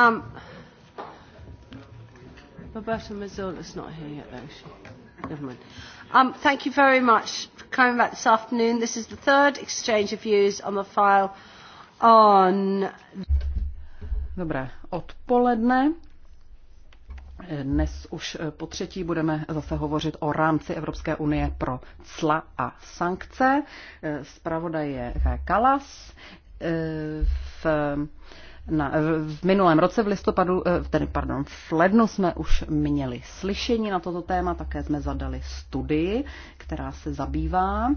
Um, Roberta Mazzola is not here yet, though. she? Never mind. Um, thank you very much for coming back this afternoon. This is the third exchange of views on the file on. Dobré odpoledne. Dnes už eh, po třetí budeme zase hovořit o rámci Evropské unie pro cla a sankce. Eh, zpravodaj je Kalas. Eh, v na, v minulém roce v listopadu, eh, tedy pardon, v lednu jsme už měli slyšení na toto téma, také jsme zadali studii, která se zabývá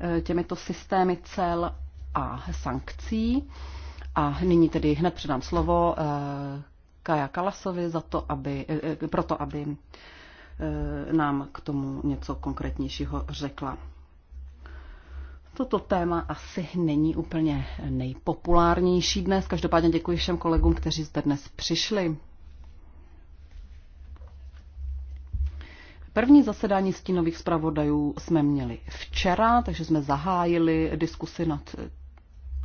eh, těmito systémy cel a sankcí. A nyní tedy hned předám slovo eh, Kaja Kalasovi za to, aby, proto, aby nám k tomu něco konkrétnějšího řekla. Toto téma asi není úplně nejpopulárnější dnes. Každopádně děkuji všem kolegům, kteří zde dnes přišli. První zasedání stínových zpravodajů jsme měli včera, takže jsme zahájili diskusi nad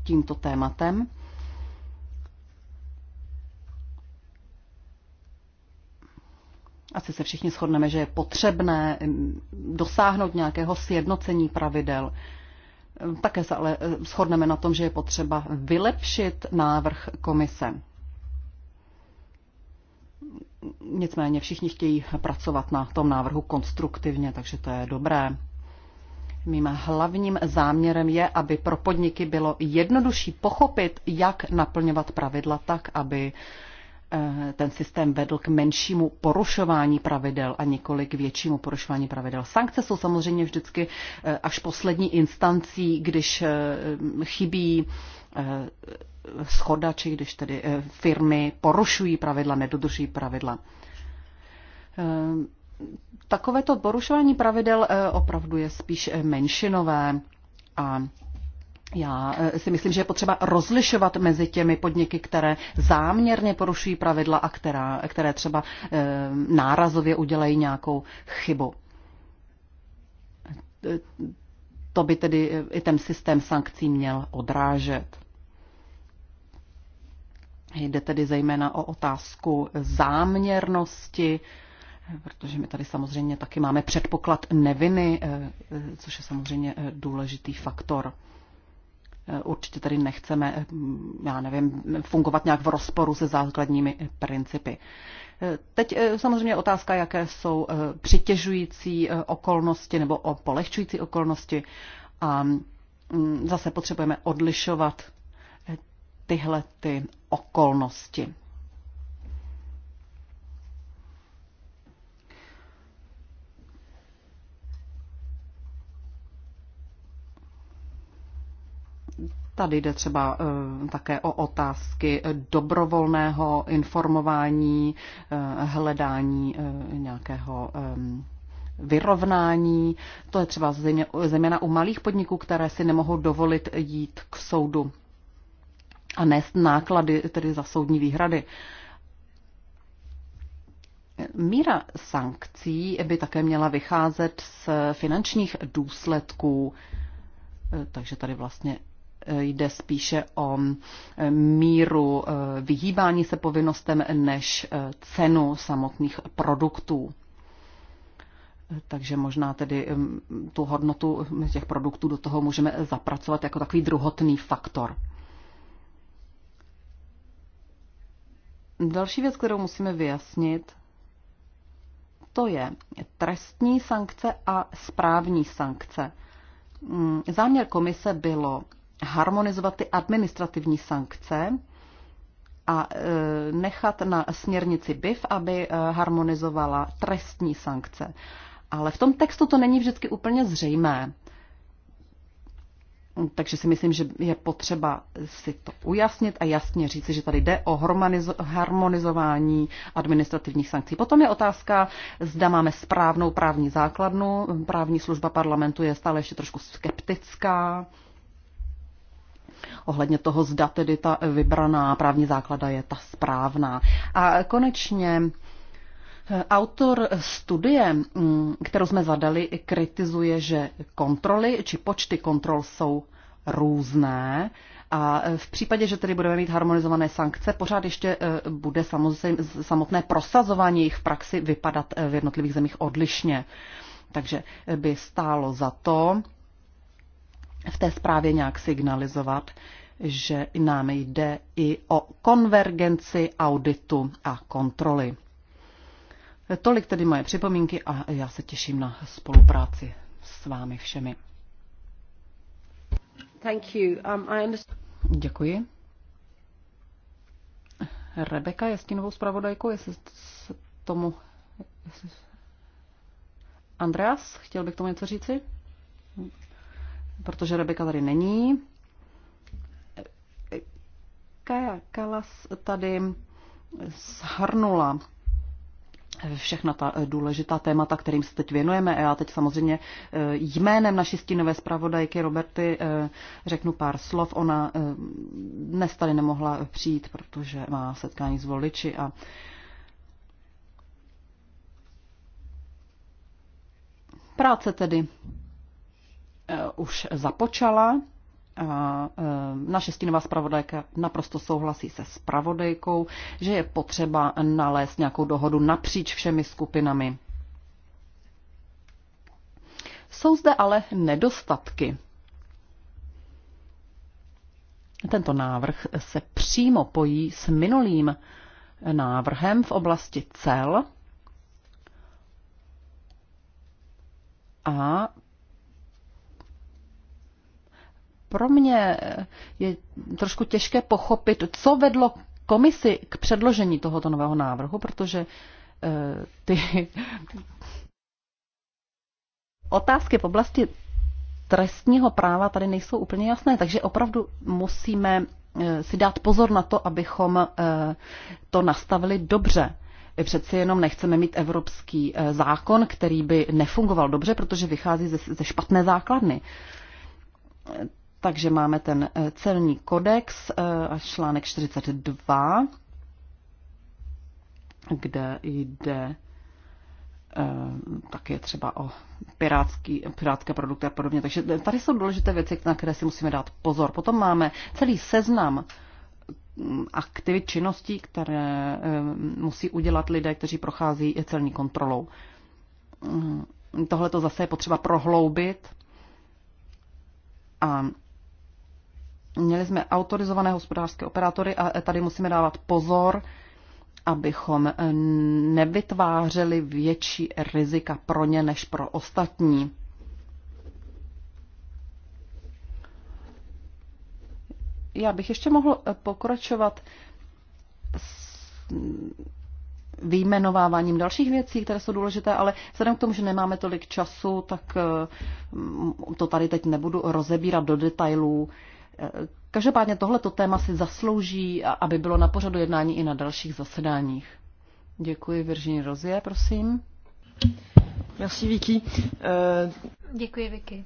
tímto tématem. Asi se všichni shodneme, že je potřebné dosáhnout nějakého sjednocení pravidel také se ale eh, shodneme na tom, že je potřeba vylepšit návrh komise. Nicméně všichni chtějí pracovat na tom návrhu konstruktivně, takže to je dobré. Mým hlavním záměrem je, aby pro podniky bylo jednodušší pochopit, jak naplňovat pravidla tak, aby Eh, ten systém vedl k menšímu porušování pravidel a nikoli k většímu porušování pravidel. Sankce jsou samozřejmě vždycky eh, až poslední instancí, když eh, chybí schoda, či když tedy firmy porušují pravidla, nedodržují pravidla. Takovéto porušování pravidel opravdu je spíš menšinové a já eh, si myslím, že je potřeba rozlišovat mezi těmi podniky, které záměrně porušují pravidla a která, které třeba e, nárazově udělají nějakou chybu. To by tedy eh, i ten systém sankcí měl odrážet. Jde tedy zejména o otázku záměrnosti, protože my tady samozřejmě taky máme předpoklad neviny, což je samozřejmě důležitý faktor. Eh, určitě tady nechceme, eh, já nevím, fungovat nějak v rozporu se základními eh, principy. Teď samozřejmě otázka, jaké jsou přitěžující okolnosti nebo polehčující okolnosti. A mm, zase potřebujeme odlišovat tyhle ty okolnosti. Tady jde třeba eh, také o otázky dobrovolného informování, eh, hledání eh, nějakého vyrovnání. To je třeba zejména u malých podniků, které si nemohou dovolit jít k soudu a nést náklady tedy za soudní výhrady. Míra sankcí by také měla vycházet z finančních důsledků, takže tady vlastně jde spíše o mm, míru eh, vyhýbání se povinnostem než eh, cenu samotných produktů. Takže možná tedy mm, tu hodnotu těch produktů do toho můžeme zapracovat jako takový druhotný faktor. Další věc, kterou musíme vyjasnit, to je trestní sankce a správní sankce. Mm, záměr komise bylo harmonizovat ty administrativní sankce a e, nechat na směrnici BIF, aby e, harmonizovala trestní sankce. Ale v tom textu to není vždycky úplně zřejmé. Takže si myslím, že je potřeba si to ujasnit a jasně říci, že tady jde o harmonizování administrativních sankcí. Potom je otázka, zda máme správnou právní základnu. Právní služba parlamentu je stále ještě trošku skeptická ohledně toho, zda tedy ta vybraná právní základa je ta správná. A konečně eh, Autor studie, mm, kterou jsme zadali, kritizuje, že kontroly či počty kontrol jsou různé a eh, v případě, že tedy budeme mít harmonizované sankce, pořád ještě eh, bude samozřejmě samotné prosazování jejich v praxi vypadat v jednotlivých zemích odlišně. Takže by stálo za to v té zprávě nějak signalizovat, že nám jde i o konvergenci auditu a kontroly. Tolik tedy moje připomínky a já se těším na spolupráci s vámi všemi. Thank you. Um, I Děkuji. Rebeka je stínovou zpravodajkou, jestli se tomu... Jestli... Andreas, chtěl bych tomu něco říci? protože Rebeka tady není. Kaja Kalas tady shrnula všechna ta důležitá témata, kterým se teď věnujeme. A já teď samozřejmě eh, jménem naší stínové zpravodajky Roberty eh, řeknu pár slov. Ona eh, dnes tady nemohla přijít, protože má setkání s voliči a práce tedy Eh, už započala. A eh, naše stínová zpravodajka naprosto souhlasí se zpravodajkou, že je potřeba nalézt nějakou dohodu napříč všemi skupinami. Jsou zde ale nedostatky. Tento návrh se přímo pojí s minulým návrhem v oblasti cel a pro mě eh, je trošku těžké pochopit, co vedlo komisi k předložení tohoto nového návrhu, protože eh, ty otázky v oblasti trestního práva tady nejsou úplně jasné, takže opravdu musíme eh, si dát pozor na to, abychom to nastavili dobře. Přeci jenom nechceme mít evropský zákon, který by nefungoval dobře, protože vychází ze, špatné základny. Takže máme ten eh, celní kodex eh, článek 42, kde jde eh, také třeba o pirátský, pirátské produkty a podobně. Takže tady jsou důležité věci, na které si musíme dát pozor. Potom máme celý seznam mm, aktivit, činností, které musí udělat lidé, kteří prochází celní kontrolou. Mm, tohle to zase je potřeba prohloubit a Měli jsme autorizované hospodářské operátory a tady musíme dávat pozor, abychom eh, nevytvářeli větší rizika pro ně než pro ostatní. Já bych ještě mohl eh, pokračovat s výjmenováváním dalších věcí, které jsou důležité, ale vzhledem k tomu, že nemáme tolik času, tak eh, to tady teď nebudu rozebírat do detailů. Každopádně tohleto téma si zaslouží, aby bylo na pořadu jednání i na dalších zasedáních. Děkuji, Virginie Rozie, prosím. Merci, Vicky. Uh... Děkuji, Vicky.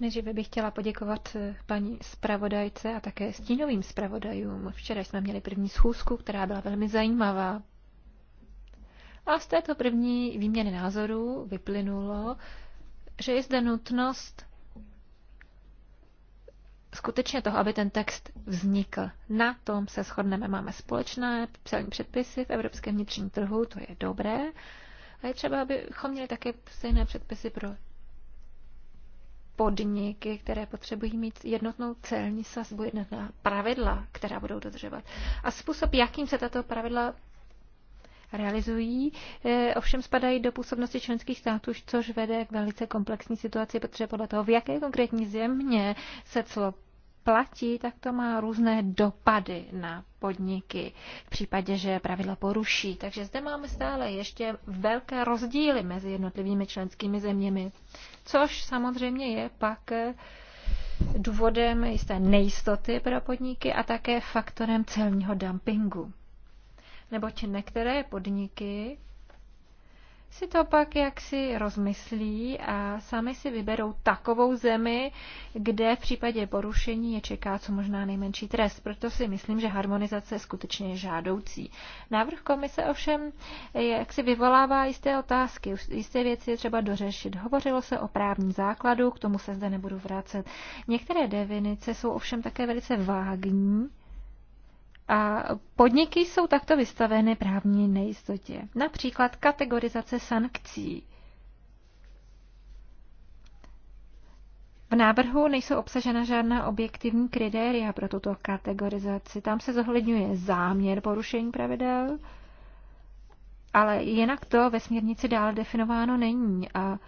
Nejdříve bych chtěla poděkovat eh, paní zpravodajce a také stínovým zpravodajům. Včera jsme měli první schůzku, která byla velmi zajímavá. A z této první výměny názorů vyplynulo, že je zde nutnost skutečně toho, aby ten text vznikl. Na tom se shodneme. Máme společné celní předpisy v evropském vnitřním trhu, to je dobré. A je třeba, abychom měli také stejné předpisy pro podniky, které potřebují mít jednotnou celní sazbu, jednotná pravidla, která budou dodržovat. A způsob, jakým se tato pravidla realizují, eh, ovšem spadají do působnosti členských států, což vede k velice komplexní situaci, protože podle toho, v jaké konkrétní země se clo platí, tak to má různé dopady na podniky v případě, že pravidla poruší. Takže zde máme stále ještě velké rozdíly mezi jednotlivými členskými zeměmi, což samozřejmě je pak eh, důvodem jisté nejistoty pro podniky a také faktorem celního dumpingu. Neboť některé podniky si to pak jaksi rozmyslí a sami si vyberou takovou zemi, kde v případě porušení je čeká co možná nejmenší trest. Proto si myslím, že harmonizace je skutečně žádoucí. Návrh komise ovšem eh, jaksi vyvolává jisté otázky, jisté věci je třeba dořešit. Hovořilo se o právním základu, k tomu se zde nebudu vracet. Některé definice jsou ovšem také velice vágní a podniky jsou takto vystaveny právní nejistotě. Například kategorizace sankcí. V návrhu nejsou obsažena žádná objektivní kritéria pro tuto kategorizaci. Tam se zohledňuje záměr porušení pravidel, ale jinak to ve směrnici dále definováno není. A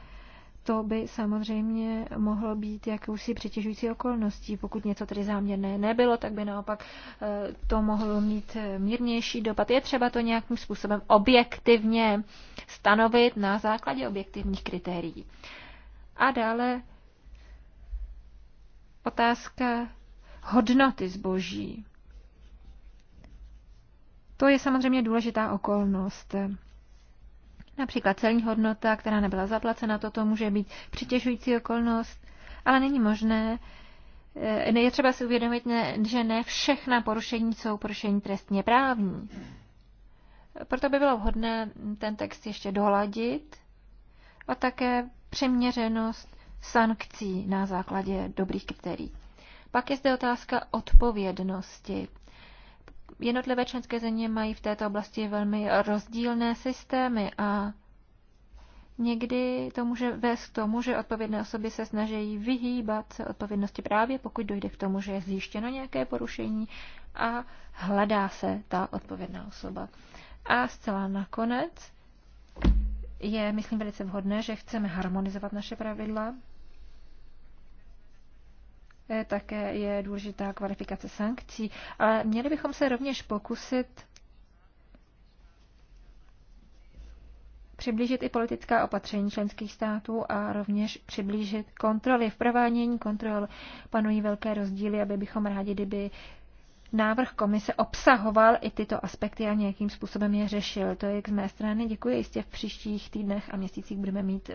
to by samozřejmě mohlo být jakousi přitěžující okolností. Pokud něco tedy záměrné nebylo, tak by naopak eh, to mohlo mít eh, mírnější dopad. Je třeba to nějakým způsobem objektivně stanovit na základě objektivních kritérií. A dále otázka hodnoty zboží. To je samozřejmě důležitá okolnost. Například celní hodnota, která nebyla zaplacena, toto může být přitěžující okolnost, ale není možné, eh, je třeba si uvědomit, že ne všechna porušení jsou porušení trestně právní. Proto by bylo vhodné ten text ještě doladit a také přeměřenost sankcí na základě dobrých kritérií. Pak je zde otázka odpovědnosti. Jednotlivé členské země mají v této oblasti velmi rozdílné systémy a někdy to může vést k tomu, že odpovědné osoby se snaží vyhýbat se odpovědnosti právě, pokud dojde k tomu, že je zjištěno nějaké porušení a hledá se ta odpovědná osoba. A zcela nakonec je, myslím, velice vhodné, že chceme harmonizovat naše pravidla Eh, také je důležitá kvalifikace sankcí, ale měli bychom se rovněž pokusit přiblížit i politická opatření členských států a rovněž přiblížit kontroly. V provádění kontrol panují velké rozdíly, aby bychom rádi, kdyby návrh komise obsahoval i tyto aspekty a nějakým způsobem je řešil. To je k mé strany. Děkuji. Jistě v příštích týdnech a měsících budeme mít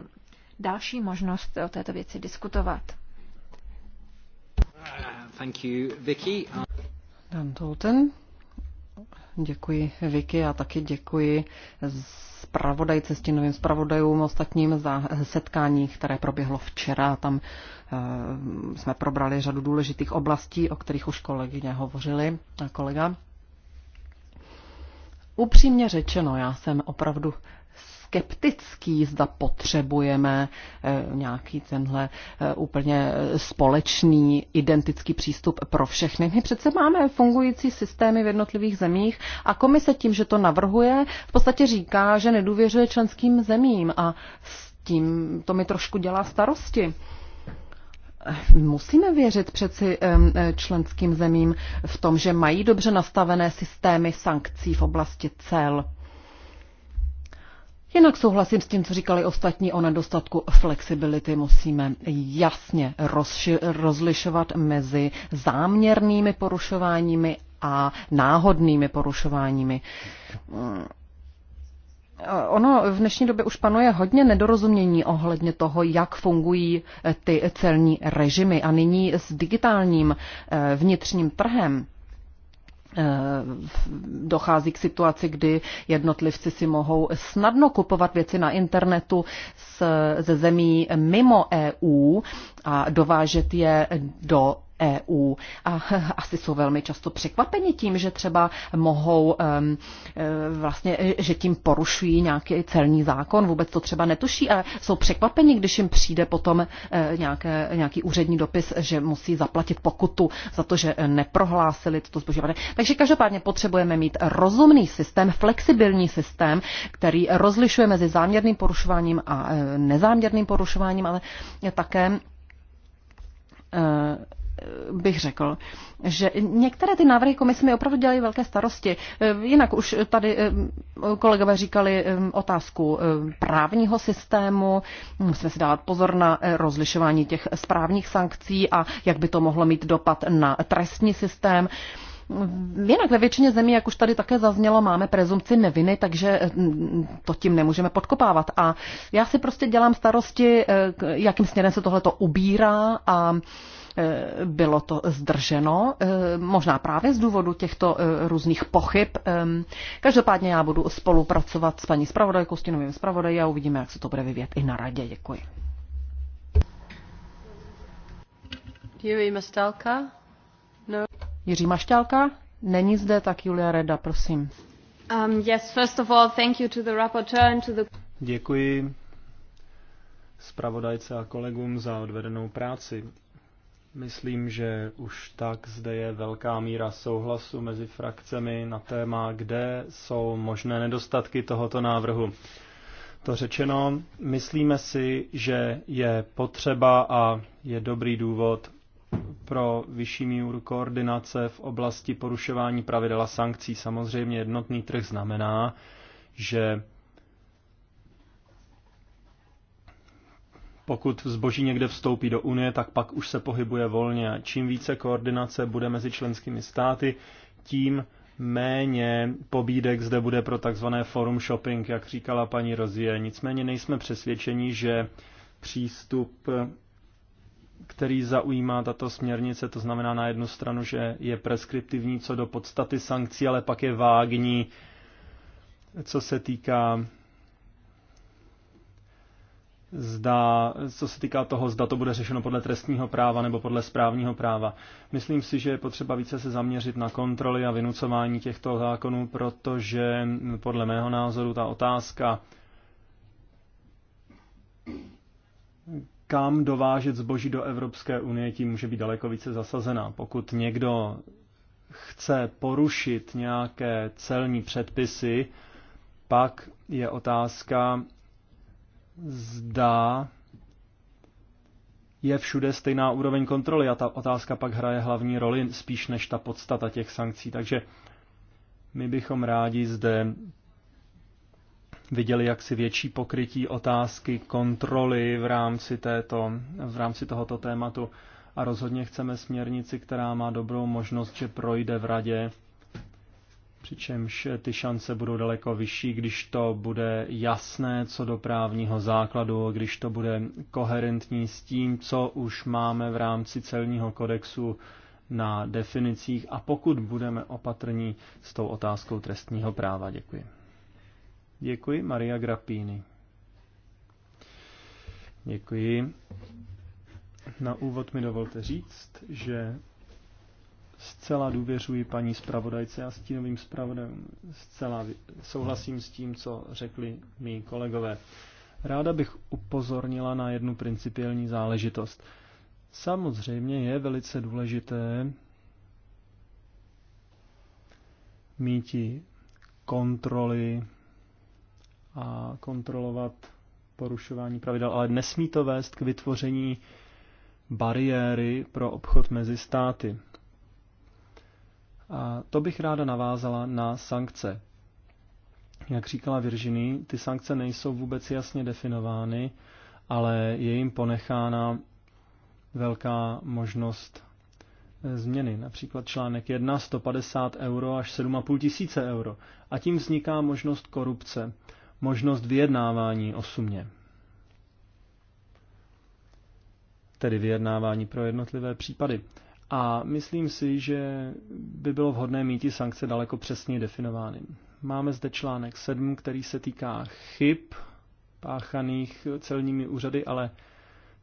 další možnost o této věci diskutovat. Uh, thank you, Vicky. Dan Tolten. Děkuji Vicky, já taky děkuji zpravodajce, stínovým zpravodajům ostatním za setkání, které proběhlo včera. Tam eh, jsme probrali řadu důležitých oblastí, o kterých už kolegyně hovořili, kolega. Upřímně řečeno, já jsem opravdu skeptický, zda potřebujeme eh, nějaký tenhle eh, úplně společný, identický přístup pro všechny. My přece máme fungující systémy v jednotlivých zemích a komise tím, že to navrhuje, v podstatě říká, že nedůvěřuje členským zemím a s tím to mi trošku dělá starosti. Eh, musíme věřit přeci členským zemím v tom, že mají dobře nastavené systémy sankcí v oblasti cel. Jinak souhlasím s tím, co říkali ostatní o nedostatku flexibility. Musíme jasně rozlišovat mezi záměrnými porušováními a náhodnými porušováními. Mm. Ono v dnešní době už panuje hodně nedorozumění ohledně toho, jak fungují eh, ty celní režimy. A nyní s digitálním eh, vnitřním trhem Eh, dochází k situaci, kdy jednotlivci si mohou snadno kupovat věci na internetu ze zemí mimo EU a dovážet je do EU a asi jsou velmi často překvapeni tím, že třeba mohou e, vlastně, e, že tím porušují nějaký celní zákon, vůbec to třeba netuší a jsou překvapeni, když jim přijde potom e, nějaké, nějaký úřední dopis, že musí zaplatit pokutu za to, že neprohlásili toto zbožování. Takže každopádně potřebujeme mít rozumný systém, flexibilní systém, který rozlišuje mezi záměrným porušováním a nezáměrným porušováním, ale také bych řekl, že některé ty návrhy komise mi opravdu dělají velké starosti. Eh, jinak už tady eh, kolegové říkali eh, otázku právního systému. Musíme si dávat pozor na rozlišování těch správních sankcí a jak by to mohlo mít dopad na trestní systém. Mm, jinak ve většině zemí, jak už tady také zaznělo, máme prezumci neviny, takže to tím nemůžeme podkopávat. A já si prostě dělám starosti, jakým směrem se tohle to ubírá a Eh, bylo to zdrženo, eh, možná právě z důvodu těchto eh, různých pochyb. Ehm, každopádně já budu spolupracovat s paní zpravodajkou, s tím zpravodají a uvidíme, jak se to bude vyvíjet i na radě. Děkuji. Jiří Maštálka? No. Jiří Mašťálka? Není zde, tak Julia Reda, prosím. Um, yes, first of all, thank you to the rapporteur and to the... Děkuji zpravodajce a kolegům za odvedenou práci. Myslím, že už tak zde je velká míra souhlasu mezi frakcemi na téma, kde jsou možné nedostatky tohoto návrhu. To řečeno, myslíme si, že je potřeba a je dobrý důvod pro vyšší míru koordinace v oblasti porušování pravidel sankcí. Samozřejmě jednotný trh znamená, že Pokud zboží někde vstoupí do Unie, tak pak už se pohybuje volně. A čím více koordinace bude mezi členskými státy, tím méně pobídek zde bude pro takzvané forum shopping, jak říkala paní Rozie. Nicméně nejsme přesvědčeni, že přístup, který zaujímá tato směrnice, to znamená na jednu stranu, že je preskriptivní co do podstaty sankcí, ale pak je vágní, co se týká zda, co se týká toho, zda to bude řešeno podle trestního práva nebo podle správního práva. Myslím si, že je potřeba více se zaměřit na kontroly a vynucování těchto zákonů, protože podle mého názoru ta otázka, kam dovážet zboží do Evropské unie, tím může být daleko více zasazená. Pokud někdo chce porušit nějaké celní předpisy, pak je otázka, zda je všude stejná úroveň kontroly a ta otázka pak hraje hlavní roli spíš než ta podstata těch sankcí. Takže my bychom rádi zde viděli jaksi větší pokrytí otázky kontroly v rámci, této, v rámci tohoto tématu a rozhodně chceme směrnici, která má dobrou možnost, že projde v radě Přičemž ty šance budou daleko vyšší, když to bude jasné co do právního základu, když to bude koherentní s tím, co už máme v rámci celního kodexu na definicích a pokud budeme opatrní s tou otázkou trestního práva. Děkuji. Děkuji, Maria Grappini. Děkuji. Na úvod mi dovolte říct, že Zcela důvěřuji paní zpravodajce a stínovým zpravodajům. Zcela souhlasím s tím, co řekli mý kolegové. Ráda bych upozornila na jednu principiální záležitost. Samozřejmě je velice důležité mít kontroly a kontrolovat porušování pravidel, ale nesmí to vést k vytvoření bariéry pro obchod mezi státy. A to bych ráda navázala na sankce. Jak říkala Virginie, ty sankce nejsou vůbec jasně definovány, ale je jim ponechána velká možnost eh, změny. Například článek 1, 150 euro až 7,5 tisíce euro. A tím vzniká možnost korupce, možnost vyjednávání o sumě. Tedy vyjednávání pro jednotlivé případy. A myslím si, že by bylo vhodné mít i sankce daleko přesněji definovány. Máme zde článek 7, který se týká chyb páchaných celními úřady, ale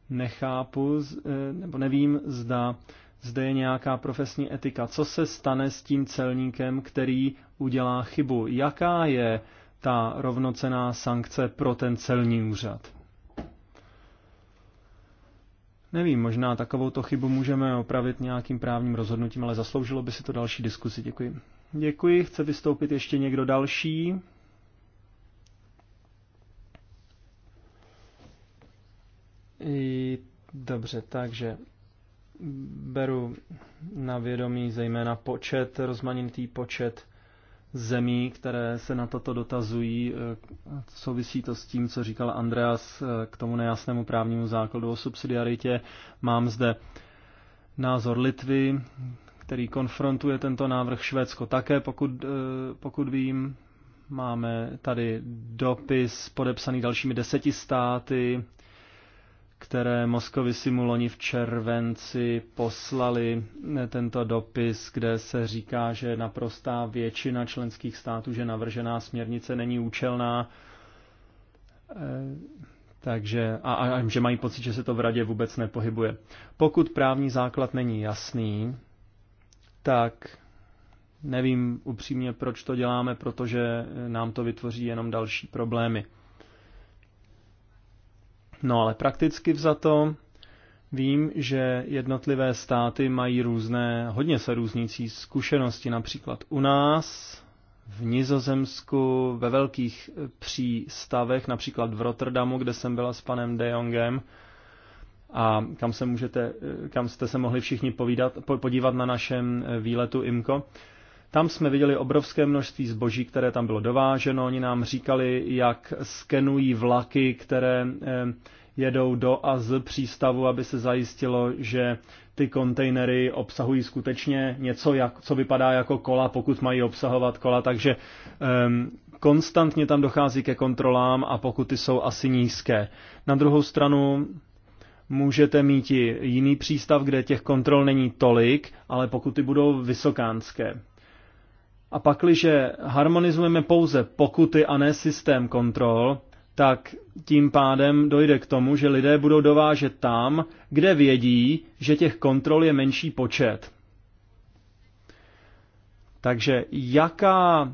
nechápu, eh, nebo nevím, zda zde je nějaká profesní etika. Co se stane s tím celníkem, který udělá chybu? Jaká je ta rovnocená sankce pro ten celní úřad? Nevím, možná takovou to chybu můžeme opravit nějakým právním rozhodnutím, ale zasloužilo by si to další diskusi. Děkuji. Děkuji. Chce vystoupit ještě někdo další? I, dobře, takže beru na vědomí zejména počet, rozmanitý počet zemí, které se na toto dotazují. Eh, souvisí to s tím, co říkal Andreas eh, k tomu nejasnému právnímu základu o subsidiaritě. Mám zde názor Litvy, který konfrontuje tento návrh Švédsko také, pokud, eh, pokud vím. Máme tady dopis podepsaný dalšími deseti státy, které Moskovi Simuloni v červenci poslali eh, tento dopis, kde se říká, že naprostá většina členských států, že navržená směrnice není účelná, eh, takže, a, a že mají pocit, že se to v radě vůbec nepohybuje. Pokud právní základ není jasný, tak nevím upřímně, proč to děláme, protože nám to vytvoří jenom další problémy. No ale prakticky vzato vím, že jednotlivé státy mají různé, hodně se různící zkušenosti. Například u nás v Nizozemsku, ve velkých eh, přístavech, například v Rotterdamu, kde jsem byla s panem De Jongem, a kam, se můžete, eh, kam jste se mohli všichni povídat, podívat na našem eh, výletu IMCO, tam jsme viděli obrovské množství zboží, které tam bylo dováženo. Oni nám říkali, jak skenují vlaky, které eh, jedou do a z přístavu, aby se zajistilo, že ty kontejnery obsahují skutečně něco, jak, co vypadá jako kola, pokud mají obsahovat kola, takže um, konstantně tam dochází ke kontrolám a pokuty jsou asi nízké. Na druhou stranu můžete mít i jiný přístav, kde těch kontrol není tolik, ale pokuty budou vysokánské. A pakliže harmonizujeme pouze pokuty a ne systém kontrol, tak tím pádem dojde k tomu, že lidé budou dovážet tam, kde vědí, že těch kontrol je menší počet. Takže jaká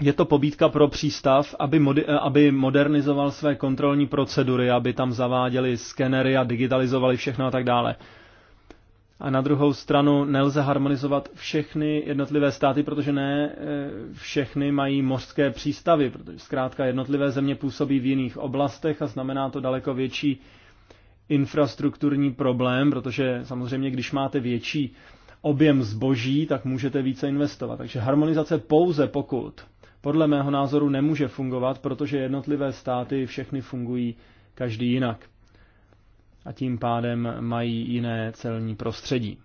je to pobídka pro přístav, aby, modi- aby modernizoval své kontrolní procedury, aby tam zaváděli skenery a digitalizovali všechno a tak dále. A na druhou stranu nelze harmonizovat všechny jednotlivé státy, protože ne eh, všechny mají mořské přístavy, protože zkrátka jednotlivé země působí v jiných oblastech a znamená to daleko větší infrastrukturní problém, protože samozřejmě, když máte větší objem zboží, tak můžete více investovat. Takže harmonizace pouze pokud, podle mého názoru nemůže fungovat, protože jednotlivé státy všechny fungují každý jinak a tím pádem mají jiné celní prostředí.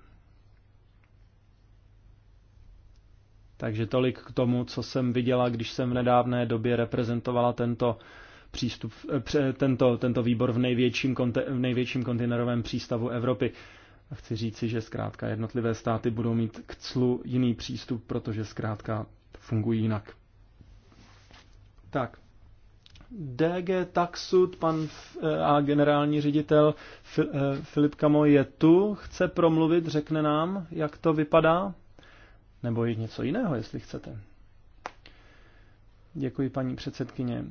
Takže tolik k tomu, co jsem viděla, když jsem v nedávné době reprezentovala tento, přístup, eh, tento, tento výbor v největším, v největším kontejnerovém přístavu Evropy. A chci říci, že zkrátka jednotlivé státy budou mít k clu jiný přístup, protože zkrátka fungují jinak. Tak. DG Taxud, pan eh, a generální ředitel eh, Filip Kamo je tu, chce promluvit, řekne nám, jak to vypadá, nebo i něco jiného, jestli chcete. Děkuji, paní předsedkyně.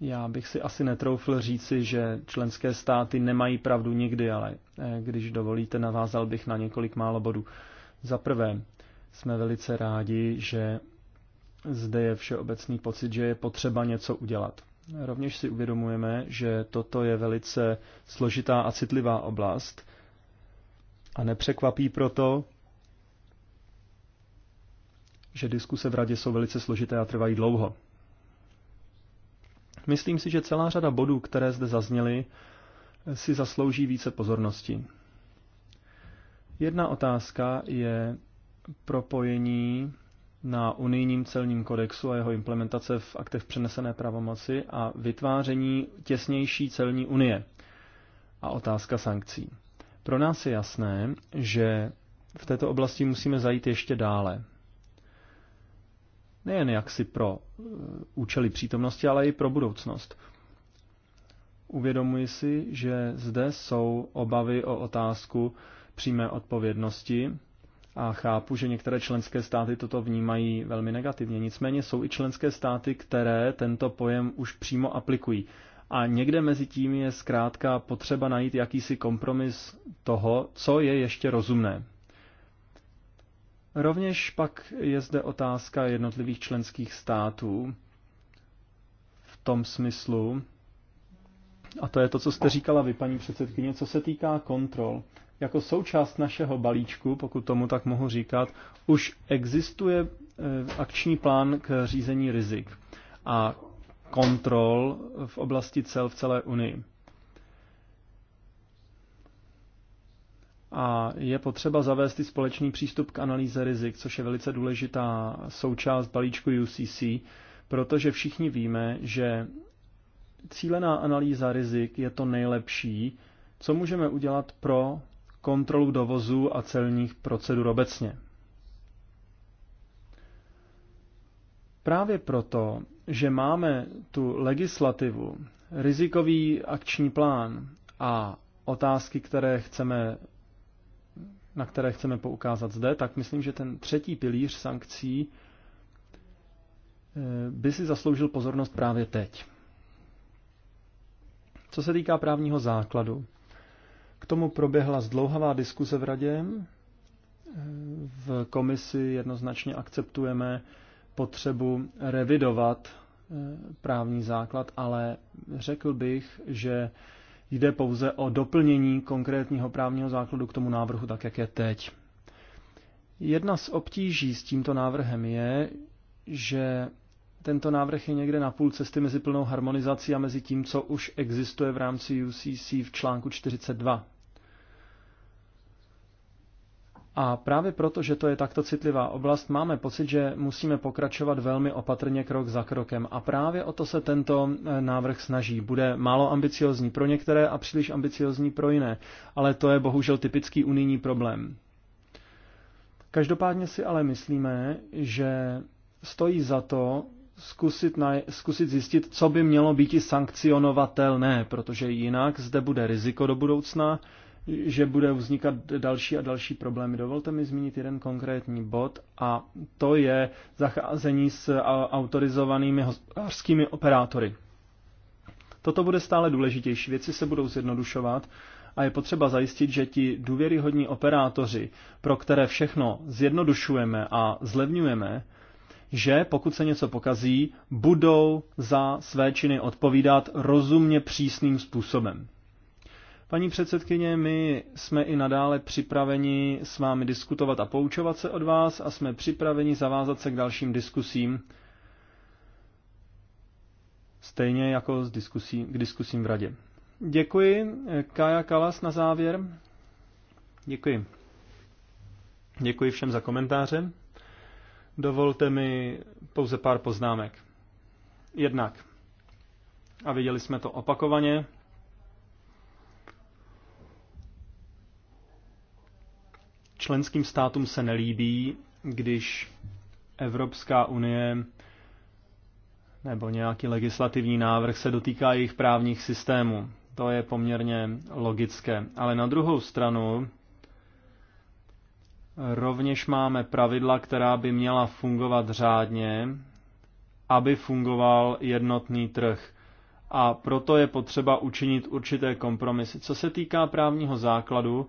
Já bych si asi netroufl říci, že členské státy nemají pravdu nikdy, ale eh, když dovolíte, navázal bych na několik málo bodů. Za prvé, jsme velice rádi, že zde je všeobecný pocit, že je potřeba něco udělat. Rovněž si uvědomujeme, že toto je velice složitá a citlivá oblast a nepřekvapí proto, že diskuse v radě jsou velice složité a trvají dlouho. Myslím si, že celá řada bodů, které zde zazněly, si zaslouží více pozornosti. Jedna otázka je propojení na unijním celním kodexu a jeho implementace v aktech přenesené pravomoci a vytváření těsnější celní unie a otázka sankcí. Pro nás je jasné, že v této oblasti musíme zajít ještě dále. Nejen jaksi pro e, účely přítomnosti, ale i pro budoucnost. Uvědomuji si, že zde jsou obavy o otázku přímé odpovědnosti a chápu, že některé členské státy toto vnímají velmi negativně. Nicméně jsou i členské státy, které tento pojem už přímo aplikují. A někde mezi tím je zkrátka potřeba najít jakýsi kompromis toho, co je ještě rozumné. Rovněž pak je zde otázka jednotlivých členských států v tom smyslu, a to je to, co jste říkala vy, paní předsedkyně, co se týká kontrol jako součást našeho balíčku, pokud tomu tak mohu říkat, už existuje eh, akční plán k řízení rizik a kontrol v oblasti cel v celé Unii. A je potřeba zavést i společný přístup k analýze rizik, což je velice důležitá součást balíčku UCC, protože všichni víme, že cílená analýza rizik je to nejlepší, co můžeme udělat pro kontrolu dovozu a celních procedur obecně. Právě proto, že máme tu legislativu, rizikový akční plán a otázky, které chceme, na které chceme poukázat zde, tak myslím, že ten třetí pilíř sankcí eh, by si zasloužil pozornost právě teď. Co se týká právního základu, k tomu proběhla zdlouhavá diskuze v radě. V komisi jednoznačně akceptujeme potřebu revidovat eh, právní základ, ale řekl bych, že jde pouze o doplnění konkrétního právního základu k tomu návrhu, tak jak je teď. Jedna z obtíží s tímto návrhem je, že tento návrh je někde na půl cesty mezi plnou harmonizací a mezi tím, co už existuje v rámci UCC v článku 42. A právě proto, že to je takto citlivá oblast, máme pocit, že musíme pokračovat velmi opatrně krok za krokem. A právě o to se tento eh, návrh snaží. Bude málo ambiciozní pro některé a příliš ambiciozní pro jiné. Ale to je bohužel typický unijní problém. Každopádně si ale myslíme, že stojí za to zkusit, na, zkusit zjistit, co by mělo být i sankcionovatelné, protože jinak zde bude riziko do budoucna, že bude vznikat další a další problémy. Dovolte mi zmínit jeden konkrétní bod a to je zacházení s autorizovanými hospodářskými operátory. Toto bude stále důležitější, věci se budou zjednodušovat a je potřeba zajistit, že ti důvěryhodní operátoři, pro které všechno zjednodušujeme a zlevňujeme, že pokud se něco pokazí, budou za své činy odpovídat rozumně přísným způsobem. Paní předsedkyně, my jsme i nadále připraveni s vámi diskutovat a poučovat se od vás a jsme připraveni zavázat se k dalším diskusím, stejně jako s diskusí, k diskusím v radě. Děkuji. Kaja Kalas na závěr. Děkuji. Děkuji všem za komentáře. Dovolte mi pouze pár poznámek. Jednak, a viděli jsme to opakovaně, Členským státům se nelíbí, když Evropská unie nebo nějaký legislativní návrh se dotýká jejich právních systémů. To je poměrně logické. Ale na druhou stranu rovněž máme pravidla, která by měla fungovat řádně, aby fungoval jednotný trh. A proto je potřeba učinit určité kompromisy. Co se týká právního základu,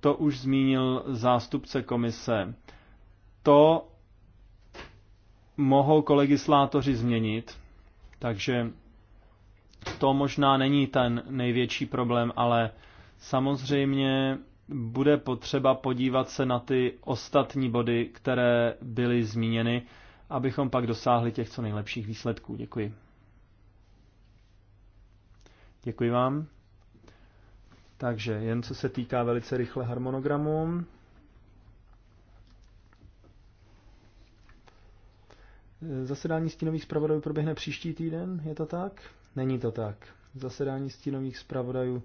to už zmínil zástupce komise. To mohou kolegislátoři změnit, takže to možná není ten největší problém, ale samozřejmě bude potřeba podívat se na ty ostatní body, které byly zmíněny, abychom pak dosáhli těch co nejlepších výsledků. Děkuji. Děkuji vám. Takže jen co se týká velice rychle harmonogramu. Zasedání stínových zpravodajů proběhne příští týden, je to tak? Není to tak. Zasedání stínových zpravodajů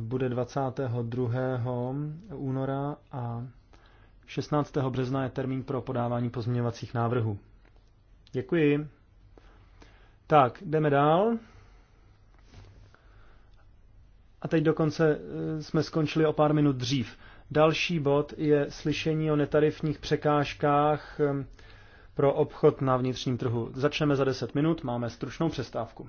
bude 22. února a 16. března je termín pro podávání pozměňovacích návrhů. Děkuji. Tak, jdeme dál. A teď dokonce eh, jsme skončili o pár minut dřív. Další bod je slyšení o netarifních překážkách ehm, pro obchod na vnitřním trhu. Začneme za 10 minut, máme stručnou přestávku.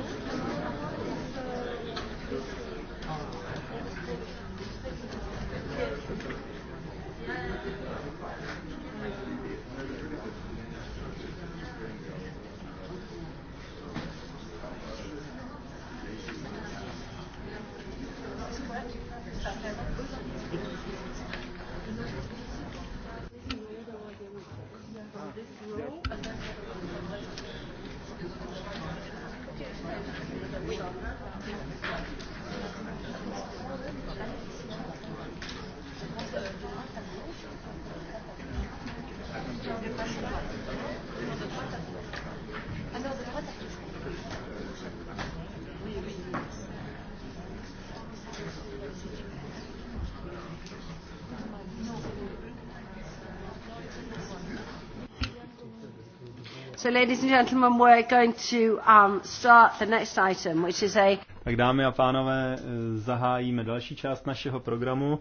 So, ladies and gentlemen, we're going to um, start the next item, which is a... Tak dámy a pánové, eh, zahájíme další část našeho programu,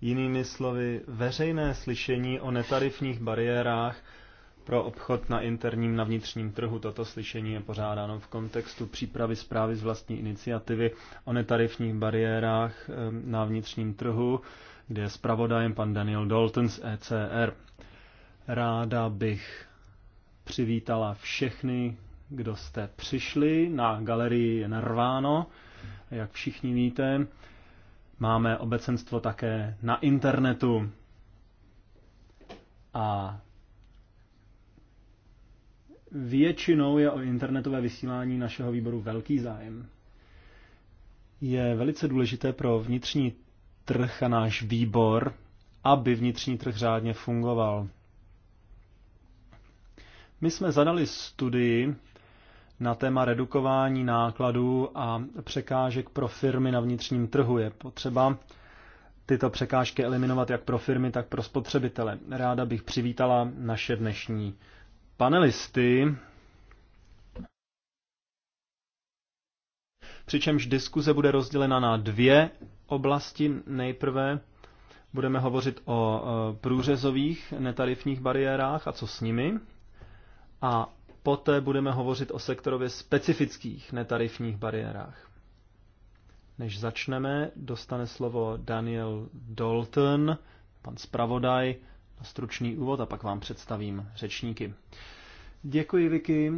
jinými slovy veřejné slyšení o netarifních bariérách pro obchod na interním na vnitřním trhu. Toto slyšení je pořádáno v kontextu přípravy zprávy z vlastní iniciativy o netarifních bariérách eh, na vnitřním trhu, kde je zpravodajem pan Daniel Dalton z ECR. Ráda bych přivítala všechny, kdo jste přišli. Na galerii narváno, jak všichni víte. Máme obecenstvo také na internetu. A většinou je o internetové vysílání našeho výboru velký zájem. Je velice důležité pro vnitřní trh a náš výbor, aby vnitřní trh řádně fungoval. My jsme zadali studii na téma redukování nákladů a překážek pro firmy na vnitřním trhu. Je potřeba tyto překážky eliminovat jak pro firmy, tak pro spotřebitele. Ráda bych přivítala naše dnešní panelisty. Přičemž diskuze bude rozdělena na dvě oblasti. Nejprve budeme hovořit o e, průřezových netarifních bariérách a co s nimi a poté budeme hovořit o sektorově specifických netarifních bariérách. Než začneme, dostane slovo Daniel Dalton, pan zpravodaj, na stručný úvod a pak vám představím řečníky. Děkuji, Vicky.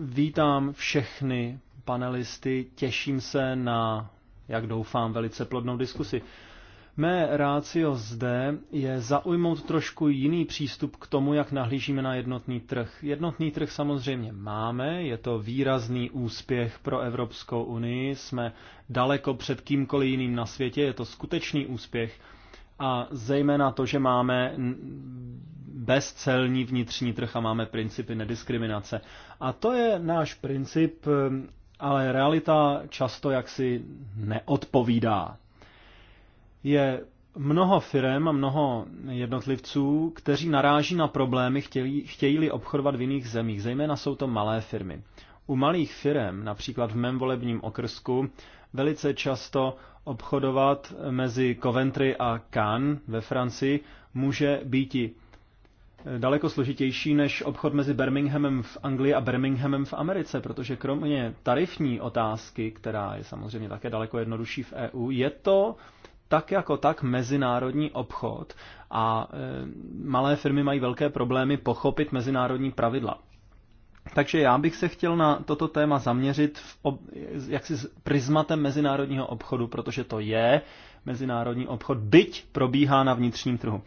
Vítám všechny panelisty. Těším se na, jak doufám, velice plodnou diskusi. Mé rácio zde je zaujmout trošku jiný přístup k tomu, jak nahlížíme na jednotný trh. Jednotný trh samozřejmě máme, je to výrazný úspěch pro Evropskou unii, jsme daleko před kýmkoliv jiným na světě, je to skutečný úspěch a zejména to, že máme bezcelní vnitřní trh a máme principy nediskriminace. A to je náš princip, eh, ale realita často jaksi neodpovídá je mnoho firm a mnoho jednotlivců, kteří naráží na problémy, chtějí, chtějí-li obchodovat v jiných zemích, zejména jsou to malé firmy. U malých firm, například v mém volebním okrsku, velice často obchodovat mezi Coventry a Cannes ve Francii může být daleko složitější než obchod mezi Birminghamem v Anglii a Birminghamem v Americe, protože kromě tarifní otázky, která je samozřejmě také daleko jednodušší v EU, je to tak jako tak mezinárodní obchod a e, malé firmy mají velké problémy pochopit mezinárodní pravidla. Takže já bych se chtěl na toto téma zaměřit v ob, jaksi s prismatem mezinárodního obchodu, protože to je mezinárodní obchod, byť probíhá na vnitřním trhu.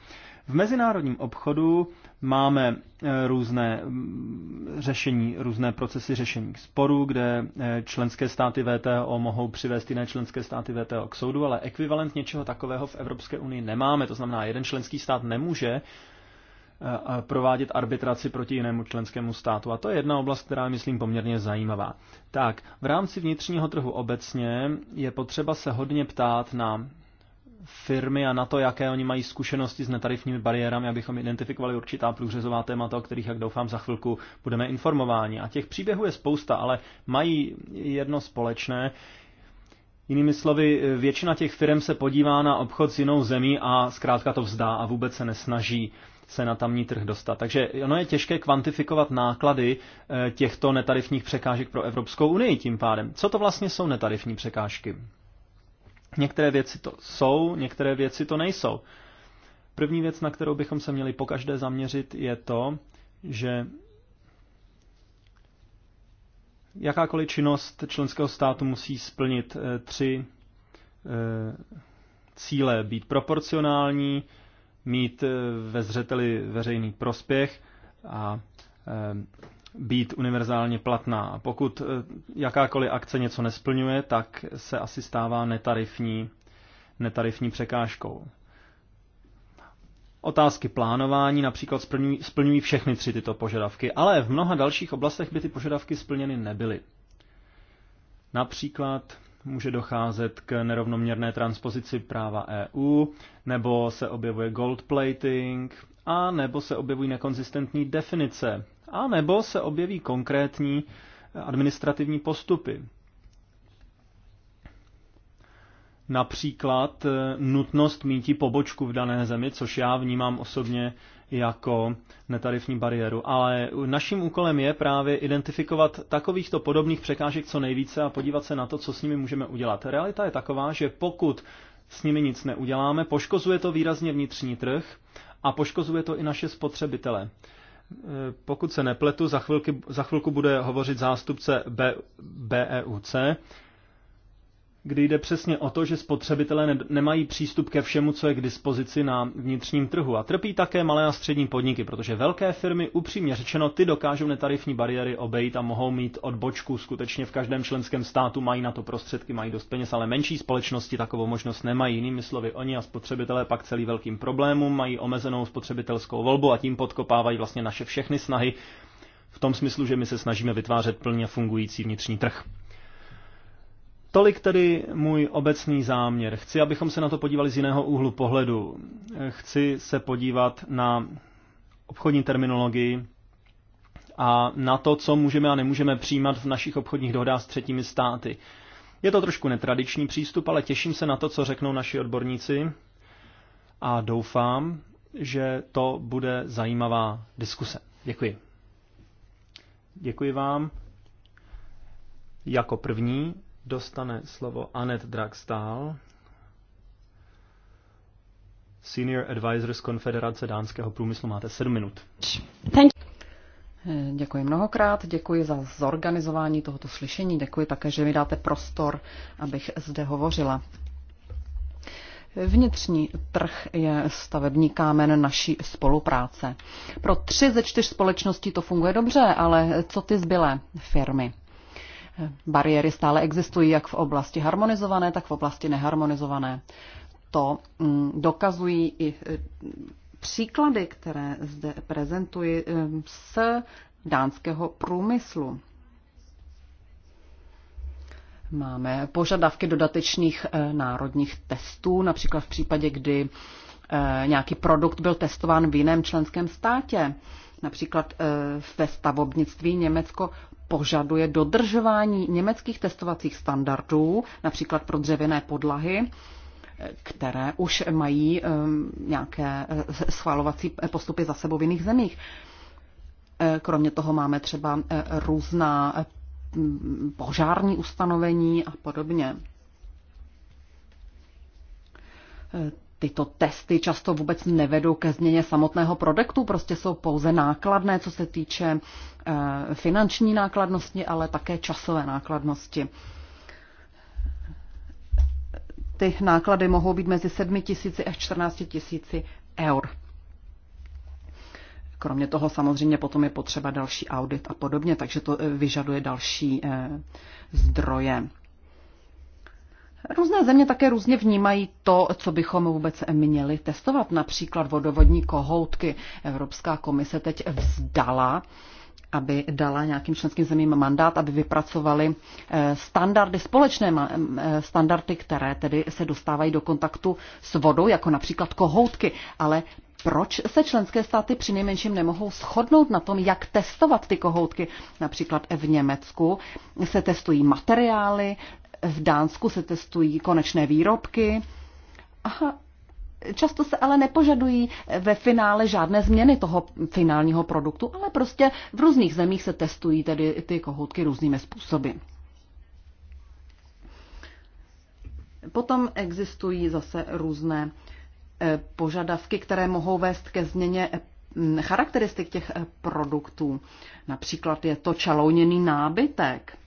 V mezinárodním obchodu máme eh, různé mm, řešení, různé procesy řešení sporů, kde eh, členské státy VTO mohou přivést jiné členské státy VTO k soudu, ale ekvivalent něčeho takového v Evropské unii nemáme. To znamená, jeden členský stát nemůže eh, provádět arbitraci proti jinému členskému státu. A to je jedna oblast, která je, myslím, poměrně zajímavá. Tak, v rámci vnitřního trhu obecně je potřeba se hodně ptát na firmy a na to, jaké oni mají zkušenosti s netarifními bariérami, abychom identifikovali určitá průřezová témata, o kterých, jak doufám, za chvilku budeme informováni. A těch příběhů je spousta, ale mají jedno společné. Jinými slovy, většina těch firm se podívá na obchod s jinou zemí a zkrátka to vzdá a vůbec se nesnaží se na tamní trh dostat. Takže ono je těžké kvantifikovat náklady eh, těchto netarifních překážek pro Evropskou unii tím pádem. Co to vlastně jsou netarifní překážky? Některé věci to jsou, některé věci to nejsou. První věc, na kterou bychom se měli pokaždé zaměřit, je to, že jakákoliv činnost členského státu musí splnit eh, tři eh, cíle. Být proporcionální, mít eh, ve zřeteli veřejný prospěch a být univerzálně platná. pokud eh, jakákoliv akce něco nesplňuje, tak se asi stává netarifní, netarifní překážkou. Otázky plánování například splňují, splňují všechny tři tyto požadavky, ale v mnoha dalších oblastech by ty požadavky splněny nebyly. Například může docházet k nerovnoměrné transpozici práva EU, nebo se objevuje gold plating, a nebo se objevují nekonzistentní definice a nebo se objeví konkrétní eh, administrativní postupy. Například eh, nutnost míti pobočku v dané zemi, což já vnímám osobně jako netarifní bariéru. Ale naším úkolem je právě identifikovat takovýchto podobných překážek co nejvíce a podívat se na to, co s nimi můžeme udělat. Realita je taková, že pokud s nimi nic neuděláme, poškozuje to výrazně vnitřní trh a poškozuje to i naše spotřebitele. Eh, pokud se nepletu, za, chvilky, za chvilku bude hovořit zástupce B, BEUC kdy jde přesně o to, že spotřebitelé nemají přístup ke všemu, co je k dispozici na vnitřním trhu. A trpí také malé a střední podniky, protože velké firmy, upřímně řečeno, ty dokážou netarifní bariéry obejít a mohou mít odbočku skutečně v každém členském státu, mají na to prostředky, mají dost peněz, ale menší společnosti takovou možnost nemají. Jinými slovy, oni a spotřebitelé pak celý velkým problémům mají omezenou spotřebitelskou volbu a tím podkopávají vlastně naše všechny snahy v tom smyslu, že my se snažíme vytvářet plně fungující vnitřní trh. Tolik tedy můj obecný záměr. Chci, abychom se na to podívali z jiného úhlu pohledu. Chci se podívat na obchodní terminologii a na to, co můžeme a nemůžeme přijímat v našich obchodních dohodách s třetími státy. Je to trošku netradiční přístup, ale těším se na to, co řeknou naši odborníci a doufám, že to bude zajímavá diskuse. Děkuji. Děkuji vám. Jako první dostane slovo Anet Dragstahl, Senior Advisor z Konfederace dánského průmyslu. Máte sedm minut. Eh, děkuji mnohokrát, děkuji za zorganizování tohoto slyšení, děkuji také, že mi dáte prostor, abych zde hovořila. Vnitřní trh je stavební kámen naší spolupráce. Pro tři ze čtyř společností to funguje dobře, ale co ty zbylé firmy? Bariéry stále existují jak v oblasti harmonizované, tak v oblasti neharmonizované. To mm, dokazují i e, příklady, které zde prezentuji e, z dánského průmyslu. Máme požadavky dodatečných e, národních testů, například v případě, kdy nějaký produkt byl testován v jiném členském státě. Například eh, ve stavobnictví Německo požaduje dodržování německých testovacích standardů, například pro dřevěné podlahy, eh, které už mají eh, nějaké schvalovací postupy za sebou v jiných zemích. Kromě toho máme třeba různá požární ustanovení a podobně tyto testy často vůbec nevedou ke změně samotného produktu, prostě jsou pouze nákladné, co se týče eh, finanční nákladnosti, ale také časové nákladnosti. Ty náklady mohou být mezi 7 tisíci až 14 tisíci eur. Kromě toho samozřejmě potom je potřeba další audit a podobně, takže to eh, vyžaduje další eh, zdroje. Různé země také různě vnímají to, co bychom vůbec měli testovat, například vodovodní kohoutky. Evropská komise teď vzdala aby dala nějakým členským zemím mandát, aby vypracovali eh, standardy, společné eh, standardy, které tedy se dostávají do kontaktu s vodou, jako například kohoutky. Ale proč se členské státy při nejmenším nemohou shodnout na tom, jak testovat ty kohoutky? Například v Německu se testují materiály, v Dánsku se testují konečné výrobky. Aha. Často se ale nepožadují ve finále žádné změny toho finálního produktu, ale prostě v různých zemích se testují tedy ty kohoutky různými způsoby. Potom existují zase různé eh, požadavky, které mohou vést ke změně eh, charakteristik těch eh, produktů. Například je to čalouněný nábytek.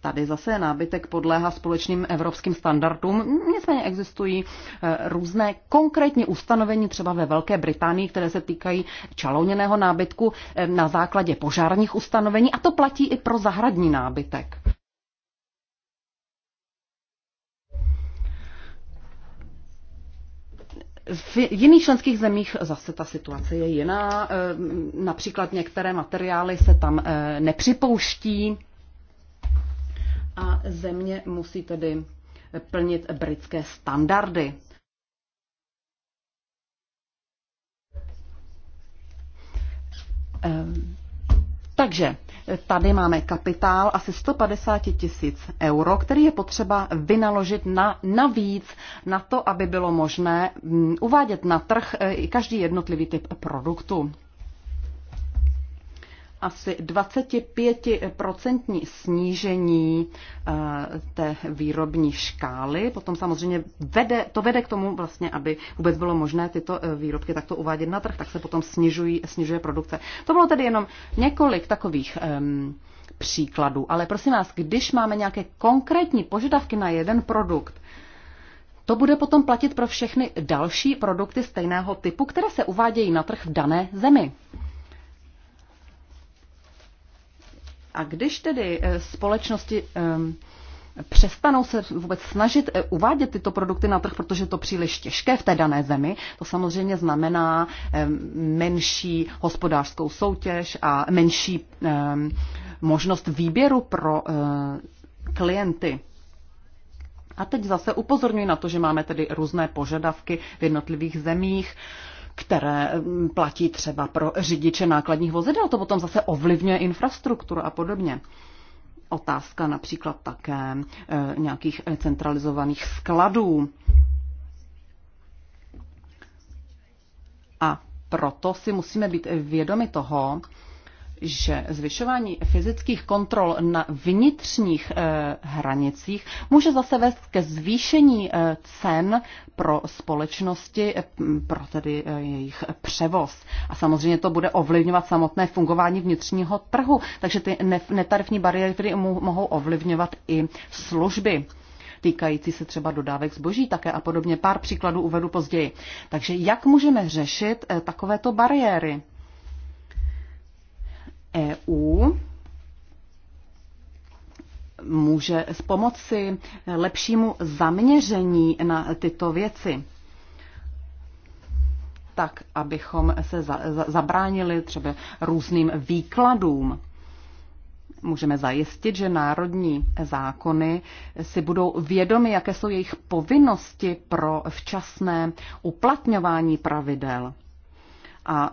Tady zase nábytek podléhá společným evropským standardům, nicméně existují eh, různé konkrétní ustanovení, třeba ve Velké Británii, které se týkají čalouněného nábytku eh, na základě požárních ustanovení a to platí i pro zahradní nábytek. V jiných členských zemích zase ta situace je jiná. Eh, například některé materiály se tam nepřipouští a země musí tedy plnit britské standardy. Eh, takže tady máme kapitál asi 150 tisíc euro, který je potřeba vynaložit na, navíc na to, aby bylo možné mm, uvádět na trh eh, každý jednotlivý typ produktu asi 25% snížení eh, té výrobní škály. Potom samozřejmě vede, to vede k tomu, vlastně, aby vůbec bylo možné tyto eh, výrobky takto uvádět na trh, tak se potom snižují, snižuje produkce. To bylo tedy jenom několik takových um, příkladů. Ale prosím vás, když máme nějaké konkrétní požadavky na jeden produkt, to bude potom platit pro všechny další produkty stejného typu, které se uvádějí na trh v dané zemi. A když tedy eh, společnosti ehm, přestanou se vůbec snažit eh, uvádět tyto produkty na trh, protože to příliš těžké v té dané zemi. To samozřejmě znamená ehm, menší hospodářskou soutěž a menší ehm, možnost výběru pro eh, klienty. A teď zase upozorňuji na to, že máme tedy různé požadavky v jednotlivých zemích které mm, platí třeba pro řidiče nákladních vozidel. To potom zase ovlivňuje infrastrukturu a podobně. Otázka například také e, nějakých centralizovaných skladů. A proto si musíme být vědomi toho, že zvyšování fyzických kontrol na vnitřních eh, hranicích může zase vést ke zvýšení eh, cen pro společnosti, eh, pro tedy jejich převoz. A samozřejmě to bude ovlivňovat samotné fungování vnitřního trhu, takže ty netarifní bariéry mohou ovlivňovat i služby týkající se třeba dodávek zboží také a podobně. Pár příkladů uvedu později. Takže jak můžeme řešit takovéto bariéry? EU může s pomoci lepšímu zaměření na tyto věci tak, abychom se za, za, zabránili třeba různým výkladům. Můžeme zajistit, že národní zákony si budou vědomi, jaké jsou jejich povinnosti pro včasné uplatňování pravidel. A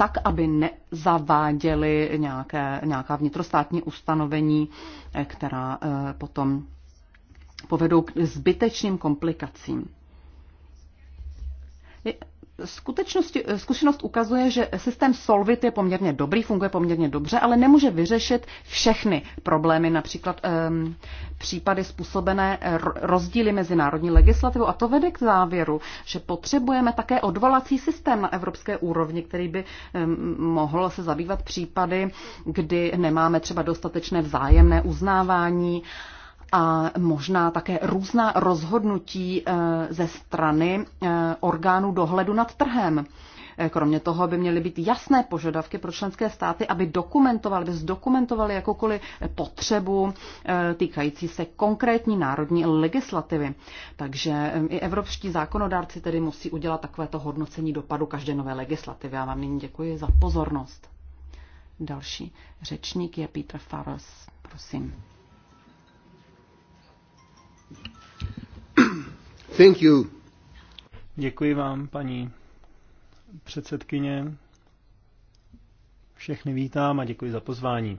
tak, aby nezaváděly nějaké, nějaká vnitrostátní ustanovení, eh, která eh, potom povedou k zbytečným komplikacím. Eh, zkušenost ukazuje, že systém Solvit je poměrně dobrý, funguje poměrně dobře, ale nemůže vyřešit všechny problémy, například um, případy způsobené rozdíly mezi národní legislativou. A to vede k závěru, že potřebujeme také odvolací systém na evropské úrovni, který by um, mohl se zabývat případy, kdy nemáme třeba dostatečné vzájemné uznávání. Uh, a možná také různá rozhodnutí eh, ze strany eh, orgánů dohledu nad trhem. Eh, kromě toho by měly být jasné požadavky pro členské státy, aby dokumentovali, aby zdokumentovali jakoukoliv potřebu týkající se konkrétní národní legislativy. Takže i evropští zákonodárci tedy musí udělat takovéto hodnocení dopadu každé nové legislativy. Já vám nyní děkuji za pozornost. Další řečník je Peter Faros. Prosím. Thank you. Děkuji vám, paní předsedkyně. Všechny vítám a děkuji za pozvání.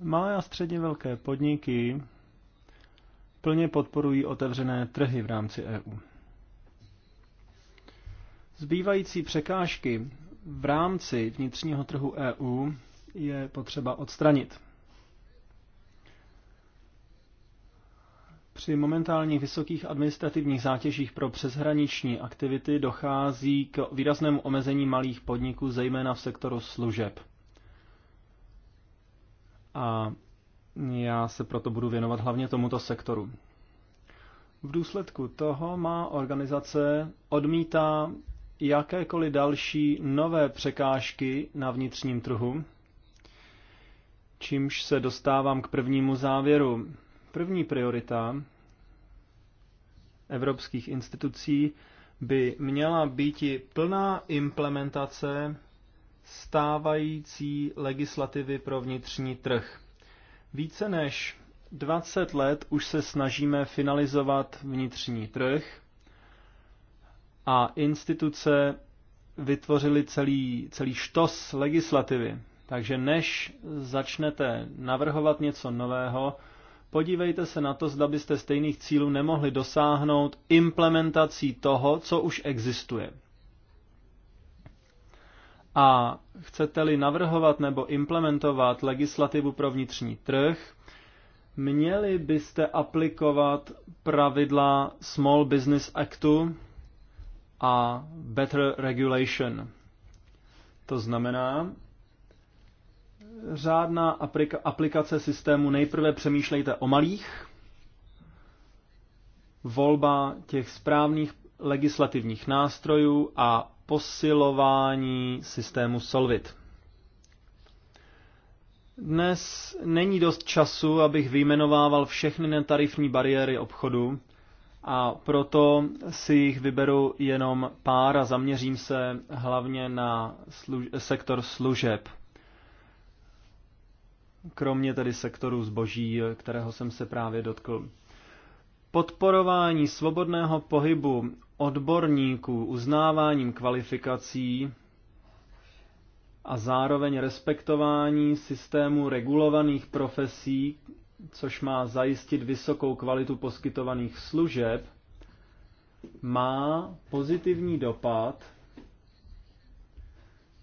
Malé a středně velké podniky plně podporují otevřené trhy v rámci EU. Zbývající překážky v rámci vnitřního trhu EU je potřeba odstranit. Při momentálních vysokých administrativních zátěžích pro přeshraniční aktivity dochází k výraznému omezení malých podniků, zejména v sektoru služeb. A já se proto budu věnovat hlavně tomuto sektoru. V důsledku toho má organizace odmítá jakékoliv další nové překážky na vnitřním trhu, čímž se dostávám k prvnímu závěru. První priorita evropských institucí by měla být i plná implementace stávající legislativy pro vnitřní trh. Více než 20 let už se snažíme finalizovat vnitřní trh a instituce vytvořily celý, celý štos legislativy. Takže než začnete navrhovat něco nového, Podívejte se na to, zda byste stejných cílů nemohli dosáhnout implementací toho, co už existuje. A chcete-li navrhovat nebo implementovat legislativu pro vnitřní trh, měli byste aplikovat pravidla Small Business Actu a Better Regulation. To znamená, řádná aplikace systému nejprve přemýšlejte o malých, volba těch správných legislativních nástrojů a posilování systému Solvit. Dnes není dost času, abych vyjmenovával všechny netarifní bariéry obchodu a proto si jich vyberu jenom pár a zaměřím se hlavně na služ- sektor služeb – kromě tedy sektoru zboží, kterého jsem se právě dotkl. Podporování svobodného pohybu odborníků uznáváním kvalifikací a zároveň respektování systému regulovaných profesí, což má zajistit vysokou kvalitu poskytovaných služeb, má pozitivní dopad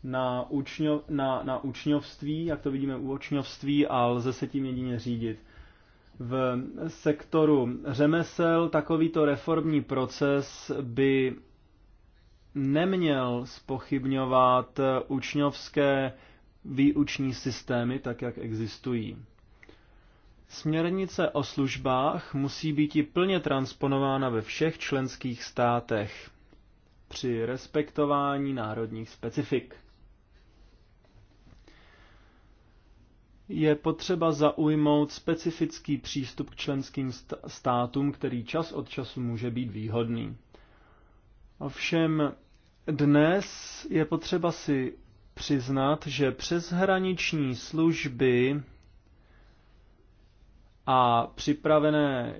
na, učňo, na, na učňovství, jak to vidíme u učňovství, a lze se tím jedině řídit. V sektoru řemesel takovýto reformní proces by neměl spochybňovat učňovské výuční systémy, tak jak existují. Směrnice o službách musí být i plně transponována ve všech členských státech při respektování národních specifik. je potřeba zaujmout specifický přístup k členským státům, který čas od času může být výhodný. Ovšem dnes je potřeba si přiznat, že přeshraniční služby a připravené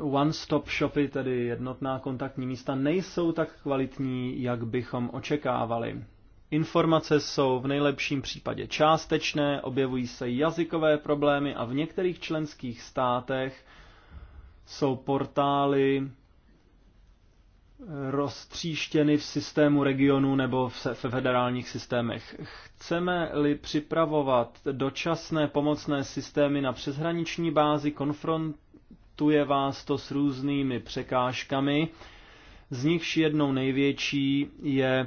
one-stop shopy, tedy jednotná kontaktní místa, nejsou tak kvalitní, jak bychom očekávali. Informace jsou v nejlepším případě částečné, objevují se jazykové problémy a v některých členských státech jsou portály eh, roztříštěny v systému regionu nebo v federálních systémech. Chceme-li připravovat dočasné pomocné systémy na přeshraniční bázi, konfrontuje vás to s různými překážkami, z nichž jednou největší je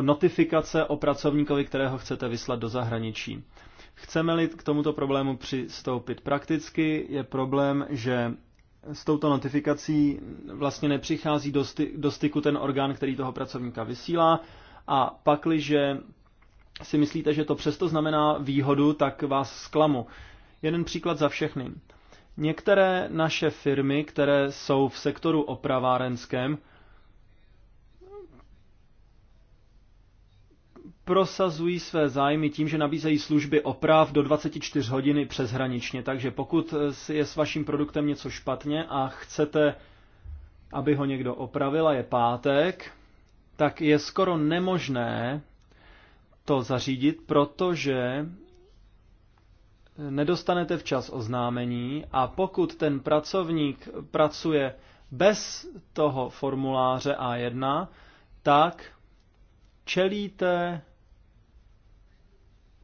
notifikace o pracovníkovi, kterého chcete vyslat do zahraničí. Chceme-li k tomuto problému přistoupit prakticky, je problém, že s touto notifikací vlastně nepřichází do, sty- do styku ten orgán, který toho pracovníka vysílá a pakliže si myslíte, že to přesto znamená výhodu, tak vás zklamu. Jeden příklad za všechny. Některé naše firmy, které jsou v sektoru opravárenském, prosazují své zájmy tím, že nabízejí služby oprav do 24 hodiny přeshraničně. Takže pokud eh, je s vaším produktem něco špatně a chcete, aby ho někdo opravil a je pátek, tak je skoro nemožné to zařídit, protože nedostanete včas oznámení a pokud ten pracovník pracuje bez toho formuláře A1, tak čelíte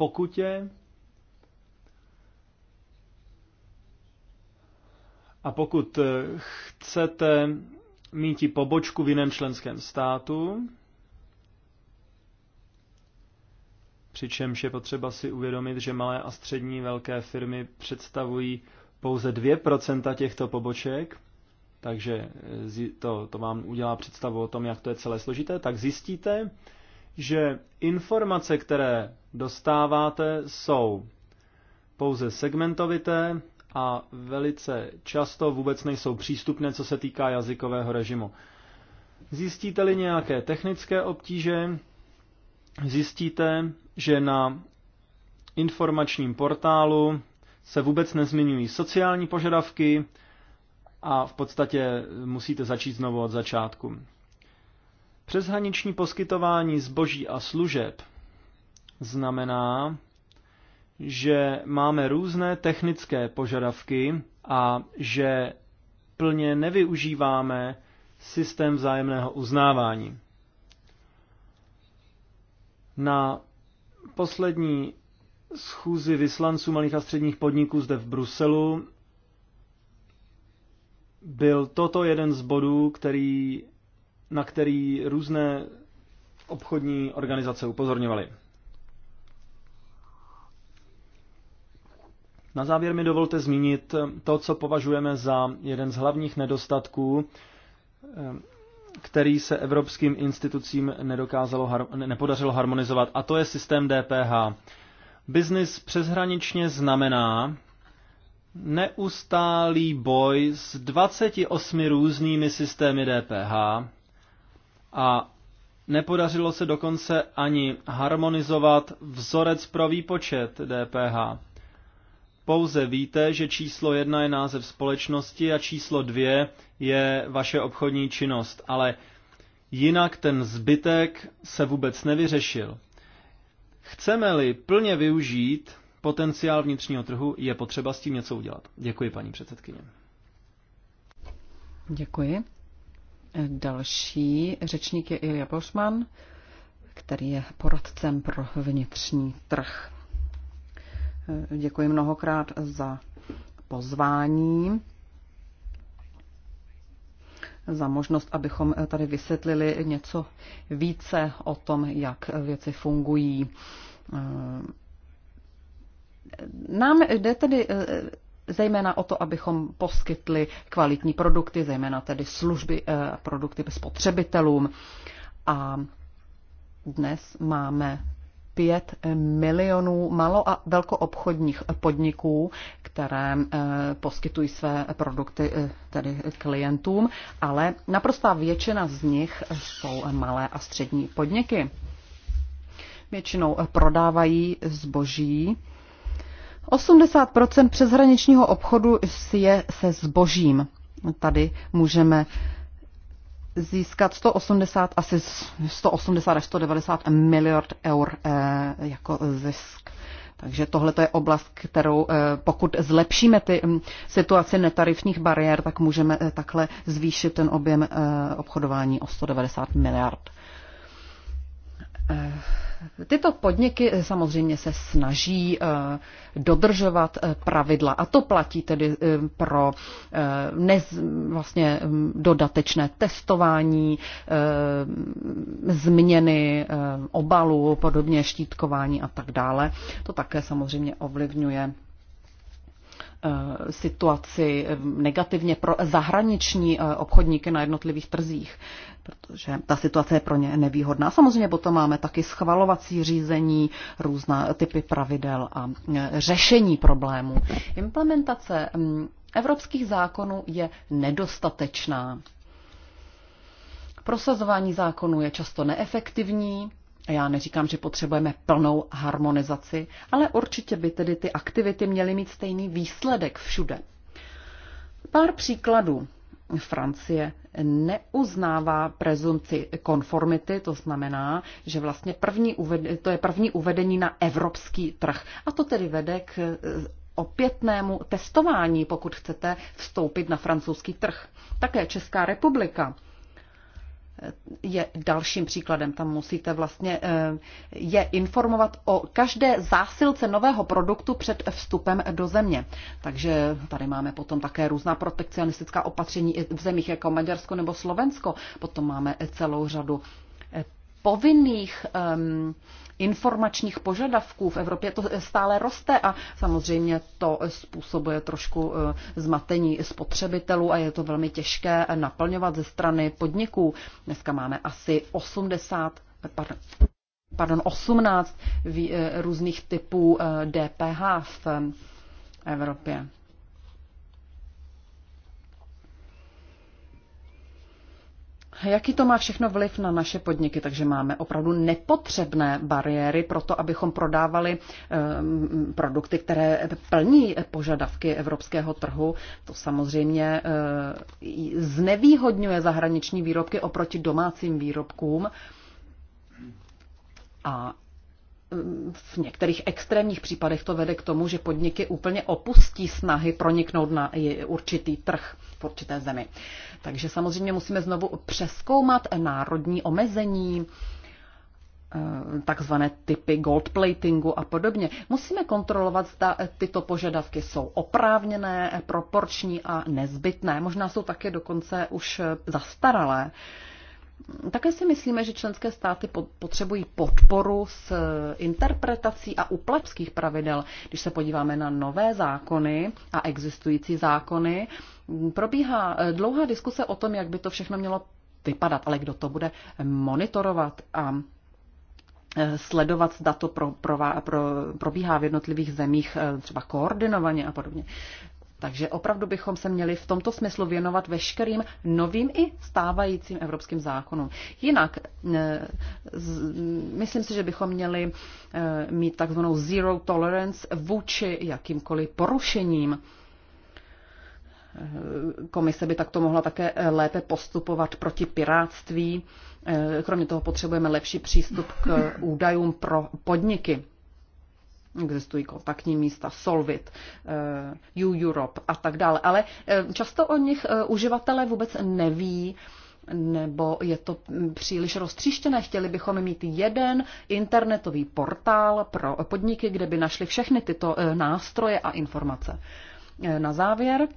pokutě a pokud eh, chcete mít i pobočku v jiném členském státu, přičemž je potřeba si uvědomit, že malé a střední velké firmy představují pouze 2% těchto poboček, takže eh, to, to vám udělá představu o tom, jak to je celé složité, tak zjistíte, že informace, které dostáváte, jsou pouze segmentovité a velice často vůbec nejsou přístupné, co se týká jazykového režimu. Zjistíte-li nějaké technické obtíže, zjistíte, že na informačním portálu se vůbec nezmiňují sociální požadavky a v podstatě musíte začít znovu od začátku. Přeshraniční poskytování zboží a služeb znamená, že máme různé technické požadavky a že plně nevyužíváme systém vzájemného uznávání. Na poslední schůzi vyslanců malých a středních podniků zde v Bruselu byl toto jeden z bodů, který na který různé obchodní organizace upozorňovaly. Na závěr mi dovolte zmínit to, co považujeme za jeden z hlavních nedostatků, eh, který se evropským institucím nedokázalo, nepodařilo harmonizovat, a to je systém DPH. Biznis přeshraničně znamená neustálý boj s 28 různými systémy DPH, a nepodařilo se dokonce ani harmonizovat vzorec pro výpočet DPH. Pouze víte, že číslo jedna je název společnosti a číslo dvě je vaše obchodní činnost, ale jinak ten zbytek se vůbec nevyřešil. Chceme-li plně využít potenciál vnitřního trhu, je potřeba s tím něco udělat. Děkuji, paní předsedkyně. Děkuji. Další řečník je Ilja Bosman, který je poradcem pro vnitřní trh. Děkuji mnohokrát za pozvání, za možnost, abychom tady vysvětlili něco více o tom, jak věci fungují. Nám jde tedy zejména o to, abychom poskytli kvalitní produkty, zejména tedy služby a eh, produkty spotřebitelům. A dnes máme 5 milionů malo- a velkoobchodních podniků, které eh, poskytují své produkty eh, tedy klientům, ale naprostá většina z nich jsou malé a střední podniky. Většinou prodávají zboží 80 přeshraničního obchodu je se zbožím. Tady můžeme získat 180, asi 180 až 190 miliard eur eh, jako zisk. Takže tohle je oblast, kterou eh, pokud zlepšíme ty hm, situaci netarifních bariér, tak můžeme eh, takhle zvýšit ten objem obchodování o 190 miliard. Tyto podniky samozřejmě se snaží eh, dodržovat eh, pravidla a to platí tedy eh, pro nez, vlastně hm, dodatečné testování, změny obalu, podobně štítkování a tak dále. To také samozřejmě ovlivňuje situaci negativně pro zahraniční obchodníky na jednotlivých trzích protože ta situace je pro ně nevýhodná. Samozřejmě potom máme taky schvalovací řízení, různá typy pravidel a e, řešení problémů. Implementace evropských zákonů je nedostatečná. Prosazování zákonů je často neefektivní. Já neříkám, že potřebujeme plnou harmonizaci, ale určitě by tedy ty aktivity měly mít stejný výsledek všude. Pár příkladů. Francie neuznává prezumci konformity, to znamená, že vlastně první uvedení, to je první uvedení na evropský trh. A to tedy vede k eh, opětnému testování, pokud chcete vstoupit na francouzský trh. Také Česká republika je dalším příkladem. Tam musíte vlastně eh, je informovat o každé zásilce nového produktu před vstupem do země. Takže tady máme potom také různá protekcionistická opatření v zemích jako Maďarsko nebo Slovensko. Potom máme celou řadu eh, povinných um, informačních požadavků v Evropě to stále roste a samozřejmě to způsobuje trošku eh, zmatení spotřebitelů a je to velmi těžké naplňovat ze strany podniků. Dneska máme asi 80, pardon, pardon 18 eh, různých typů DPH eh, v Evropě. jaký to má všechno vliv na naše podniky. Takže máme opravdu nepotřebné bariéry pro to, abychom prodávali ehm, produkty, které plní požadavky evropského trhu. To samozřejmě ehm, znevýhodňuje zahraniční výrobky oproti domácím výrobkům. A v některých extrémních případech to vede k tomu, že podniky úplně opustí snahy proniknout na určitý trh v určité zemi. Takže samozřejmě musíme znovu přeskoumat národní omezení, eh, takzvané typy gold platingu a podobně. Musíme kontrolovat, zda tyto požadavky jsou oprávněné, proporční a nezbytné. Možná jsou také dokonce už zastaralé. Také si myslíme, že členské státy potřebují podporu s eh, interpretací a uplatských pravidel. Když se podíváme na nové zákony a existující zákony, probíhá eh, dlouhá diskuse o tom, jak by to všechno mělo vypadat, ale kdo to bude monitorovat a eh, sledovat, zda to pro, pro, pro, probíhá v jednotlivých zemích třeba koordinovaně a podobně. Takže opravdu bychom se měli v tomto smyslu věnovat veškerým novým i stávajícím evropským zákonům. Jinak eh, myslím si, že bychom měli eh, mít takzvanou zero tolerance vůči jakýmkoliv porušením. Eh, komise by takto mohla také lépe postupovat proti piráctví. Kromě toho potřebujeme lepší přístup k údajům pro podniky. Existují kontaktní místa, Solvit, eh, U Europe a tak dále, ale eh, často o nich eh, uživatelé vůbec neví, nebo je to hm, příliš roztříštěné. Chtěli bychom mít jeden internetový portál pro podniky, kde by našli všechny tyto nástroje a informace. Na závěr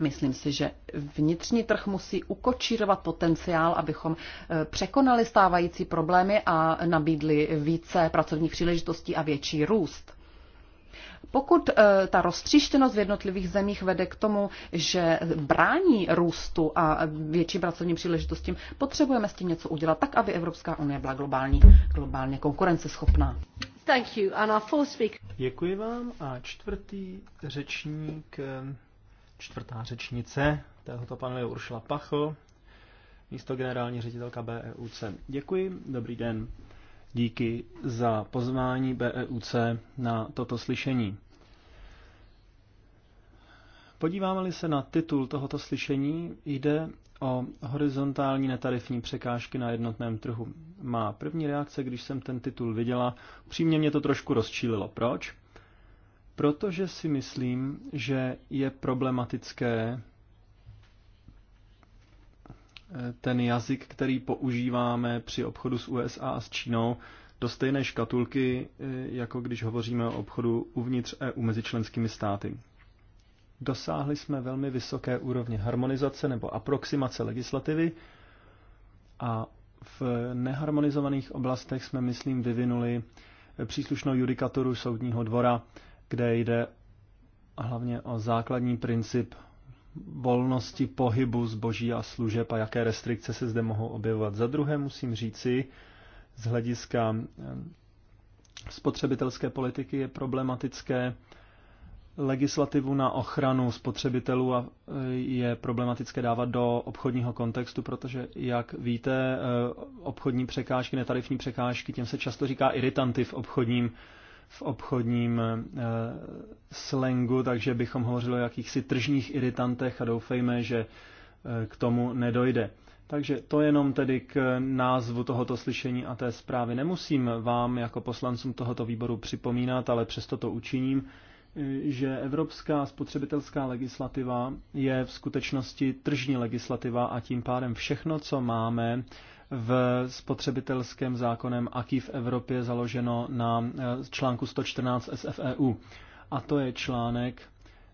Myslím si, že vnitřní trh musí ukočírovat potenciál, abychom eh, překonali stávající problémy a nabídli více pracovních příležitostí a větší růst. Pokud eh, ta roztříštěnost v jednotlivých zemích vede k tomu, že brání růstu a větší pracovním příležitostím, potřebujeme s tím něco udělat tak, aby Evropská unie byla globální, globálně konkurenceschopná. Thank you. And our fourth speaker... Děkuji vám a čtvrtý řečník eh, Čtvrtá řečnice tohoto panelu je Uršila Pacho, místo generální ředitelka BEUC. Děkuji, dobrý den. Díky za pozvání BEUC na toto slyšení. Podíváme-li se na titul tohoto slyšení, jde o horizontální netarifní překážky na jednotném trhu. Má první reakce, když jsem ten titul viděla, přímě mě to trošku rozčílilo. Proč? protože si myslím, že je problematické eh, ten jazyk, který používáme při obchodu s USA a s Čínou, do stejné škatulky, eh, jako když hovoříme o obchodu uvnitř EU mezi členskými státy. Dosáhli jsme velmi vysoké úrovně harmonizace nebo aproximace legislativy a v neharmonizovaných oblastech jsme, myslím, vyvinuli eh, příslušnou judikaturu soudního dvora, kde jde hlavně o základní princip volnosti pohybu zboží a služeb a jaké restrikce se zde mohou objevovat. Za druhé musím říci, z hlediska eh, spotřebitelské politiky je problematické legislativu na ochranu spotřebitelů a eh, je problematické dávat do obchodního kontextu, protože, jak víte, eh, obchodní překážky, netarifní překážky, těm se často říká iritanty v obchodním v obchodním eh, slengu, takže bychom hovořili o jakýchsi tržních iritantech a doufejme, že eh, k tomu nedojde. Takže to jenom tedy k názvu tohoto slyšení a té zprávy. Nemusím vám jako poslancům tohoto výboru připomínat, ale přesto to učiním, eh, že evropská spotřebitelská legislativa je v skutečnosti tržní legislativa a tím pádem všechno, co máme, v spotřebitelském zákonem AKI v Evropě založeno na eh, článku 114 SFEU. A to je článek,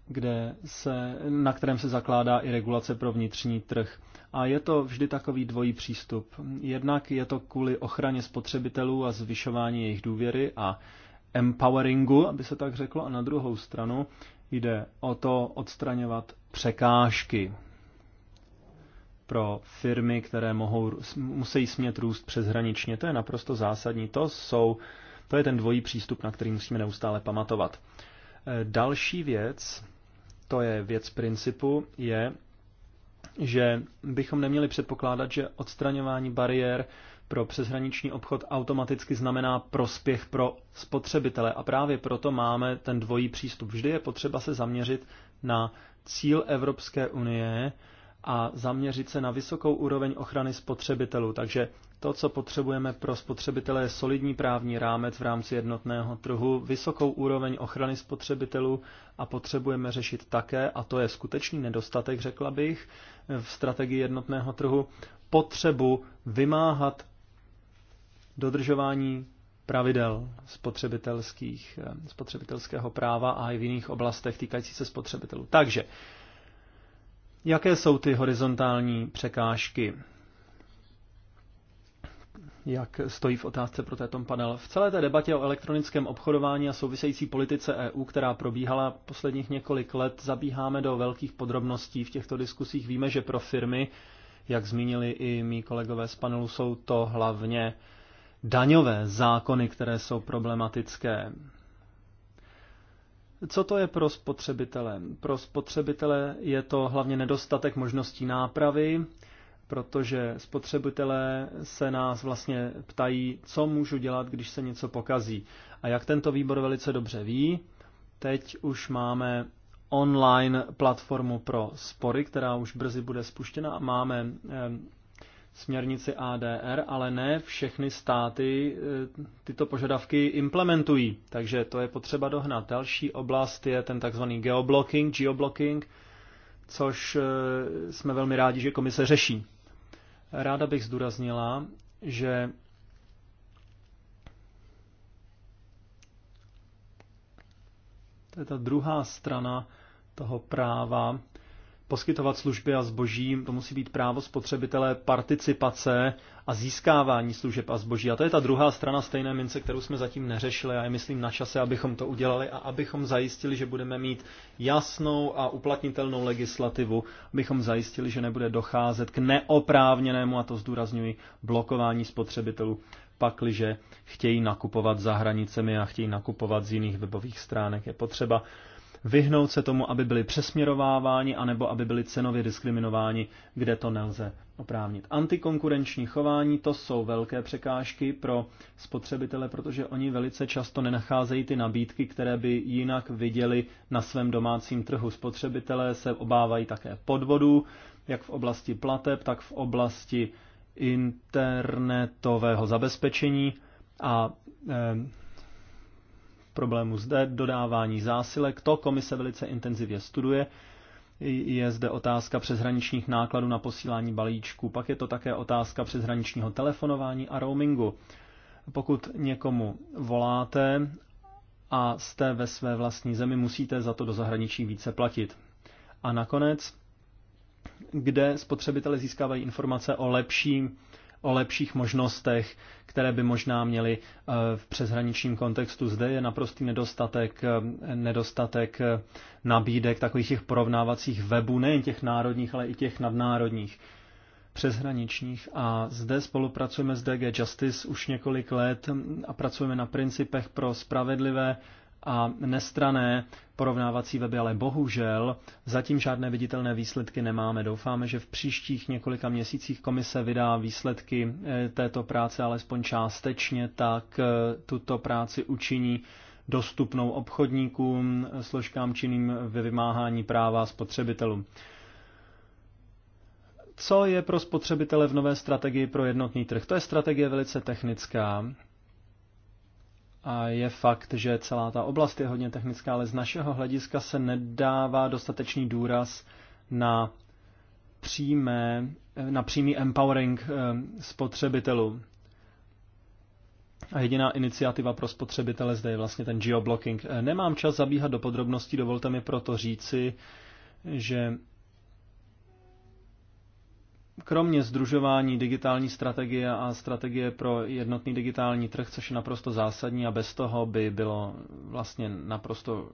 kde se, na kterém se zakládá i regulace pro vnitřní trh. A je to vždy takový dvojí přístup. Jednak je to kvůli ochraně spotřebitelů a zvyšování jejich důvěry a empoweringu, aby se tak řeklo, a na druhou stranu jde o to odstraňovat překážky pro firmy, které mohou, musí smět růst přeshraničně. To je naprosto zásadní. To, jsou, to je ten dvojí přístup, na který musíme neustále pamatovat. E, další věc, to je věc principu, je, že bychom neměli předpokládat, že odstraňování bariér pro přeshraniční obchod automaticky znamená prospěch pro spotřebitele. A právě proto máme ten dvojí přístup. Vždy je potřeba se zaměřit na cíl Evropské unie, a zaměřit se na vysokou úroveň ochrany spotřebitelů. Takže to, co potřebujeme pro spotřebitele, je solidní právní rámec v rámci jednotného trhu, vysokou úroveň ochrany spotřebitelů a potřebujeme řešit také, a to je skutečný nedostatek, řekla bych, v strategii jednotného trhu, potřebu vymáhat dodržování pravidel spotřebitelských, eh, spotřebitelského práva a i v jiných oblastech týkající se spotřebitelů. Takže Jaké jsou ty horizontální překážky? Jak stojí v otázce pro tento panel? V celé té debatě o elektronickém obchodování a související politice EU, která probíhala posledních několik let, zabíháme do velkých podrobností v těchto diskusích. Víme, že pro firmy, jak zmínili i mý kolegové z panelu, jsou to hlavně daňové zákony, které jsou problematické. Co to je pro spotřebitele? Pro spotřebitele je to hlavně nedostatek možností nápravy, protože spotřebitelé se nás vlastně ptají, co můžu dělat, když se něco pokazí. A jak tento výbor velice dobře ví, teď už máme online platformu pro spory, která už brzy bude spuštěna. Máme eh, směrnici ADR, ale ne všechny státy e, tyto požadavky implementují, takže to je potřeba dohnat. Další oblast je ten takzvaný geoblocking, geoblocking, což e, jsme velmi rádi, že komise řeší. Ráda bych zdůraznila, že to je ta druhá strana toho práva, poskytovat služby a zboží, to musí být právo spotřebitele participace a získávání služeb a zboží. A to je ta druhá strana stejné mince, kterou jsme zatím neřešili a je myslím na čase, abychom to udělali a abychom zajistili, že budeme mít jasnou a uplatnitelnou legislativu, abychom zajistili, že nebude docházet k neoprávněnému, a to zdůrazňuji, blokování spotřebitelů pakliže chtějí nakupovat za hranicemi a chtějí nakupovat z jiných webových stránek. Je potřeba vyhnout se tomu, aby byli přesměrováváni anebo aby byli cenově diskriminováni, kde to nelze oprávnit. Antikonkurenční chování to jsou velké překážky pro spotřebitele, protože oni velice často nenacházejí ty nabídky, které by jinak viděli na svém domácím trhu. Spotřebitelé se obávají také podvodů, jak v oblasti plateb, tak v oblasti internetového zabezpečení a eh, problémů zde, dodávání zásilek, to komise velice intenzivně studuje. Je zde otázka přeshraničních nákladů na posílání balíčků, pak je to také otázka přeshraničního telefonování a roamingu. Pokud někomu voláte a jste ve své vlastní zemi, musíte za to do zahraničí více platit. A nakonec, kde spotřebitelé získávají informace o lepším o lepších možnostech, které by možná měly eh, v přeshraničním kontextu. Zde je naprostý nedostatek, eh, nedostatek eh, nabídek takových těch porovnávacích webů, nejen těch národních, ale i těch nadnárodních přeshraničních a zde spolupracujeme s DG Justice už několik let a pracujeme na principech pro spravedlivé a nestrané porovnávací weby, ale bohužel zatím žádné viditelné výsledky nemáme. Doufáme, že v příštích několika měsících komise vydá výsledky eh, této práce alespoň částečně, tak eh, tuto práci učiní dostupnou obchodníkům, eh, složkám činným ve vymáhání práva spotřebitelům. Co je pro spotřebitele v nové strategii pro jednotný trh? To je strategie velice technická a je fakt, že celá ta oblast je hodně technická, ale z našeho hlediska se nedává dostatečný důraz na přímé, na přímý empowering eh, spotřebitelů. A jediná iniciativa pro spotřebitele zde je vlastně ten geoblocking. Eh, nemám čas zabíhat do podrobností, dovolte mi proto říci, že Kromě združování digitální strategie a strategie pro jednotný digitální trh, což je naprosto zásadní a bez toho by bylo vlastně naprosto,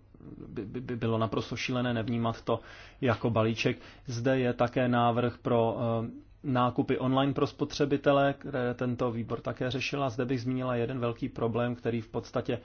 by, by, by bylo naprosto šílené nevnímat to jako balíček. Zde je také návrh pro eh, nákupy online pro spotřebitele, které tento výbor také řešila. Zde bych zmínila jeden velký problém, který v podstatě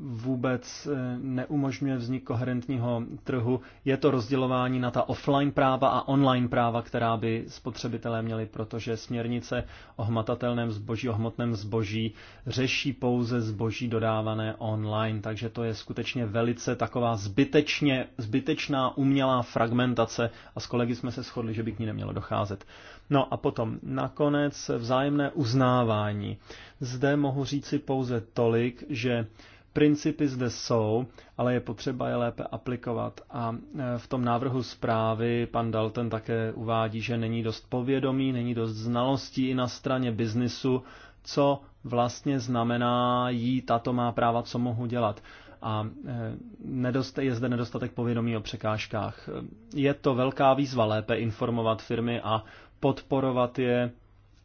vůbec eh, neumožňuje vznik koherentního trhu. Je to rozdělování na ta offline práva a online práva, která by spotřebitelé měli, protože směrnice o hmatatelném zboží, o hmotném zboží řeší pouze zboží dodávané online, takže to je skutečně velice taková zbytečně, zbytečná umělá fragmentace a s kolegy jsme se shodli, že by k ní nemělo docházet. No a potom nakonec vzájemné uznávání. Zde mohu říci pouze tolik, že principy zde jsou, ale je potřeba je lépe aplikovat. A e, v tom návrhu zprávy pan Dalton také uvádí, že není dost povědomí, není dost znalostí i na straně biznisu, co vlastně znamená jí tato má práva, co mohu dělat. A e, je zde nedostatek povědomí o překážkách. Je to velká výzva lépe informovat firmy a podporovat je,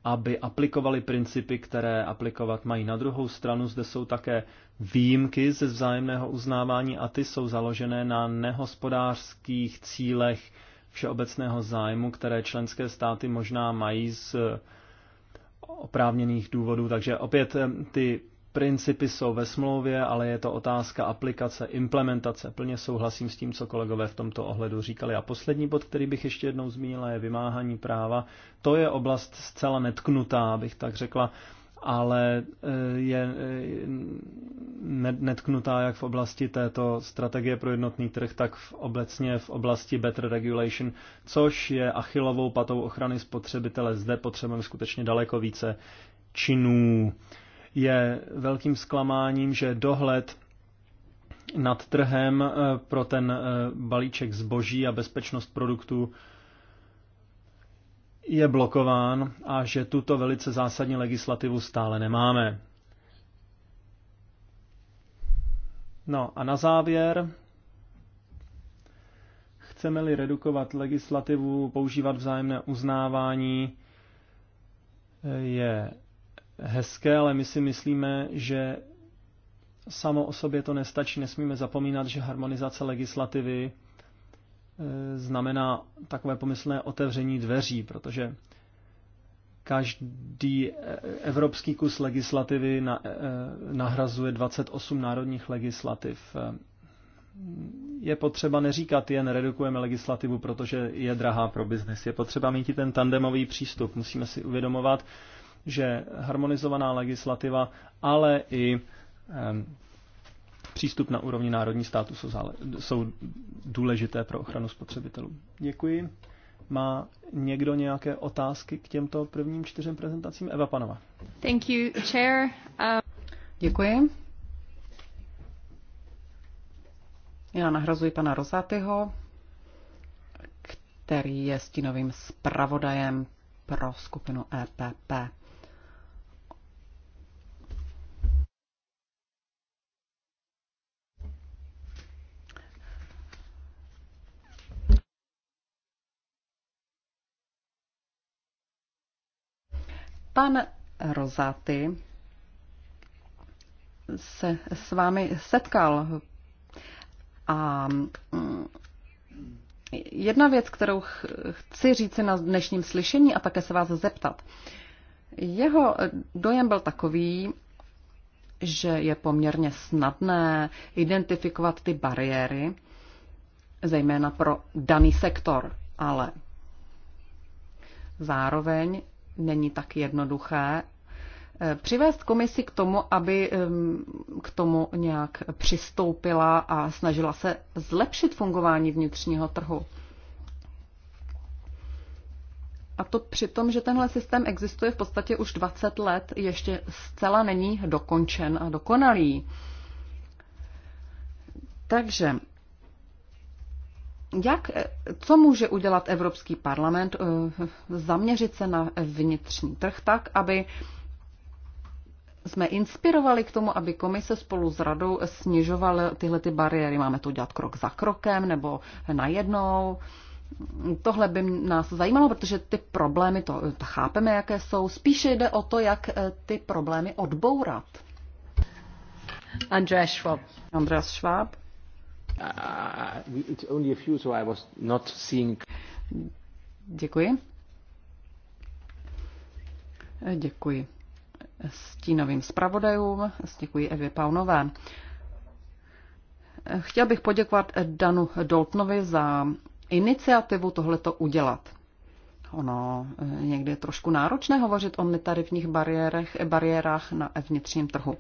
aby aplikovali principy, které aplikovat mají. Na druhou stranu zde jsou také výjimky ze vzájemného uznávání a ty jsou založené na nehospodářských cílech všeobecného zájmu, které členské státy možná mají z oprávněných důvodů. Takže opět eh, ty Principy jsou ve smlouvě, ale je to otázka aplikace, implementace. Plně souhlasím s tím, co kolegové v tomto ohledu říkali. A poslední bod, který bych ještě jednou zmínila, je vymáhání práva. To je oblast zcela netknutá, abych tak řekla, ale e, je e, netknutá jak v oblasti této strategie pro jednotný trh, tak v obecně v oblasti better regulation, což je achilovou patou ochrany spotřebitele. Zde potřebujeme skutečně daleko více činů je velkým zklamáním, že dohled nad trhem eh, pro ten eh, balíček zboží a bezpečnost produktů je blokován a že tuto velice zásadní legislativu stále nemáme. No a na závěr, chceme-li redukovat legislativu, používat vzájemné uznávání, eh, je hezké, ale my si myslíme, že samo o sobě to nestačí. Nesmíme zapomínat, že harmonizace legislativy e, znamená takové pomyslné otevření dveří, protože každý e, evropský kus legislativy e, nahrazuje 28 národních legislativ. Je potřeba neříkat jen redukujeme legislativu, protože je drahá pro biznis. Je potřeba mít i ten tandemový přístup. Musíme si uvědomovat, že harmonizovaná legislativa, ale i přístup na úrovni národní státu jsou, zále, jsou důležité pro ochranu spotřebitelů. Děkuji. Má někdo nějaké otázky k těmto prvním čtyřem prezentacím? Eva Panova. Thank you, chair. Um... Děkuji. Já nahrazuji pana Rozátyho, který je stínovým zpravodajem pro skupinu EPP. Pan Rozaty se s vámi setkal a mm, jedna věc, kterou chci říci na dnešním slyšení a také se vás zeptat. Jeho dojem byl takový, že je poměrně snadné identifikovat ty bariéry, zejména pro daný sektor, ale zároveň není tak jednoduché eh, přivést komisi k tomu, aby eh, k tomu nějak přistoupila a snažila se zlepšit fungování vnitřního trhu. A to při tom, že tenhle systém existuje v podstatě už 20 let, ještě zcela není dokončen a dokonalý. Takže jak, eh, co může udělat Evropský parlament? Eh, zaměřit se na vnitřní trh tak, aby jsme inspirovali k tomu, aby komise spolu s radou snižovala tyhle ty bariéry. Máme to dělat krok za krokem nebo najednou. Tohle by nás zajímalo, protože ty problémy, to chápeme, jaké jsou. Spíše jde o to, jak eh, ty problémy odbourat. Andreas Schwab. Andreas Schwab. Děkuji. Děkuji stínovým zpravodajům, děkuji Evě Paunové. Chtěl bych poděkovat Danu Doltnovi za iniciativu tohleto udělat. Ono eh, někdy je trošku náročné hovořit o netarifních bariérech, bariérách na vnitřním trhu.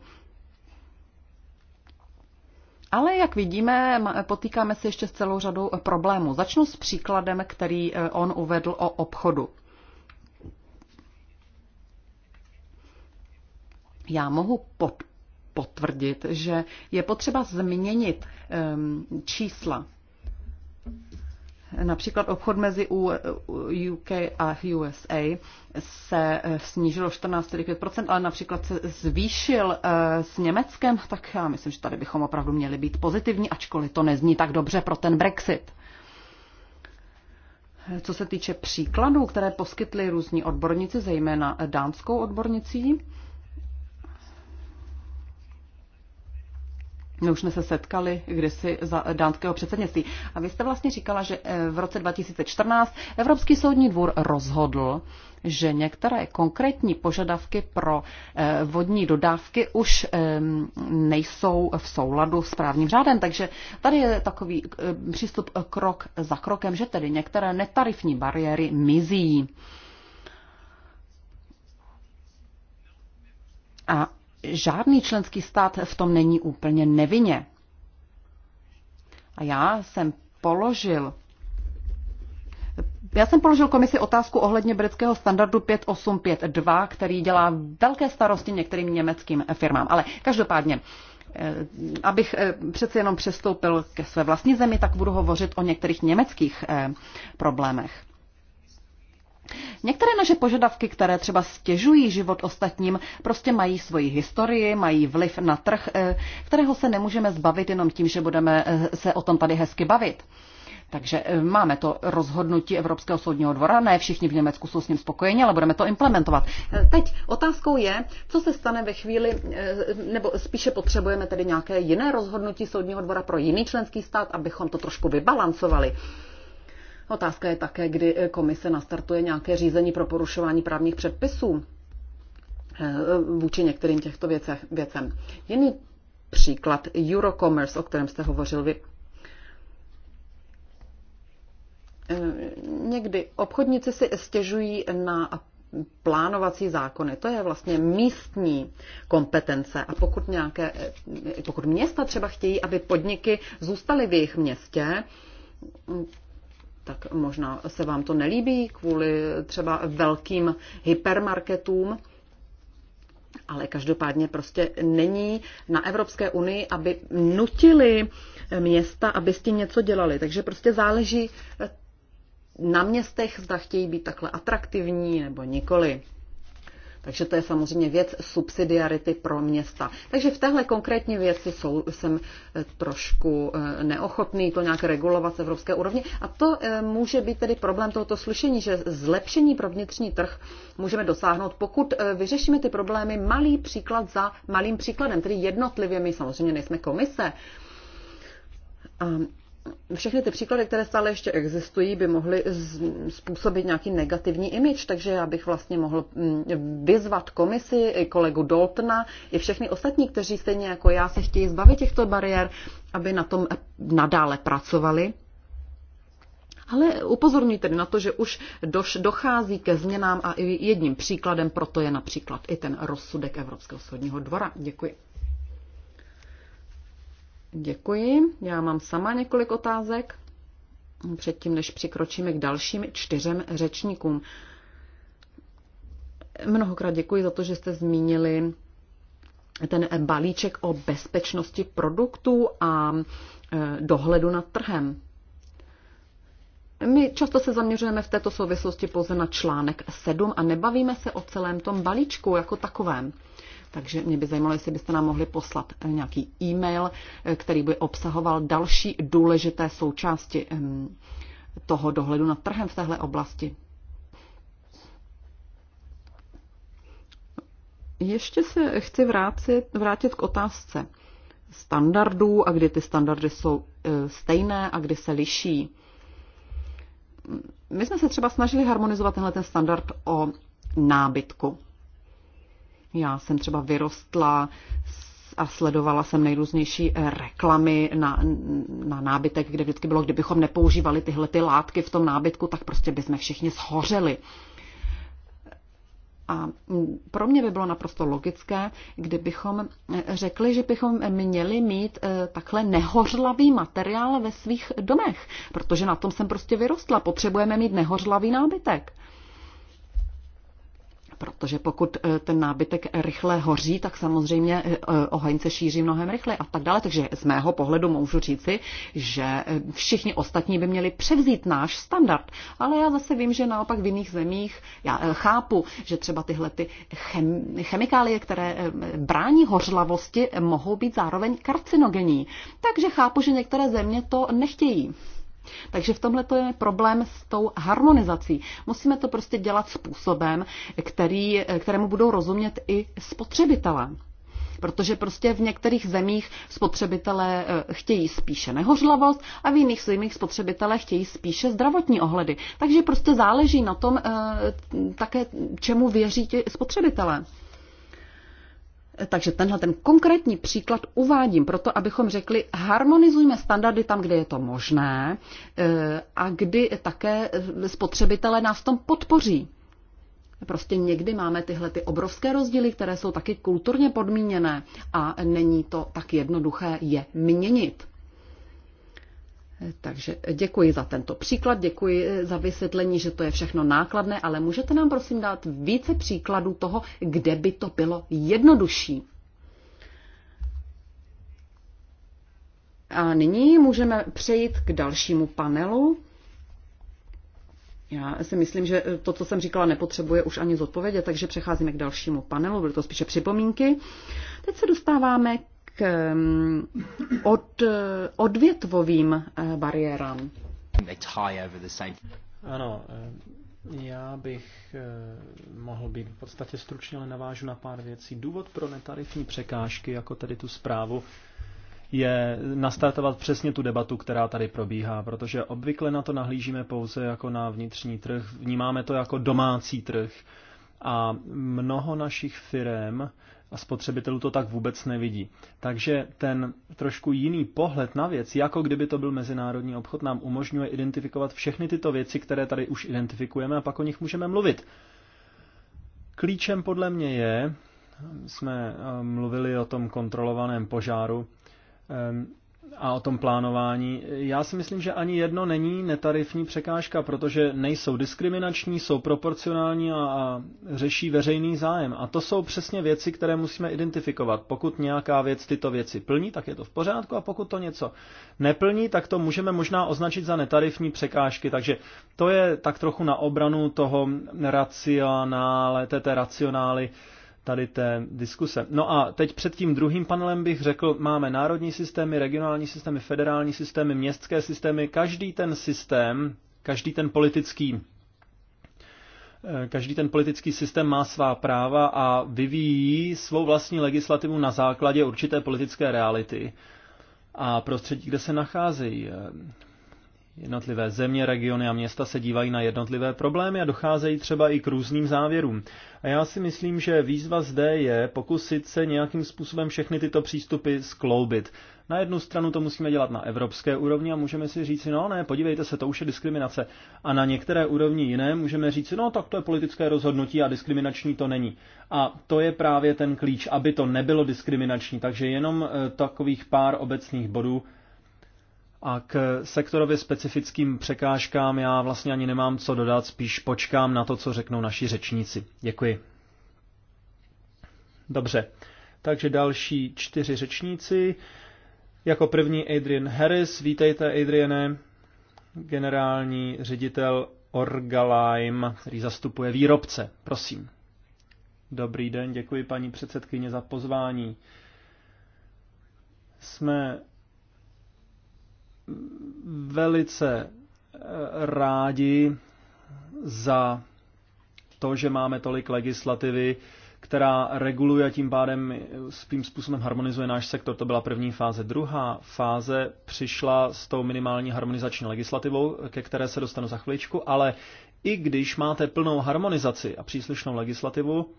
Ale jak vidíme, potýkáme se ještě s celou řadou problémů. Začnu s příkladem, který eh, on uvedl o obchodu. Já mohu pod, potvrdit, že je potřeba změnit um, čísla Například obchod mezi UK a USA se eh, snížil o 14,5%, ale například se zvýšil eh, s Německem, tak já myslím, že tady bychom opravdu měli být pozitivní, ačkoliv to nezní tak dobře pro ten Brexit. Co se týče příkladů, které poskytly různí odborníci, zejména dánskou odbornicí, My už jsme se setkali kdysi za dánského předsednictví. A vy jste vlastně říkala, že eh, v roce 2014 Evropský soudní dvůr rozhodl, že některé konkrétní požadavky pro eh, vodní dodávky už ehm, nejsou v souladu s právním řádem. Takže tady je takový eh, přístup krok za krokem, že tedy některé netarifní bariéry mizí. A žádný členský stát v tom není úplně nevinně. A já jsem položil já jsem položil komisi otázku ohledně britského standardu 5852, který dělá velké starosti některým německým firmám. Ale každopádně, eh, abych eh, přece jenom přestoupil ke své vlastní zemi, tak budu hovořit o některých německých eh, problémech. Některé naše požadavky, které třeba stěžují život ostatním, prostě mají svoji historii, mají vliv na trh, eh, kterého se nemůžeme zbavit jenom tím, že budeme eh, se o tom tady hezky bavit. Takže eh, máme to rozhodnutí Evropského soudního dvora, ne všichni v Německu jsou s ním spokojeni, ale budeme to implementovat. Teď otázkou je, co se stane ve chvíli, nebo spíše potřebujeme tedy nějaké jiné rozhodnutí soudního dvora pro jiný členský stát, abychom to trošku vybalancovali. Otázka je také, kdy eh, komise nastartuje nějaké řízení pro porušování právních předpisů eh, vůči některým těchto věcech, věcem. Jiný příklad Eurocommerce, o kterém jste hovořil vy. Eh, někdy obchodníci si stěžují na plánovací zákony. To je vlastně místní kompetence. A pokud, nějaké, pokud města třeba chtějí, aby podniky zůstaly v jejich městě, tak možná se vám to nelíbí kvůli třeba velkým hypermarketům, ale každopádně prostě není na Evropské unii, aby nutili města, aby s tím něco dělali. Takže prostě záleží na městech, zda chtějí být takhle atraktivní nebo nikoli. Takže to je samozřejmě věc subsidiarity pro města. Takže v téhle konkrétní věci jsou, jsem eh, trošku eh, neochotný to nějak regulovat z evropské úrovně. A to eh, může být tedy problém tohoto slyšení, že zlepšení pro vnitřní trh můžeme dosáhnout, pokud vyřešíme ty problémy malý příklad za malým příkladem, tedy jednotlivě. My samozřejmě nejsme komise všechny ty příklady, které stále ještě existují, by mohly způsobit nějaký negativní image, takže já bych vlastně mohl mm, vyzvat komisi, i kolegu Doltna i všechny ostatní, kteří stejně jako já se chtějí zbavit těchto bariér, aby na tom nadále pracovali. Ale upozorňuji tedy na to, že už doš, dochází ke změnám a jedním příkladem proto je například i ten rozsudek Evropského soudního dvora. Děkuji. Děkuji. Já mám sama několik otázek předtím, než přikročíme k dalším čtyřem řečníkům. Mnohokrát děkuji za to, že jste zmínili ten balíček o bezpečnosti produktů a e, dohledu nad trhem. My často se zaměřujeme v této souvislosti pouze na článek 7 a nebavíme se o celém tom balíčku jako takovém. Takže mě by zajímalo, jestli byste nám mohli poslat nějaký e-mail, eh, který by obsahoval další důležité součásti ehm, toho dohledu nad trhem v téhle oblasti. Ještě se chci vrátit, vrátit k otázce standardů a kdy ty standardy jsou eh, stejné a kdy se liší. My jsme se třeba snažili harmonizovat tenhle ten standard o nábytku. Já jsem třeba vyrostla a sledovala jsem nejrůznější eh, reklamy na, na nábytek, kde vždycky bylo, kdybychom nepoužívali tyhle ty látky v tom nábytku, tak prostě bychom všichni shořeli. A mm, pro mě by bylo naprosto logické, kdybychom eh, řekli, že bychom měli mít eh, takhle nehořlavý materiál ve svých domech, protože na tom jsem prostě vyrostla. Potřebujeme mít nehořlavý nábytek. Protože pokud eh, ten nábytek rychle hoří, tak samozřejmě eh, eh, oheň se šíří mnohem rychleji a tak dále. Takže z mého pohledu můžu říci, že všichni ostatní by měli převzít náš standard. Ale já zase vím, že naopak v jiných zemích, já chápu, že třeba tyhle ty chem, chemikálie, které brání hořlavosti, mohou být zároveň karcinogenní. Takže chápu, že některé země to nechtějí. Takže v tomhle to je problém s tou harmonizací. Musíme to prostě dělat způsobem, který, kterému budou rozumět i spotřebitelé. Protože prostě v některých zemích spotřebitelé eh, chtějí spíše nehořlavost a v jiných zemích spotřebitelé chtějí spíše zdravotní ohledy. Takže prostě záleží na tom eh, také, čemu věří ti spotřebitelé. Takže tenhle ten konkrétní příklad uvádím proto, abychom řekli, harmonizujme standardy tam, kde je to možné eh, a kdy také eh, spotřebitelé nás v tom podpoří. Prostě někdy máme tyhle ty obrovské rozdíly, které jsou taky kulturně podmíněné a není to tak jednoduché je měnit. Takže děkuji za tento příklad, děkuji eh, za vysvětlení, že to je všechno nákladné, ale můžete nám prosím dát více příkladů toho, kde by to bylo jednodušší. A nyní můžeme přejít k dalšímu panelu. Já si myslím, že eh, to, co jsem říkala, nepotřebuje už ani zodpovědět, takže přecházíme k dalšímu panelu, byly to spíše připomínky. Teď se dostáváme k ehm, od, eh, odvětvovým eh, bariérám. Ano, eh, já bych mohl být v podstatě stručně, ale navážu na pár věcí. Důvod pro netarifní překážky, jako tady tu zprávu, je nastartovat přesně tu debatu, která tady probíhá, protože obvykle na to nahlížíme pouze jako na vnitřní trh, vnímáme to jako domácí trh. A mnoho našich firm a spotřebitelů to tak vůbec nevidí. Takže ten trošku jiný pohled na věc, jako kdyby to byl mezinárodní obchod, nám umožňuje identifikovat všechny tyto věci, které tady už identifikujeme a pak o nich můžeme mluvit. Klíčem podle mě je, jsme eh, mluvili o tom kontrolovaném požáru, eh, a o tom plánování. Já si myslím, že ani jedno není netarifní překážka, protože nejsou diskriminační, jsou proporcionální a, a řeší veřejný zájem. A to jsou přesně věci, které musíme identifikovat. Pokud nějaká věc tyto věci plní, tak je to v pořádku a pokud to něco neplní, tak to můžeme možná označit za netarifní překážky. Takže to je tak trochu na obranu toho racionále, té, té racionály, tady té diskuse. No a teď před tím druhým panelem bych řekl, máme národní systémy, regionální systémy, federální systémy, městské systémy. Každý ten systém, každý ten politický eh, Každý ten politický systém má svá práva a vyvíjí svou vlastní legislativu na základě určité politické reality a prostředí, kde se nacházejí. Jednotlivé země, regiony a města se dívají na jednotlivé problémy a docházejí třeba i k různým závěrům. A já si myslím, že výzva zde je pokusit se nějakým způsobem všechny tyto přístupy skloubit. Na jednu stranu to musíme dělat na evropské úrovni a můžeme si říct, no ne, podívejte se, to už je diskriminace. A na některé úrovni jiné můžeme říct, no tak to je politické rozhodnutí a diskriminační to není. A to je právě ten klíč, aby to nebylo diskriminační. Takže jenom eh, takových pár obecných bodů a k sektorově specifickým překážkám já vlastně ani nemám co dodat, spíš počkám na to, co řeknou naši řečníci. Děkuji. Dobře, takže další čtyři řečníci. Jako první Adrian Harris, vítejte Adriane, generální ředitel Orgalime, který zastupuje výrobce. Prosím. Dobrý den, děkuji paní předsedkyně za pozvání. Jsme velice eh, rádi za to, že máme tolik legislativy, která reguluje a tím pádem eh, svým způsobem harmonizuje náš sektor. To byla první fáze. Druhá fáze přišla s tou minimální harmonizační legislativou, ke které se dostanu za chviličku, ale i když máte plnou harmonizaci a příslušnou legislativu,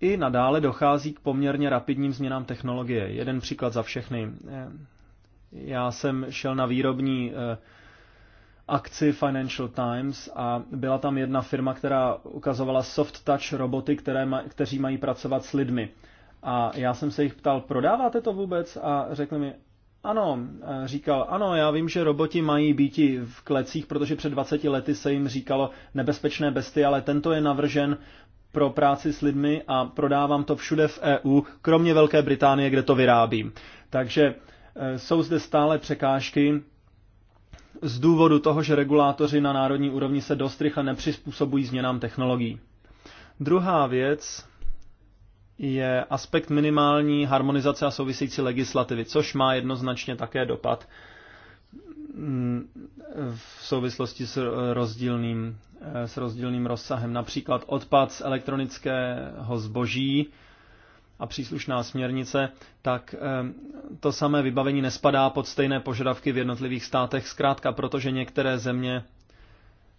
i nadále dochází k poměrně rapidním změnám technologie. Jeden příklad za všechny. Eh, já jsem šel na výrobní eh, akci Financial Times a byla tam jedna firma, která ukazovala soft touch roboty, které ma, kteří mají pracovat s lidmi. A já jsem se jich ptal, prodáváte to vůbec? A řekli mi, ano, říkal, ano, já vím, že roboti mají být v klecích, protože před 20 lety se jim říkalo nebezpečné besty, ale tento je navržen pro práci s lidmi a prodávám to všude v EU, kromě Velké Británie, kde to vyrábím. Takže Eh, jsou zde stále překážky z důvodu toho, že regulátoři na národní úrovni se dost rychle nepřizpůsobují změnám technologií. Druhá věc je aspekt minimální harmonizace a související legislativy, což má jednoznačně také dopad mm, v souvislosti s rozdílným, eh, s rozdílným rozsahem. Například odpad z elektronického zboží a příslušná směrnice, tak eh, to samé vybavení nespadá pod stejné požadavky v jednotlivých státech, zkrátka protože některé země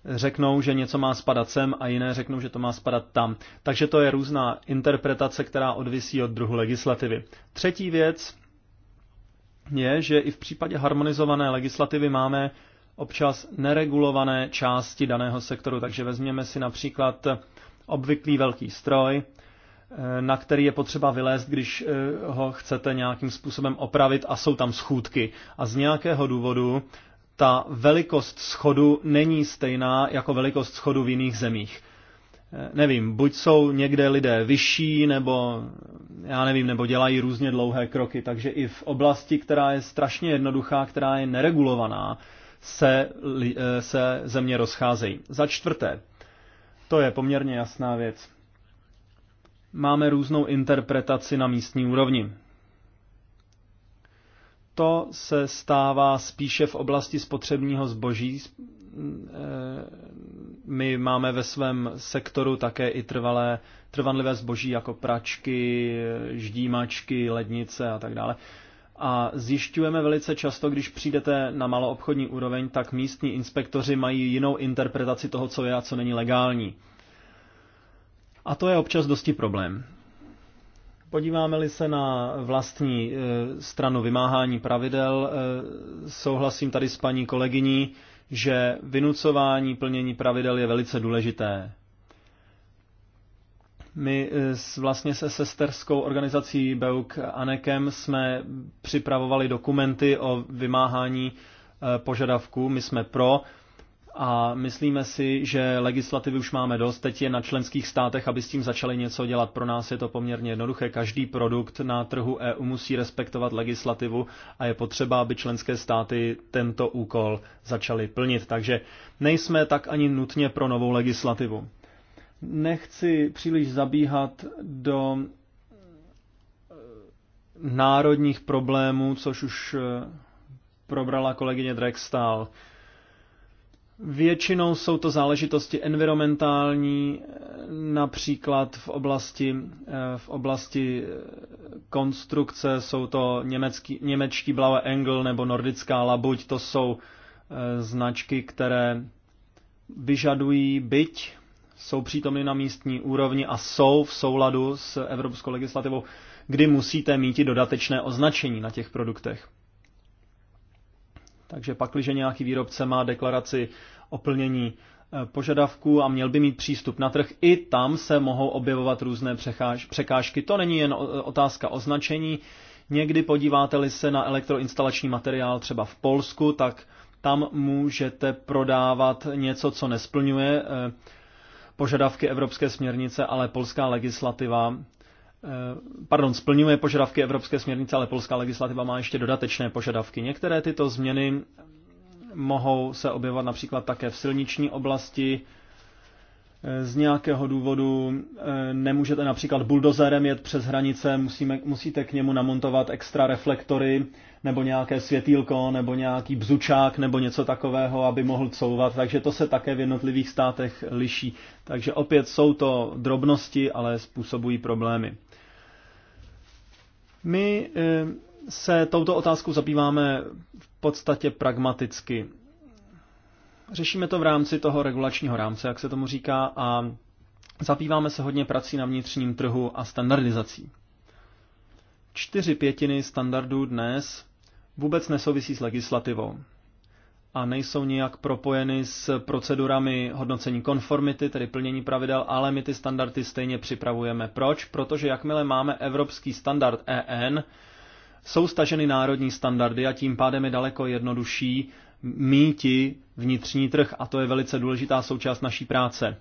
řeknou, že něco má spadat sem a jiné řeknou, že to má spadat tam. Takže to je různá interpretace, která odvisí od druhu legislativy. Třetí věc je, že i v případě harmonizované legislativy máme občas neregulované části daného sektoru. Takže vezměme si například obvyklý velký stroj, Eh, na který je potřeba vylézt, když eh, ho chcete nějakým způsobem opravit a jsou tam schůdky. A z nějakého důvodu ta velikost schodu není stejná jako velikost schodu v jiných zemích. Eh, nevím, buď jsou někde lidé vyšší, nebo já nevím, nebo dělají různě dlouhé kroky, takže i v oblasti, která je strašně jednoduchá, která je neregulovaná, se, se země rozcházejí. Za čtvrté, to je poměrně jasná věc máme různou interpretaci na místní úrovni. To se stává spíše v oblasti spotřebního zboží. Eh, my máme ve svém sektoru také i trvalé, trvanlivé zboží jako pračky, ždímačky, lednice a tak dále. A zjišťujeme velice často, když přijdete na maloobchodní úroveň, tak místní inspektoři mají jinou interpretaci toho, co je a co není legální. A to je občas dosti problém. Podíváme-li se na vlastní eh, stranu vymáhání pravidel, eh, souhlasím tady s paní kolegyní, že vynucování plnění pravidel je velice důležité. My eh, s, vlastně se sesterskou organizací Beuk Anekem jsme připravovali dokumenty o vymáhání požadavků. My jsme pro, a myslíme si, že legislativy už máme dost, teď je na členských státech, aby s tím začali něco dělat. Pro nás je to poměrně jednoduché. Každý produkt na trhu EU musí respektovat legislativu a je potřeba, aby členské státy tento úkol začaly plnit. Takže nejsme tak ani nutně pro novou legislativu. Nechci příliš zabíhat do eh, národních problémů, což už eh, probrala kolegyně Drexstall. Většinou jsou to záležitosti environmentální, eh, například v oblasti, eh, v oblasti eh, konstrukce jsou to německý, němečtí Blaue Engel nebo nordická labuť, to jsou značky, které vyžadují byť, jsou přítomny na místní úrovni a jsou v souladu s evropskou legislativou, kdy musíte mít i dodatečné označení na těch produktech. Takže pakliže nějaký výrobce má deklaraci o plnění eh, požadavků a měl by mít přístup na trh, i tam se mohou objevovat různé překážky. To není jen otázka označení. Někdy podíváte-li se na elektroinstalační materiál třeba v Polsku, tak tam můžete prodávat něco, co nesplňuje eh, požadavky evropské směrnice, ale polská legislativa Eh, pardon, splňuje požadavky Evropské směrnice, ale polská legislativa má ještě dodatečné požadavky. Některé tyto změny mohou se objevovat například také v silniční oblasti. Eh, z nějakého důvodu eh, nemůžete například buldozerem jet přes hranice, musíme, musíte k němu namontovat extra reflektory nebo nějaké světýlko nebo nějaký bzučák nebo něco takového, aby mohl couvat. Takže to se také v jednotlivých státech liší. Takže opět jsou to drobnosti, ale způsobují problémy. My eh, se touto otázkou zabýváme v podstatě pragmaticky. Řešíme to v rámci toho regulačního rámce, jak se tomu říká, a zabýváme se hodně prací na vnitřním trhu a standardizací. Čtyři pětiny standardů dnes vůbec nesouvisí s legislativou a nejsou nijak propojeny s procedurami hodnocení konformity, tedy plnění pravidel, ale my ty standardy stejně připravujeme. Proč? Protože jakmile máme evropský standard EN, jsou staženy národní standardy a tím pádem je daleko jednodušší míti vnitřní trh a to je velice důležitá součást naší práce.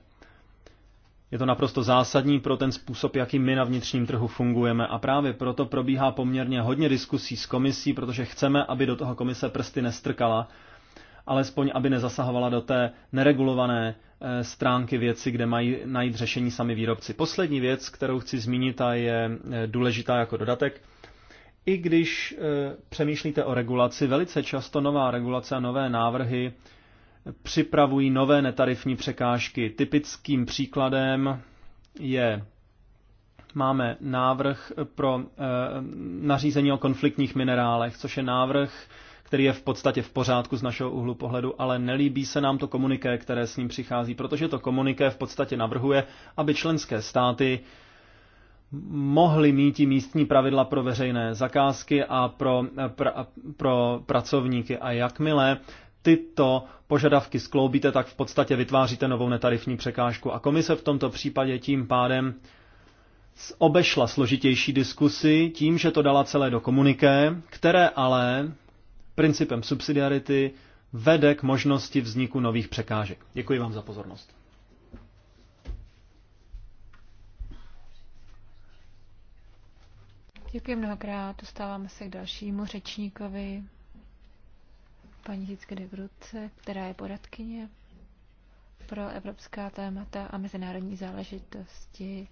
Je to naprosto zásadní pro ten způsob, jakým my na vnitřním trhu fungujeme a právě proto probíhá poměrně hodně diskusí s komisí, protože chceme, aby do toho komise prsty nestrkala alespoň aby nezasahovala do té neregulované eh, stránky věci, kde mají najít řešení sami výrobci. Poslední věc, kterou chci zmínit a je eh, důležitá jako dodatek, i když eh, přemýšlíte o regulaci, velice často nová regulace a nové návrhy připravují nové netarifní překážky. Typickým příkladem je máme návrh pro e, nařízení o konfliktních minerálech, což je návrh který je v podstatě v pořádku z našeho úhlu pohledu, ale nelíbí se nám to komuniké, které s ním přichází, protože to komuniké v podstatě navrhuje, aby členské státy mohly mít i místní pravidla pro veřejné zakázky a pro, pra, pro pracovníky. A jakmile tyto požadavky skloubíte, tak v podstatě vytváříte novou netarifní překážku. A komise v tomto případě tím pádem obešla složitější diskusy tím, že to dala celé do komuniké, které ale principem subsidiarity vede k možnosti vzniku nových překážek. Děkuji vám za pozornost. Děkuji mnohokrát. Dostáváme se k dalšímu řečníkovi, paní Hicke de Vruce, která je poradkyně pro evropská témata a mezinárodní záležitosti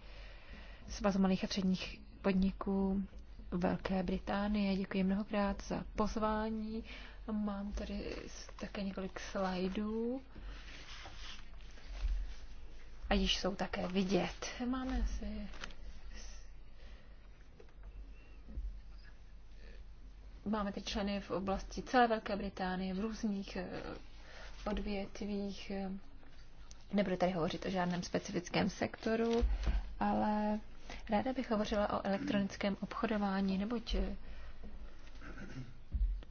Svazu malých a středních podniků Velké Británie. Děkuji mnohokrát za pozvání. Mám tady také několik slajdů. A již jsou také vidět. Máme si Máme ty členy v oblasti celé Velké Británie, v různých eh, odvětvích. Nebudu tady hovořit o žádném specifickém sektoru, ale Ráda bych hovořila o elektronickém obchodování, neboť eh,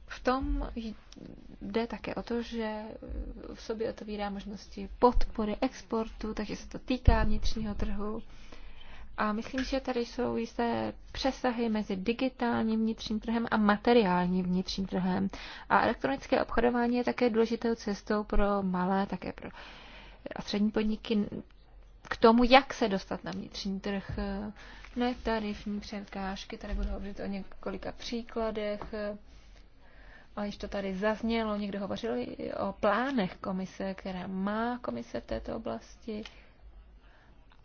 v tom jde také o to, že eh, v sobě otevírá možnosti podpory exportu, takže se to týká vnitřního trhu. A myslím, že tady jsou jisté přesahy mezi digitálním vnitřním trhem a materiálním vnitřním trhem. A elektronické obchodování je také důležitou cestou pro malé, také pro eh, a střední podniky k tomu, jak se dostat na vnitřní trh. Eh, netarifní překážky, tady budu hovořit o několika příkladech. Eh, a již to tady zaznělo, někdo hovořil o plánech komise, která má komise v této oblasti.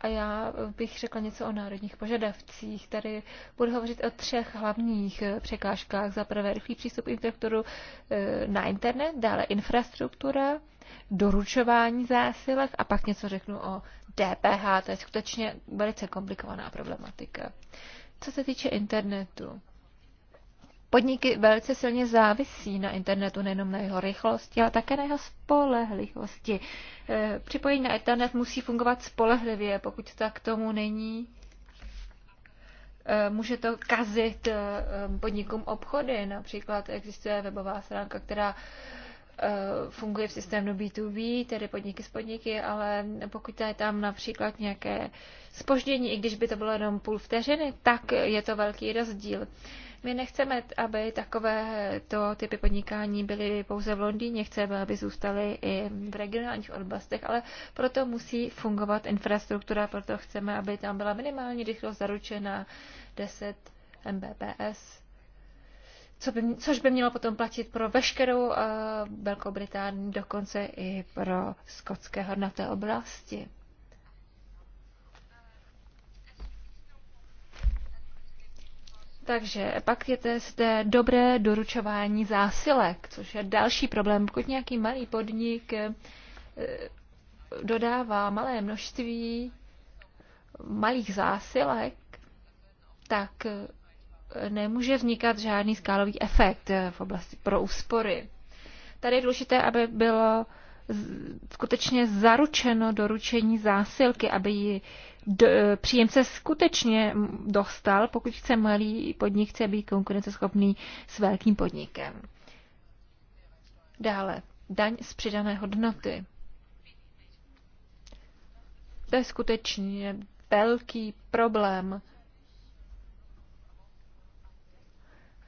A já bych řekla něco o národních požadavcích. Tady budu hovořit o třech hlavních eh, překážkách. Za prvé rychlý přístup infrastrukturu na internet, dále infrastruktura, doručování zásilek a pak něco řeknu o DPH, to je skutečně velice komplikovaná problematika. Co se týče internetu, podniky velice silně závisí na internetu, nejenom na jeho rychlosti, ale také na jeho spolehlivosti. Eh, připojení na internet musí fungovat spolehlivě, pokud tak tomu není, eh, může to kazit eh, podnikům obchody. Například existuje webová stránka, která Eh, funguje v systému B2B, tedy podniky s podniky, ale pokud je tam například nějaké spoždění, i když by to bylo jenom půl vteřiny, tak je to velký rozdíl. My nechceme, aby takové to typy podnikání byly pouze v Londýně, chceme, aby zůstaly i v regionálních oblastech, ale proto musí fungovat infrastruktura, proto chceme, aby tam byla minimální rychlost zaručena 10 Mbps co by, což by mělo potom platit pro veškerou uh, Velkou Británii, dokonce i pro skotské hornaté oblasti. Takže pak je zde dobré doručování zásilek, což je další problém. Pokud nějaký malý podnik eh, dodává malé množství malých zásilek, tak eh, nemůže vznikat žádný skálový efekt eh, v oblasti pro úspory. Tady je důležité, aby bylo skutečně zaručeno doručení zásilky, aby ji do, eh, příjemce skutečně dostal, pokud chce malý podnik chce být konkurenceschopný s velkým podnikem. Dále, daň z přidané hodnoty. To je skutečně velký problém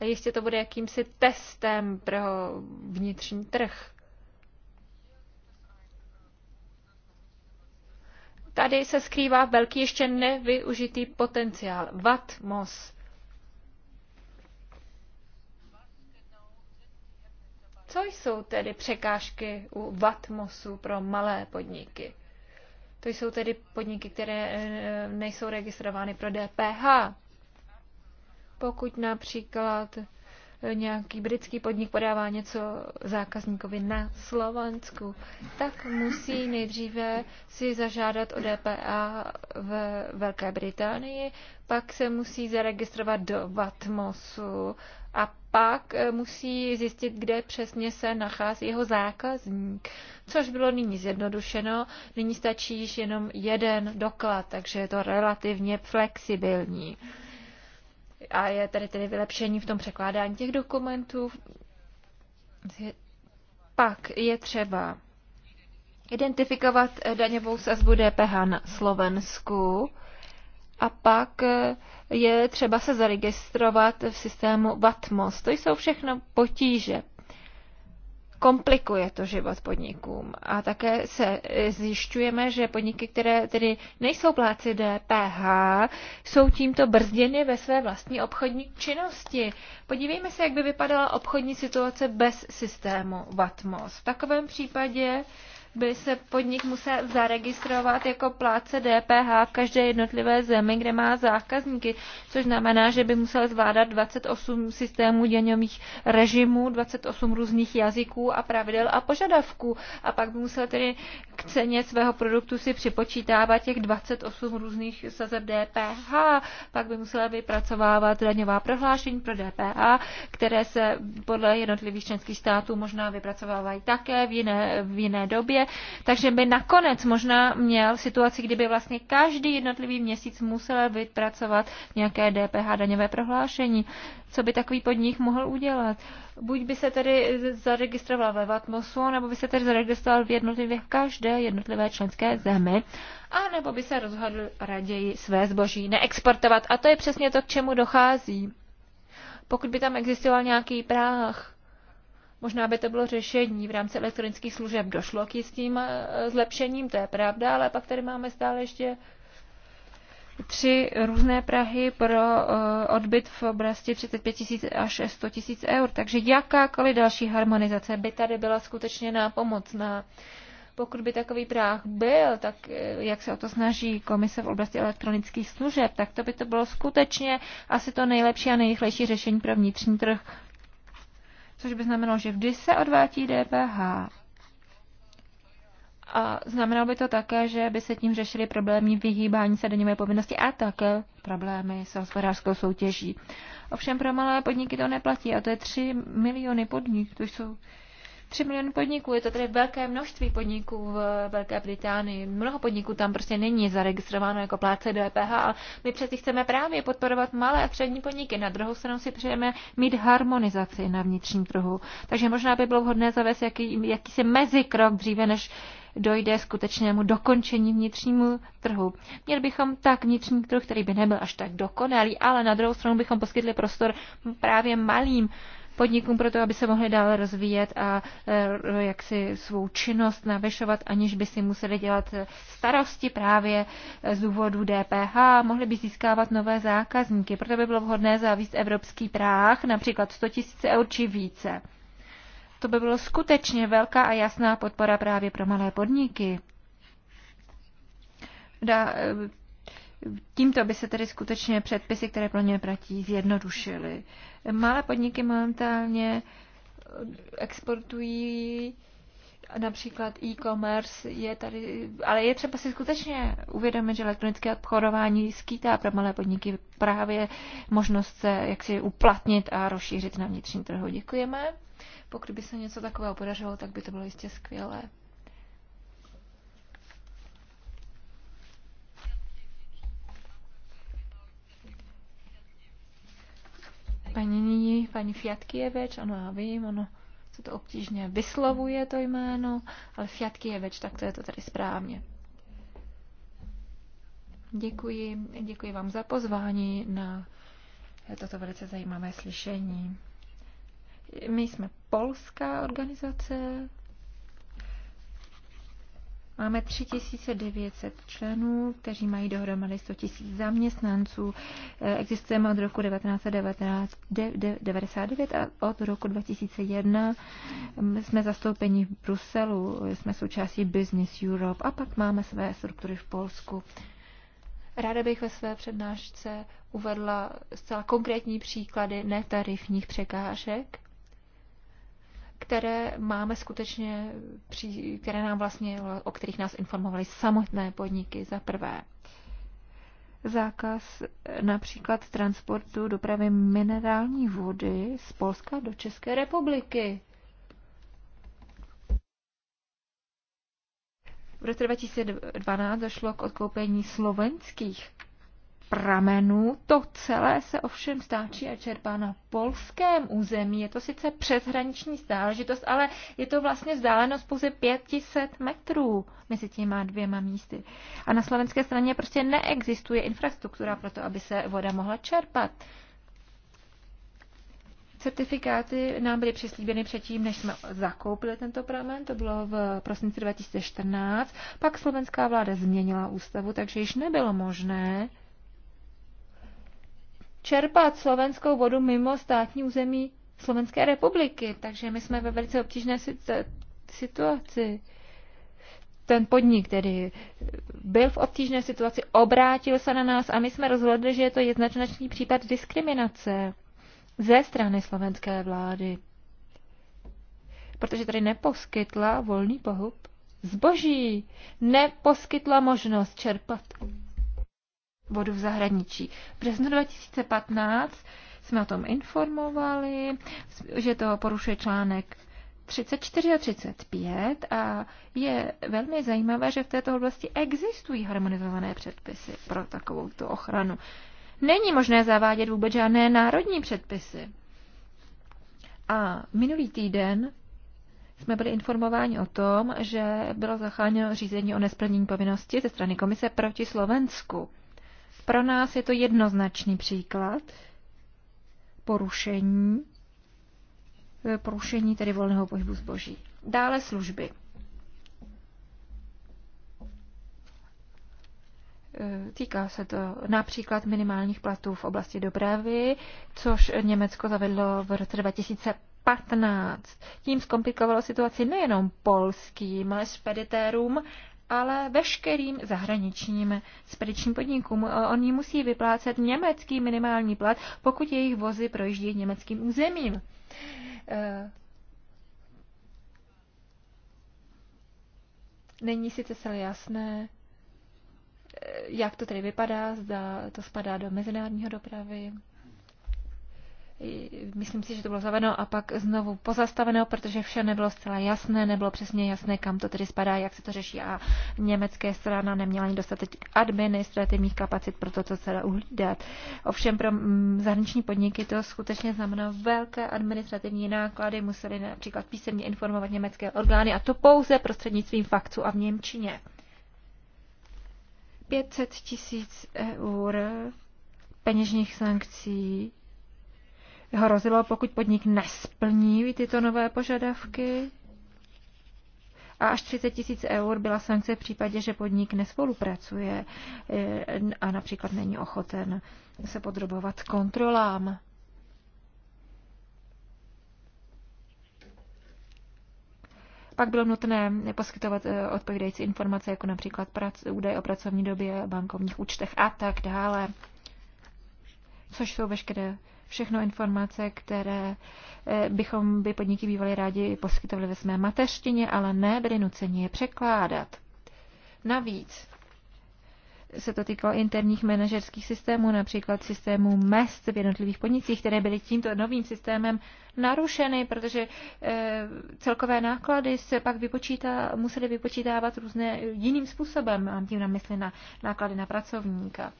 A jistě to bude jakýmsi testem pro vnitřní trh. Tady se skrývá velký ještě nevyužitý potenciál. Vatmos. Co jsou tedy překážky u Vatmosu pro malé podniky? To jsou tedy podniky, které eh, nejsou registrovány pro DPH. Pokud například eh, nějaký britský podnik podává něco zákazníkovi na Slovensku, tak musí nejdříve si zažádat o DPA v Velké Británii, pak se musí zaregistrovat do Vatmosu a pak eh, musí zjistit, kde přesně se nachází jeho zákazník, což bylo nyní zjednodušeno. Nyní stačí již jenom jeden doklad, takže je to relativně flexibilní a je tady tedy vylepšení v tom překládání těch dokumentů. Pak je třeba identifikovat eh, daňovou sazbu DPH na Slovensku a pak eh, je třeba se zaregistrovat v systému VATMOS. To jsou všechno potíže komplikuje to život podnikům. A také se e, zjišťujeme, že podniky, které tedy nejsou pláci DPH, jsou tímto brzděny ve své vlastní obchodní činnosti. Podívejme se, jak by vypadala obchodní situace bez systému VATMOS. V takovém případě by se podnik musel zaregistrovat jako plátce DPH v každé jednotlivé zemi, kde má zákazníky, což znamená, že by musel zvládat 28 systémů děňových režimů, 28 různých jazyků a pravidel a požadavků. A pak by musel tedy k ceně svého produktu si připočítávat těch 28 různých sazeb DPH, pak by musela vypracovávat daňová prohlášení pro DPH, které se podle jednotlivých členských států možná vypracovávají také v jiné, v jiné době takže by nakonec možná měl situaci, kdyby vlastně každý jednotlivý měsíc musel vypracovat nějaké DPH daňové prohlášení. Co by takový podnik mohl udělat? Buď by se tedy zaregistroval ve Vatmosu, nebo by se tedy zaregistroval v jednotlivě v každé jednotlivé členské zemi, a nebo by se rozhodl raději své zboží neexportovat. A to je přesně to, k čemu dochází. Pokud by tam existoval nějaký práh, Možná by to bylo řešení v rámci elektronických služeb. Došlo k jistým eh, zlepšením, to je pravda, ale pak tady máme stále ještě tři různé Prahy pro eh, odbyt v oblasti 35 000 až 100 000 eur. Takže jakákoliv další harmonizace by tady byla skutečně nápomocná. Pokud by takový práh byl, tak eh, jak se o to snaží komise v oblasti elektronických služeb, tak to by to bylo skutečně asi to nejlepší a nejrychlejší řešení pro vnitřní trh což by znamenalo, že vždy se odvátí DPH. A znamenalo by to také, že by se tím řešily problémy vyhýbání se daňové povinnosti a také problémy s hospodářskou soutěží. Ovšem pro malé podniky to neplatí a to je 3 miliony podnik, to jsou 3 miliony podniků, je to tedy velké množství podniků v Velké Británii. Mnoho podniků tam prostě není zaregistrováno jako pláce DPH, e a my přeci chceme právě podporovat malé a střední podniky. Na druhou stranu si přejeme mít harmonizaci na vnitřním trhu. Takže možná by bylo vhodné zavést jaký, jakýsi mezikrok dříve, než dojde skutečnému dokončení vnitřnímu trhu. Měli bychom tak vnitřní trh, který by nebyl až tak dokonalý, ale na druhou stranu bychom poskytli prostor právě malým podnikům pro to, aby se mohly dále rozvíjet a eh, jak si svou činnost navyšovat, aniž by si museli dělat eh, starosti právě eh, z důvodu DPH, mohli by získávat nové zákazníky. Proto by bylo vhodné zavést evropský práh, například 100 000 eur či více. To by bylo skutečně velká a jasná podpora právě pro malé podniky. Da, Tímto by se tedy skutečně předpisy, které pro ně platí, zjednodušily. Malé podniky momentálně eh, exportují například e-commerce je tady, ale je třeba si skutečně uvědomit, že elektronické obchodování skýtá pro malé podniky právě možnost se jak si uplatnit a rozšířit na vnitřní trhu. Děkujeme. Pokud by se něco takového podařilo, tak by to bylo jistě skvělé. paní nyní, paní Fiatkijeveč, ano já vím, ono se to obtížně vyslovuje to jméno, ale Fiatkijeveč, tak to je to tady správně. Děkuji, děkuji vám za pozvání na toto velice zajímavé slyšení. My jsme polská organizace, Máme 3900 členů, kteří mají dohromady 100 000 zaměstnanců. Eh, existujeme od roku 1999 a od roku 2001 mm, jsme zastoupeni v Bruselu, jsme součástí Business Europe a pak máme své struktury v Polsku. Ráda bych ve své přednášce uvedla zcela konkrétní příklady netarifních překážek, které máme skutečně, které nám vlastně, o kterých nás informovaly samotné podniky za prvé. Zákaz například transportu dopravy minerální vody z Polska do České republiky. V roce 2012 došlo k odkoupení slovenských pramenů. To celé se ovšem stáčí a čerpá na polském území. Je to sice přeshraniční záležitost, ale je to vlastně vzdálenost pouze 500 metrů mezi těma dvěma místy. A na slovenské straně prostě neexistuje infrastruktura pro to, aby se voda mohla čerpat. Certifikáty nám byly přislíbeny předtím, než jsme zakoupili tento pramen, to bylo v prosinci 2014. Pak slovenská vláda změnila ústavu, takže již nebylo možné čerpat slovenskou vodu mimo státní území Slovenské republiky. Takže my jsme ve velice obtížné situaci. Ten podnik, který byl v obtížné situaci, obrátil se na nás a my jsme rozhodli, že je to jednoznačný případ diskriminace ze strany slovenské vlády. Protože tady neposkytla volný pohyb zboží, neposkytla možnost čerpat vodu v zahraničí. V březnu 2015 jsme o tom informovali, že to porušuje článek 34 a 35 a je velmi zajímavé, že v této oblasti existují harmonizované předpisy pro takovou tu ochranu. Není možné zavádět vůbec žádné národní předpisy. A minulý týden jsme byli informováni o tom, že bylo zacháněno řízení o nesplnění povinnosti ze strany komise proti Slovensku. Pro nás je to jednoznačný příklad porušení, e, porušení tedy volného pohybu zboží. Dále služby. E, týká se to například minimálních platů v oblasti dopravy, což Německo zavedlo v roce 2015. Tím zkomplikovalo situaci nejenom polským špeditérům ale veškerým zahraničním spedičním podnikům. Oni musí vyplácet německý minimální plat, pokud jejich vozy projíždí německým územím. E, není sice celé jasné, e, jak to tedy vypadá, zda to spadá do mezinárodního dopravy myslím si, že to bylo zaveno a pak znovu pozastaveno, protože vše nebylo zcela jasné, nebylo přesně jasné, kam to tedy spadá, jak se to řeší a německé strana neměla ani dostatek administrativních kapacit pro to, co se dá uhlídat. Ovšem pro mm, zahraniční podniky to skutečně znamená velké administrativní náklady, museli například písemně informovat německé orgány a to pouze prostřednictvím faktů a v Němčině. 500 tisíc eur peněžních sankcí hrozilo, pokud podnik nesplní tyto nové požadavky. A až 30 tisíc eur byla sankce v případě, že podnik nespolupracuje eh, a například není ochoten se podrobovat kontrolám. Pak bylo nutné poskytovat eh, odpovídající informace, jako například údaje o pracovní době, bankovních účtech a tak dále, což jsou veškeré všechno informace, které eh, bychom by podniky bývali rádi poskytovali ve své mateřštině, ale ne byli nuceni je překládat. Navíc se to týkalo interních manažerských systémů, například systémů mest v jednotlivých podnicích, které byly tímto novým systémem narušeny, protože e, celkové náklady se pak vypočítá, museli vypočítávat různé jiným způsobem, mám tím na mysli na náklady na pracovníka.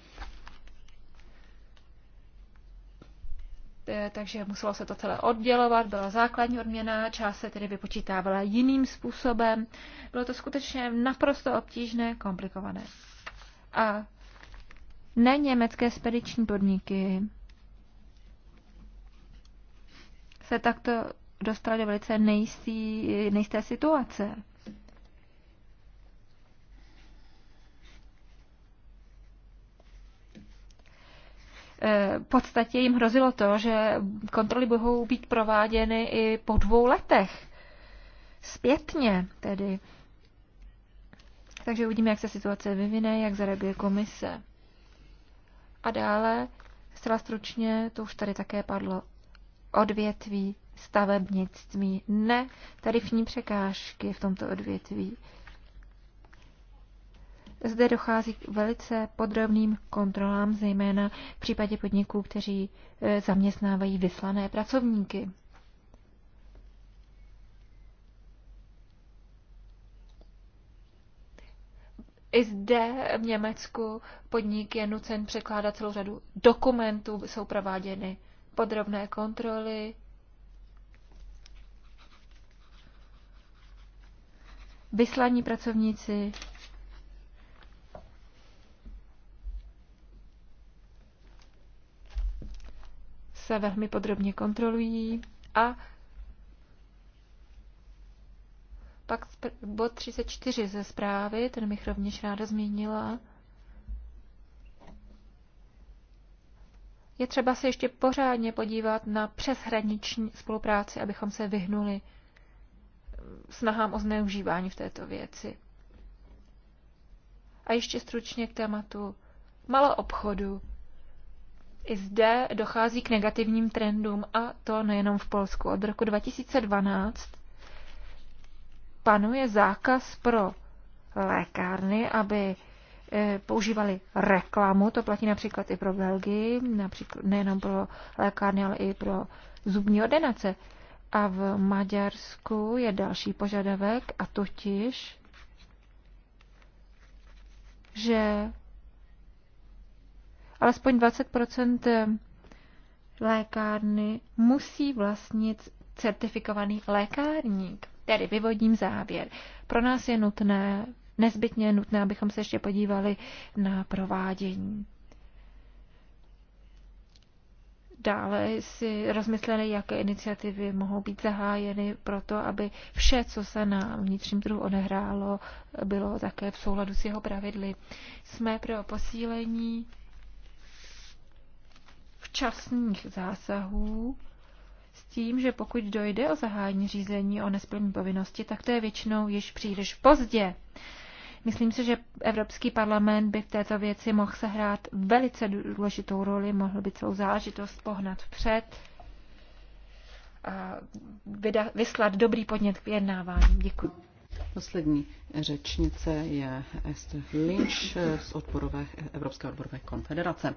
E, takže muselo se to celé oddělovat, byla základní odměna, část se tedy vypočítávala jiným způsobem. Bylo to skutečně naprosto obtížné, komplikované. A ne německé spediční podniky se takto dostaly do velice nejistý, nejisté situace. E, v podstatě jim hrozilo to, že kontroly budou být prováděny i po dvou letech. Zpětně tedy. Takže uvidíme, jak se situace vyvine, jak zareaguje komise. A dále, zcela stručně, to už tady také padlo, odvětví stavebnictví, ne tarifní překážky v tomto odvětví. Zde dochází k velice podrobným kontrolám, zejména v případě podniků, kteří e, zaměstnávají vyslané pracovníky. I zde v Německu podnik je nucen překládat celou řadu dokumentů, jsou prováděny podrobné kontroly. Vyslaní pracovníci se velmi podrobně kontrolují a pak bod 34 ze zprávy, ten bych rovněž ráda zmínila. Je třeba se ještě pořádně podívat na přeshraniční spolupráci, abychom se vyhnuli snahám o zneužívání v této věci. A ještě stručně k tématu malou obchodu. I zde dochází k negativním trendům a to nejenom v Polsku. Od roku 2012 panuje zákaz pro lékárny, aby e, používali reklamu, to platí například i pro Belgii, například nejenom pro lékárny, ale i pro zubní ordinace. A v Maďarsku je další požadavek, a totiž, že alespoň 20 eh, lékárny musí vlastnit certifikovaný lékárník. Tedy vyvodím závěr. Pro nás je nutné, nezbytně nutné, abychom se ještě podívali na provádění. Dále si rozmysleli, jaké iniciativy mohou být zahájeny pro to, aby vše, co se na vnitřním trhu odehrálo, bylo také v souladu s jeho pravidly. Jsme pro posílení včasných zásahů s tím, že pokud dojde o zahájení řízení o nesplnění povinnosti, tak to je většinou již příliš pozdě. Myslím si, že Evropský parlament by v této věci mohl sehrát velice důležitou roli, mohl by celou záležitost pohnat vpřed a vyslat dobrý podnět k vyjednávání. Děkuji. Poslední řečnice je Esther Lynch z odborové, Evropské odborové konfederace.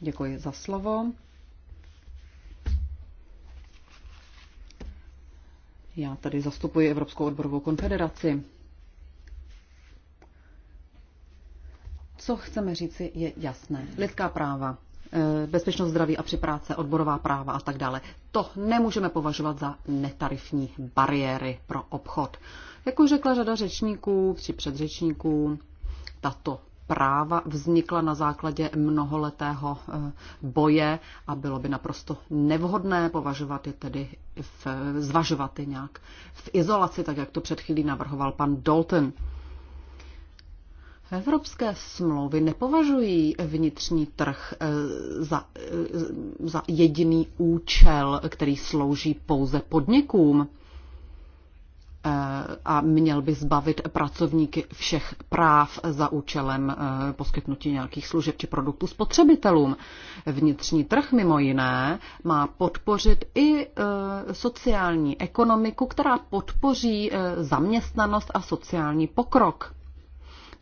Děkuji za slovo. Já tady zastupuji Evropskou odborovou konfederaci. Co chceme říci, je jasné. Lidská práva, eh, bezpečnost zdraví a při práce, odborová práva a tak dále. To nemůžeme považovat za netarifní bariéry pro obchod. Jak už řekla řada řečníků, či předřečníků, tato práva vznikla na základě mnoholetého eh, boje a bylo by naprosto nevhodné považovat je tedy, v, zvažovat je nějak v izolaci, tak jak to před chvílí navrhoval pan Dalton. Evropské smlouvy nepovažují vnitřní trh eh, za, eh, za jediný účel, který slouží pouze podnikům. Eh, a měl by zbavit pracovníky všech práv za účelem eh, poskytnutí nějakých služeb či produktů spotřebitelům. Vnitřní trh mimo jiné má podpořit i eh, sociální ekonomiku, která podpoří zaměstnanost a sociální pokrok.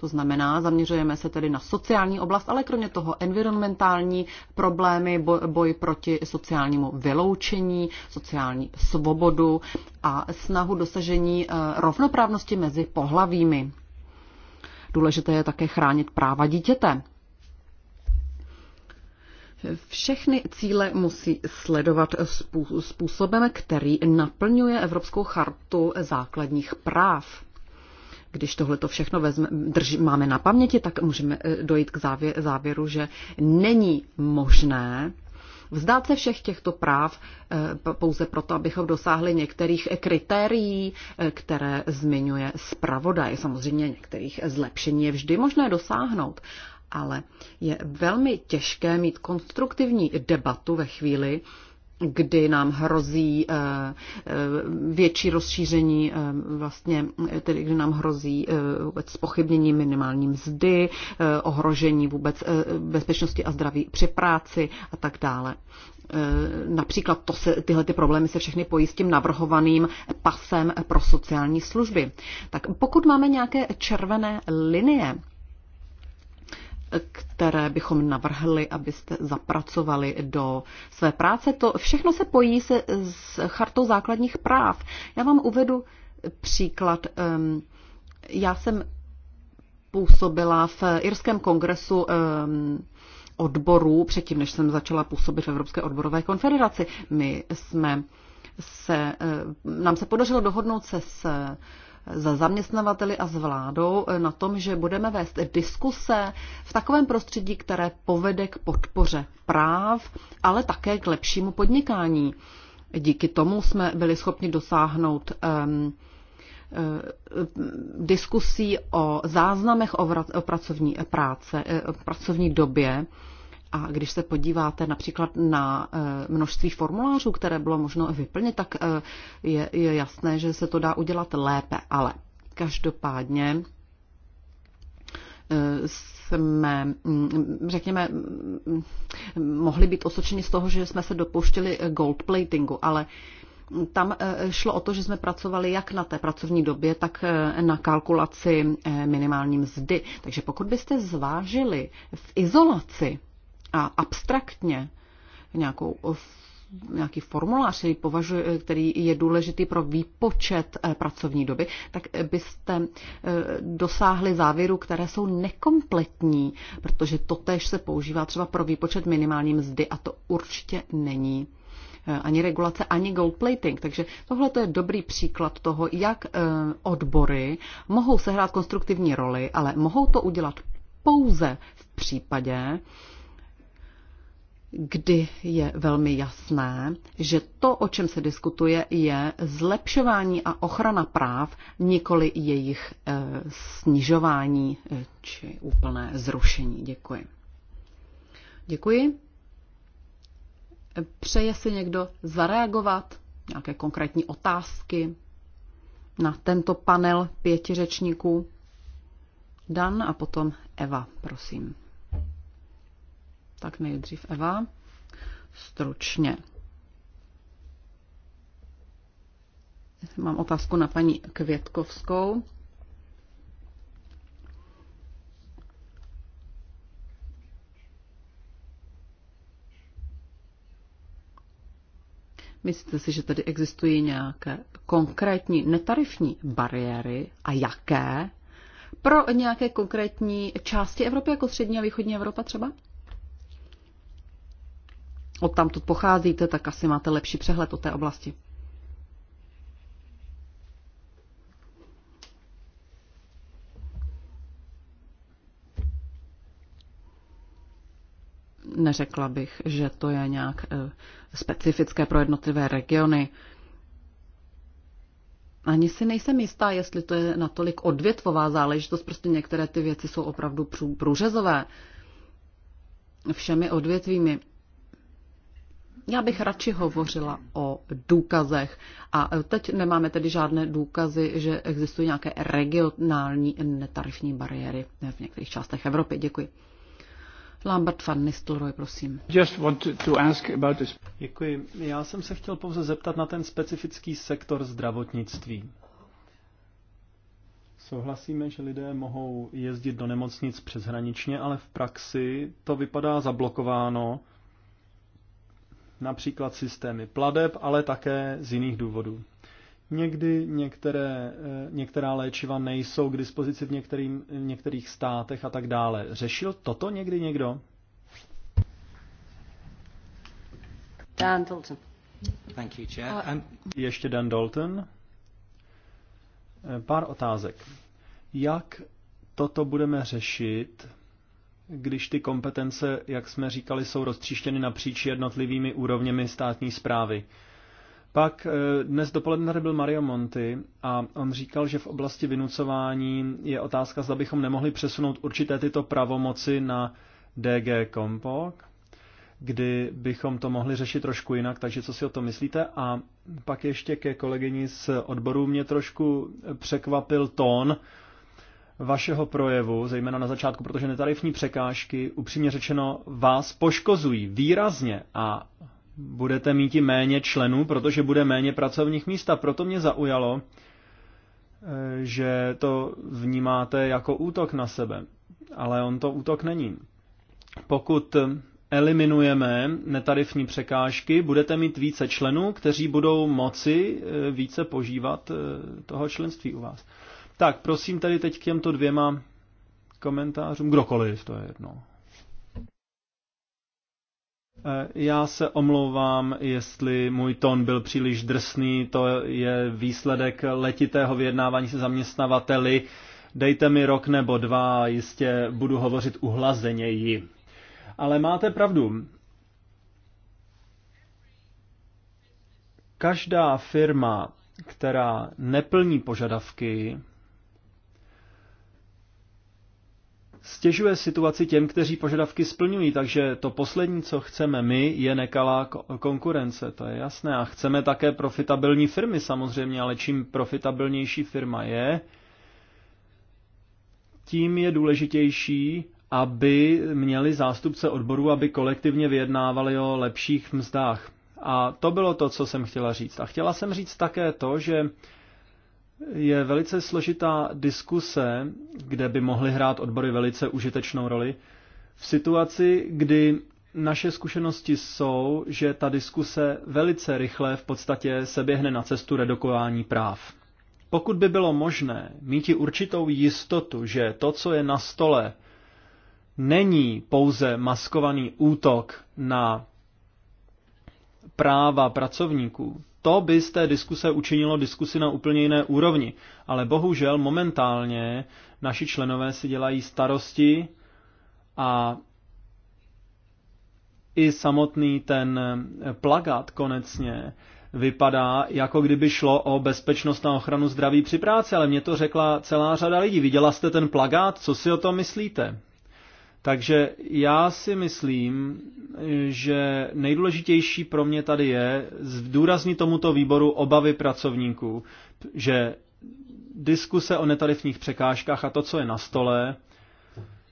To znamená, zaměřujeme se tedy na sociální oblast, ale kromě toho environmentální problémy, boj, proti sociálnímu vyloučení, sociální svobodu a snahu dosažení eh, rovnoprávnosti mezi pohlavími. Důležité je také chránit práva dítěte. Všechny cíle musí sledovat způsobem, který naplňuje Evropskou chartu základních práv. Když tohle to všechno vezme, drži, máme na paměti, tak můžeme eh, dojít k závě, závěru, že není možné vzdát se všech těchto práv eh, pouze proto, abychom dosáhli některých kritérií, eh, které zmiňuje zpravodaj. Samozřejmě některých zlepšení je vždy možné dosáhnout, ale je velmi těžké mít konstruktivní debatu ve chvíli, kdy nám hrozí eh, eh, větší rozšíření, eh, vlastně, tedy kdy nám hrozí vůbec pochybnění minimální mzdy, ohrožení vůbec bezpečnosti a zdraví při práci a tak dále. Například to se, tyhle ty problémy se všechny pojí s tím navrhovaným pasem pro sociální služby. Tak pokud máme nějaké červené linie, které bychom navrhli, abyste zapracovali do své práce. To všechno se pojí se s chartou základních práv. Já vám uvedu příklad. Ehm, já jsem působila v Irském kongresu ehm, odborů, předtím, než jsem začala působit v Evropské odborové konfederaci. My jsme se, eh, nám se podařilo dohodnout se s za zaměstnavateli a s vládou eh, na tom, že budeme vést diskuse v takovém prostředí, které povede k podpoře práv, ale také k lepšímu podnikání. Díky tomu jsme byli schopni dosáhnout um, diskusí o záznamech o, vrat, o pracovní práce, eh, o pracovní době, a když se podíváte například na eh, množství formulářů, které bylo možno vyplnit, tak eh, je, je jasné, že se to dá udělat lépe. Ale každopádně eh, jsme, hm, řekněme, hm, mohli být osočeni z toho, že jsme se dopouštěli gold platingu, ale tam šlo o to, že jsme pracovali jak na té pracovní době, tak na kalkulaci minimální mzdy. Takže pokud byste zvážili v izolaci a abstraktně nějakou nějaký formulář, který, považuje, který je důležitý pro výpočet eh, pracovní doby, tak eh, byste eh, dosáhli závěru, které jsou nekompletní, protože totéž se používá třeba pro výpočet minimální mzdy a to určitě není ani regulace, ani gold plating. Takže tohle je dobrý příklad toho, jak odbory mohou sehrát konstruktivní roli, ale mohou to udělat pouze v případě, kdy je velmi jasné, že to, o čem se diskutuje, je zlepšování a ochrana práv, nikoli jejich e, snižování eh, či úplné zrušení. Děkuji. Děkuji. Přeje si někdo zareagovat? Nějaké konkrétní otázky na tento panel pěti řečníků? Dan a potom Eva, prosím. Tak nejdřív Eva, stručně. Mám otázku na paní Květkovskou. Myslíte si, že tady existují nějaké konkrétní netarifní bariéry a jaké pro nějaké konkrétní části Evropy, jako střední a východní Evropa třeba? odtamtud pocházíte, tak asi máte lepší přehled o té oblasti. Neřekla bych, že to je nějak eh, specifické pro jednotlivé regiony. Ani si nejsem jistá, jestli to je natolik odvětvová záležitost, prostě některé ty věci jsou opravdu průřezové všemi odvětvími. Já bych radši hovořila o důkazech. A teď nemáme tedy žádné důkazy, že existují nějaké regionální netarifní bariéry v některých částech Evropy. Děkuji. Lambert van Nistelrooy, prosím. Just want to ask about this. Děkuji. Já jsem se chtěl pouze zeptat na ten specifický sektor zdravotnictví. Souhlasíme, že lidé mohou jezdit do nemocnic přeshraničně, ale v praxi to vypadá zablokováno například systémy pladeb, ale také z jiných důvodů. Někdy některé, eh, některá léčiva nejsou k dispozici v, některým, v některých státech a tak dále. Řešil toto někdy někdo? Dan Dalton. Thank you, Chair. Um... Ještě Dan Dalton. Eh, pár otázek. Jak toto budeme řešit když ty kompetence, jak jsme říkali, jsou roztříštěny napříč jednotlivými úrovněmi státní zprávy. Pak eh, dnes dopoledne tady byl Mario Monti a on říkal, že v oblasti vynucování je otázka, zda bychom nemohli přesunout určité tyto pravomoci na DG Kompok, kdy bychom to mohli řešit trošku jinak, takže co si o to myslíte? A pak ještě ke kolegyni z odboru mě trošku překvapil tón, vašeho projevu, zejména na začátku, protože netarifní překážky, upřímně řečeno, vás poškozují výrazně a budete mít i méně členů, protože bude méně pracovních míst. A proto mě zaujalo, eh, že to vnímáte jako útok na sebe. Ale on to útok není. Pokud eliminujeme netarifní překážky, budete mít více členů, kteří budou moci eh, více požívat eh, toho členství u vás. Tak, prosím tady teď k těmto dvěma komentářům. Kdokoliv, to je jedno. Eh, já se omlouvám, jestli můj tón byl příliš drsný, to je výsledek letitého vyjednávání se zaměstnavateli. Dejte mi rok nebo dva, jistě budu hovořit uhlazeněji. Ale máte pravdu. Každá firma, která neplní požadavky stěžuje situaci těm, kteří požadavky splňují. Takže to poslední, co chceme my, je nekalá konkurence, to je jasné. A chceme také profitabilní firmy samozřejmě, ale čím profitabilnější firma je, tím je důležitější, aby měli zástupce odboru, aby kolektivně vyjednávali o lepších mzdách. A to bylo to, co jsem chtěla říct. A chtěla jsem říct také to, že je velice složitá diskuse, kde by mohly hrát odbory velice užitečnou roli, v situaci, kdy naše zkušenosti jsou, že ta diskuse velice rychle v podstatě se běhne na cestu redukování práv. Pokud by bylo možné mít i určitou jistotu, že to, co je na stole, není pouze maskovaný útok na práva pracovníků, to by z té diskuse učinilo diskusi na úplně jiné úrovni. Ale bohužel momentálně naši členové si dělají starosti a i samotný ten plagát konecně vypadá, jako kdyby šlo o bezpečnost na ochranu zdraví při práci, ale mě to řekla celá řada lidí. Viděla jste ten plagát, co si o tom myslíte? Takže já si myslím, že nejdůležitější pro mě tady je zdůraznit tomuto výboru obavy pracovníků, že diskuse o netarifních překážkách a to, co je na stole,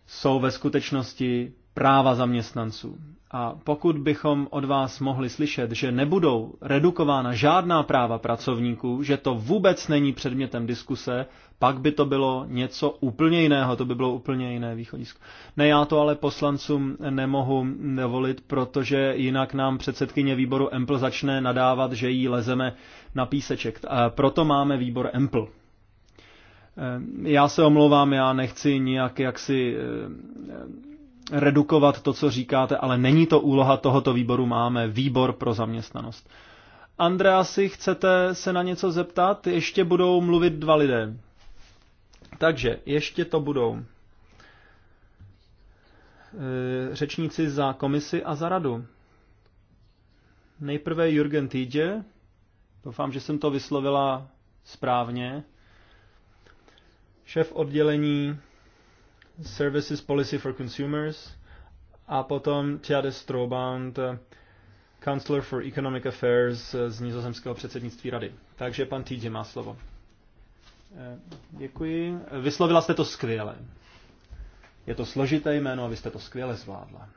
jsou ve skutečnosti práva zaměstnanců. A pokud bychom od vás mohli slyšet, že nebudou redukována žádná práva pracovníků, že to vůbec není předmětem diskuse, pak by to bylo něco úplně jiného, to by bylo úplně jiné východisko. Ne, já to ale poslancům nemohu dovolit, protože jinak nám předsedkyně výboru EMPL začne nadávat, že jí lezeme na píseček. A proto máme výbor EMPL. Eh, já se omlouvám, já nechci nijak jaksi eh, redukovat to, co říkáte, ale není to úloha tohoto výboru, máme výbor pro zaměstnanost. Andreasi, chcete se na něco zeptat? Ještě budou mluvit dva lidé. Takže, ještě to budou eh, řečníci za komisi a za radu. Nejprve Jürgen Týdě, doufám, že jsem to vyslovila správně, šéf oddělení Services Policy for Consumers a potom Tiade Strobant, Counselor for Economic Affairs eh, z nizozemského předsednictví rady. Takže pan Týdě má slovo. Eh, děkuji. Vyslovila jste to skvěle. Je to složité jméno a vy jste to skvěle zvládla.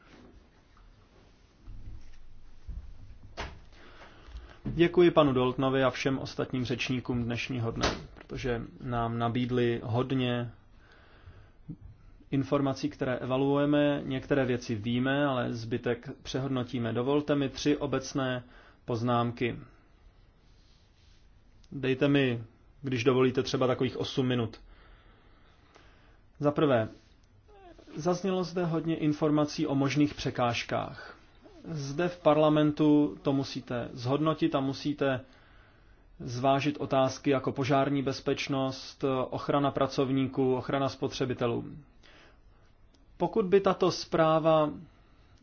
Děkuji panu Doltnovi a všem ostatním řečníkům dnešního dne, protože nám nabídli hodně informací, které evaluujeme. Některé věci víme, ale zbytek přehodnotíme. Dovolte mi tři obecné poznámky. Dejte mi, když dovolíte, třeba takových 8 minut. Za prvé, zaznělo zde hodně informací o možných překážkách. Zde v parlamentu to musíte zhodnotit a musíte zvážit otázky jako požární bezpečnost, ochrana pracovníků, ochrana spotřebitelů. Pokud by tato zpráva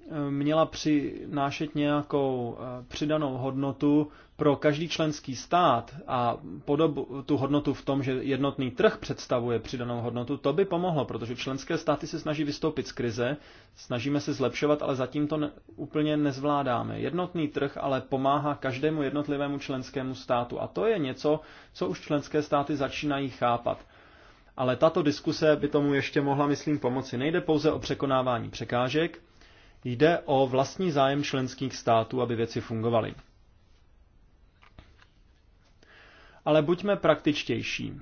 eh, měla přinášet nějakou eh, přidanou hodnotu pro každý členský stát a podobu, tu hodnotu v tom, že jednotný trh představuje přidanou hodnotu, to by pomohlo, protože členské státy se snaží vystoupit z krize, snažíme se zlepšovat, ale zatím to ne, úplně nezvládáme. Jednotný trh ale pomáhá každému jednotlivému členskému státu a to je něco, co už členské státy začínají chápat ale tato diskuse by tomu ještě mohla, myslím, pomoci. Nejde pouze o překonávání překážek, jde o vlastní zájem členských států, aby věci fungovaly. Ale buďme praktičtější.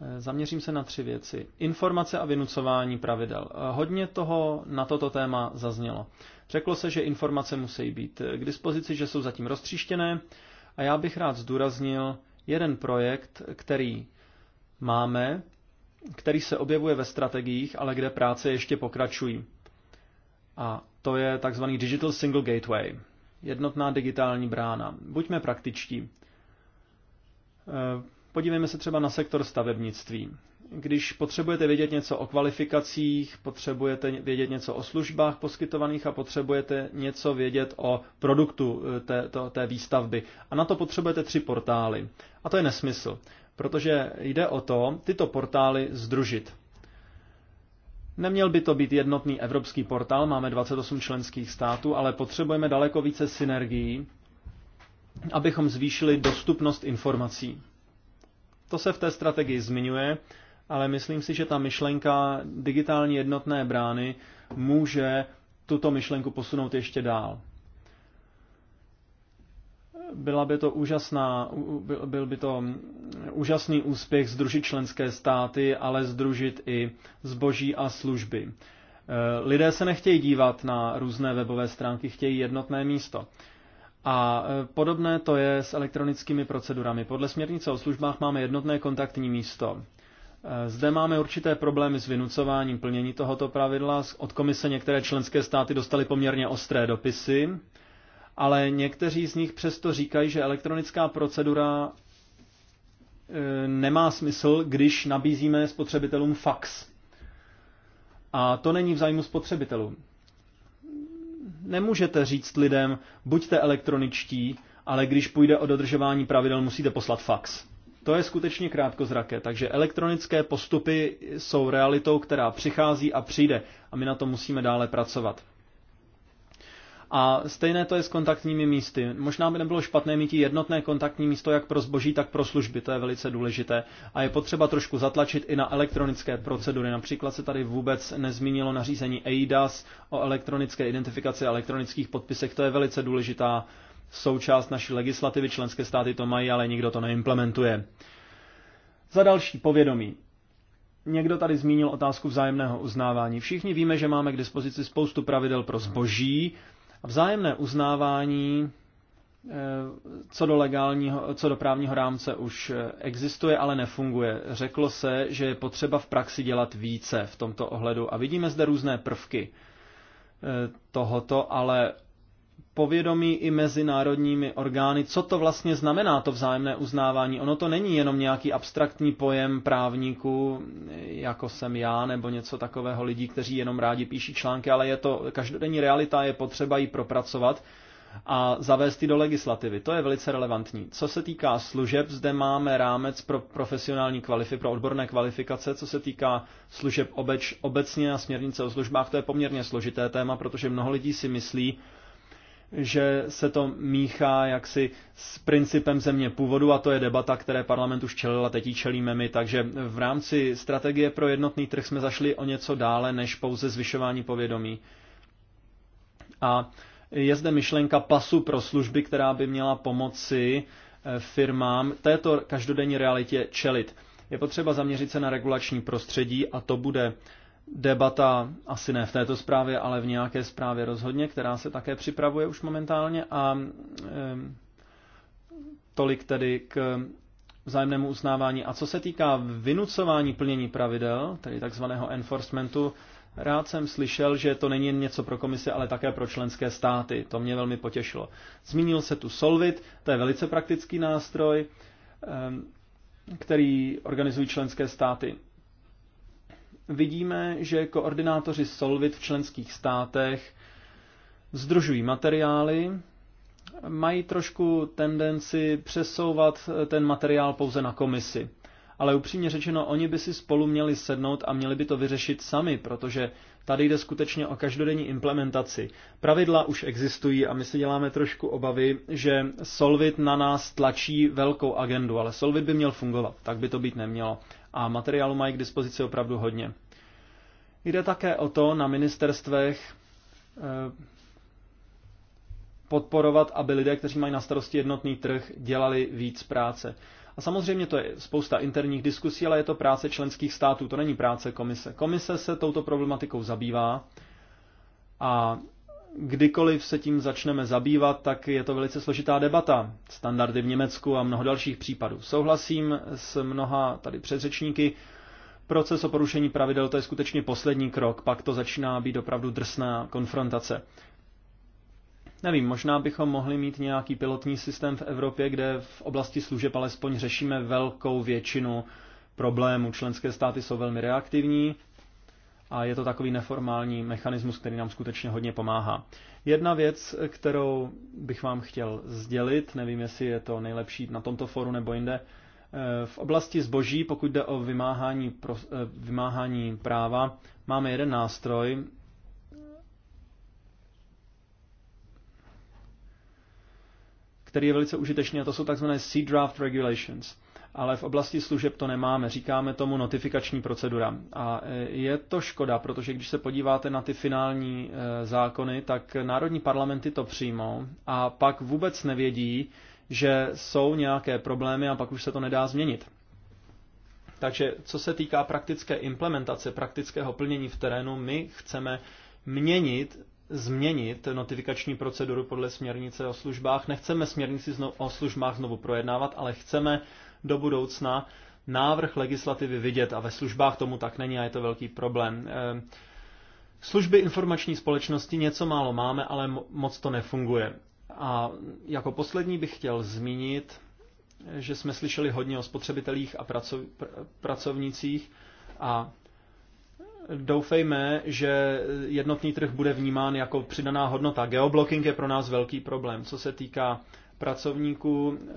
Eh, zaměřím se na tři věci. Informace a vynucování pravidel. Eh, hodně toho na toto téma zaznělo. Řeklo se, že informace musí být eh, k dispozici, že jsou zatím roztříštěné a já bych rád zdůraznil jeden projekt, který máme, který se objevuje ve strategiích, ale kde práce ještě pokračují. A to je tzv. Digital Single Gateway, jednotná digitální brána. Buďme praktičtí. E, podívejme se třeba na sektor stavebnictví. Když potřebujete vědět něco o kvalifikacích, potřebujete vědět něco o službách poskytovaných a potřebujete něco vědět o produktu e, té, to, té výstavby. A na to potřebujete tři portály. A to je nesmysl protože jde o to tyto portály združit. Neměl by to být jednotný evropský portál, máme 28 členských států, ale potřebujeme daleko více synergií, abychom zvýšili dostupnost informací. To se v té strategii zmiňuje, ale myslím si, že ta myšlenka digitální jednotné brány může tuto myšlenku posunout ještě dál. Byla by to úžasná, byl by to úžasný úspěch združit členské státy, ale združit i zboží a služby. E, lidé se nechtějí dívat na různé webové stránky, chtějí jednotné místo. A e, podobné to je s elektronickými procedurami. Podle směrnice o službách máme jednotné kontaktní místo. E, zde máme určité problémy s vynucováním plnění tohoto pravidla. Od komise některé členské státy dostaly poměrně ostré dopisy, ale někteří z nich přesto říkají, že elektronická procedura e, nemá smysl, když nabízíme spotřebitelům fax. A to není v zájmu spotřebitelů. Nemůžete říct lidem, buďte elektroničtí, ale když půjde o dodržování pravidel, musíte poslat fax. To je skutečně krátkozraké, takže elektronické postupy jsou realitou, která přichází a přijde a my na to musíme dále pracovat. A stejné to je s kontaktními místy. Možná by nebylo špatné mít jednotné kontaktní místo jak pro zboží, tak pro služby, to je velice důležité. A je potřeba trošku zatlačit i na elektronické procedury. Například se tady vůbec nezmínilo nařízení EIDAS o elektronické identifikaci a elektronických podpisech, to je velice důležitá součást naší legislativy, členské státy to mají, ale nikdo to neimplementuje. Za další povědomí. Někdo tady zmínil otázku vzájemného uznávání. Všichni víme, že máme k dispozici spoustu pravidel pro zboží, a Vzájemné uznávání eh, co do legálního, co do právního rámce už eh, existuje, ale nefunguje. Řeklo se, že je potřeba v praxi dělat více v tomto ohledu a vidíme zde různé prvky eh, tohoto, ale povědomí i mezinárodními orgány, co to vlastně znamená to vzájemné uznávání. Ono to není jenom nějaký abstraktní pojem právníků, jako jsem já, nebo něco takového lidí, kteří jenom rádi píší články, ale je to každodenní realita, je potřeba ji propracovat a zavést ji do legislativy. To je velice relevantní. Co se týká služeb, zde máme rámec pro profesionální kvalify, pro odborné kvalifikace. Co se týká služeb obeč, obecně a směrnice o službách, to je poměrně složité téma, protože mnoho lidí si myslí, že se to míchá jaksi s principem země původu a to je debata, které parlament už čelil a teď ji čelíme my. Takže v rámci strategie pro jednotný trh jsme zašli o něco dále než pouze zvyšování povědomí. A je zde myšlenka pasu pro služby, která by měla pomoci eh, firmám této každodenní realitě čelit. Je potřeba zaměřit se na regulační prostředí a to bude debata, asi ne v této zprávě, ale v nějaké zprávě rozhodně, která se také připravuje už momentálně a tolik tedy k vzájemnému uznávání. A co se týká vynucování plnění pravidel, tedy takzvaného enforcementu, rád jsem slyšel, že to není jen něco pro komisi, ale také pro členské státy. To mě velmi potěšilo. Zmínil se tu Solvit, to je velice praktický nástroj, který organizují členské státy vidíme, že koordinátoři Solvit v členských státech združují materiály, mají trošku tendenci přesouvat ten materiál pouze na komisi. Ale upřímně řečeno, oni by si spolu měli sednout a měli by to vyřešit sami, protože tady jde skutečně o každodenní implementaci. Pravidla už existují a my si děláme trošku obavy, že Solvit na nás tlačí velkou agendu, ale Solvit by měl fungovat, tak by to být nemělo a materiálu mají k dispozici opravdu hodně. Jde také o to na ministerstvech eh, podporovat, aby lidé, kteří mají na starosti jednotný trh, dělali víc práce. A samozřejmě to je spousta interních diskusí, ale je to práce členských států, to není práce komise. Komise se touto problematikou zabývá a kdykoliv se tím začneme zabývat, tak je to velice složitá debata. Standardy v Německu a mnoho dalších případů. Souhlasím s mnoha tady předřečníky. Proces o porušení pravidel to je skutečně poslední krok, pak to začíná být opravdu drsná konfrontace. Nevím, možná bychom mohli mít nějaký pilotní systém v Evropě, kde v oblasti služeb alespoň řešíme velkou většinu problémů. Členské státy jsou velmi reaktivní, a je to takový neformální mechanismus, který nám skutečně hodně pomáhá. Jedna věc, kterou bych vám chtěl sdělit, nevím, jestli je to nejlepší na tomto foru nebo jinde, eh, v oblasti zboží, pokud jde o vymáhání, pro, eh, vymáhání práva, máme jeden nástroj, který je velice užitečný, a to jsou takzvané Sea Draft Regulations ale v oblasti služeb to nemáme. Říkáme tomu notifikační procedura. A e, je to škoda, protože když se podíváte na ty finální e, zákony, tak národní parlamenty to přijmou a pak vůbec nevědí, že jsou nějaké problémy a pak už se to nedá změnit. Takže co se týká praktické implementace, praktického plnění v terénu, my chceme měnit změnit notifikační proceduru podle směrnice o službách. Nechceme směrnici o službách znovu projednávat, ale chceme do budoucna návrh legislativy vidět a ve službách tomu tak není a je to velký problém. Eh, služby informační společnosti něco málo máme, ale moc to nefunguje. A jako poslední bych chtěl zmínit, že jsme slyšeli hodně o spotřebitelích a pracov, pr, pracovnicích a doufejme, že jednotný trh bude vnímán jako přidaná hodnota. Geoblocking je pro nás velký problém. Co se týká pracovníků. Eh,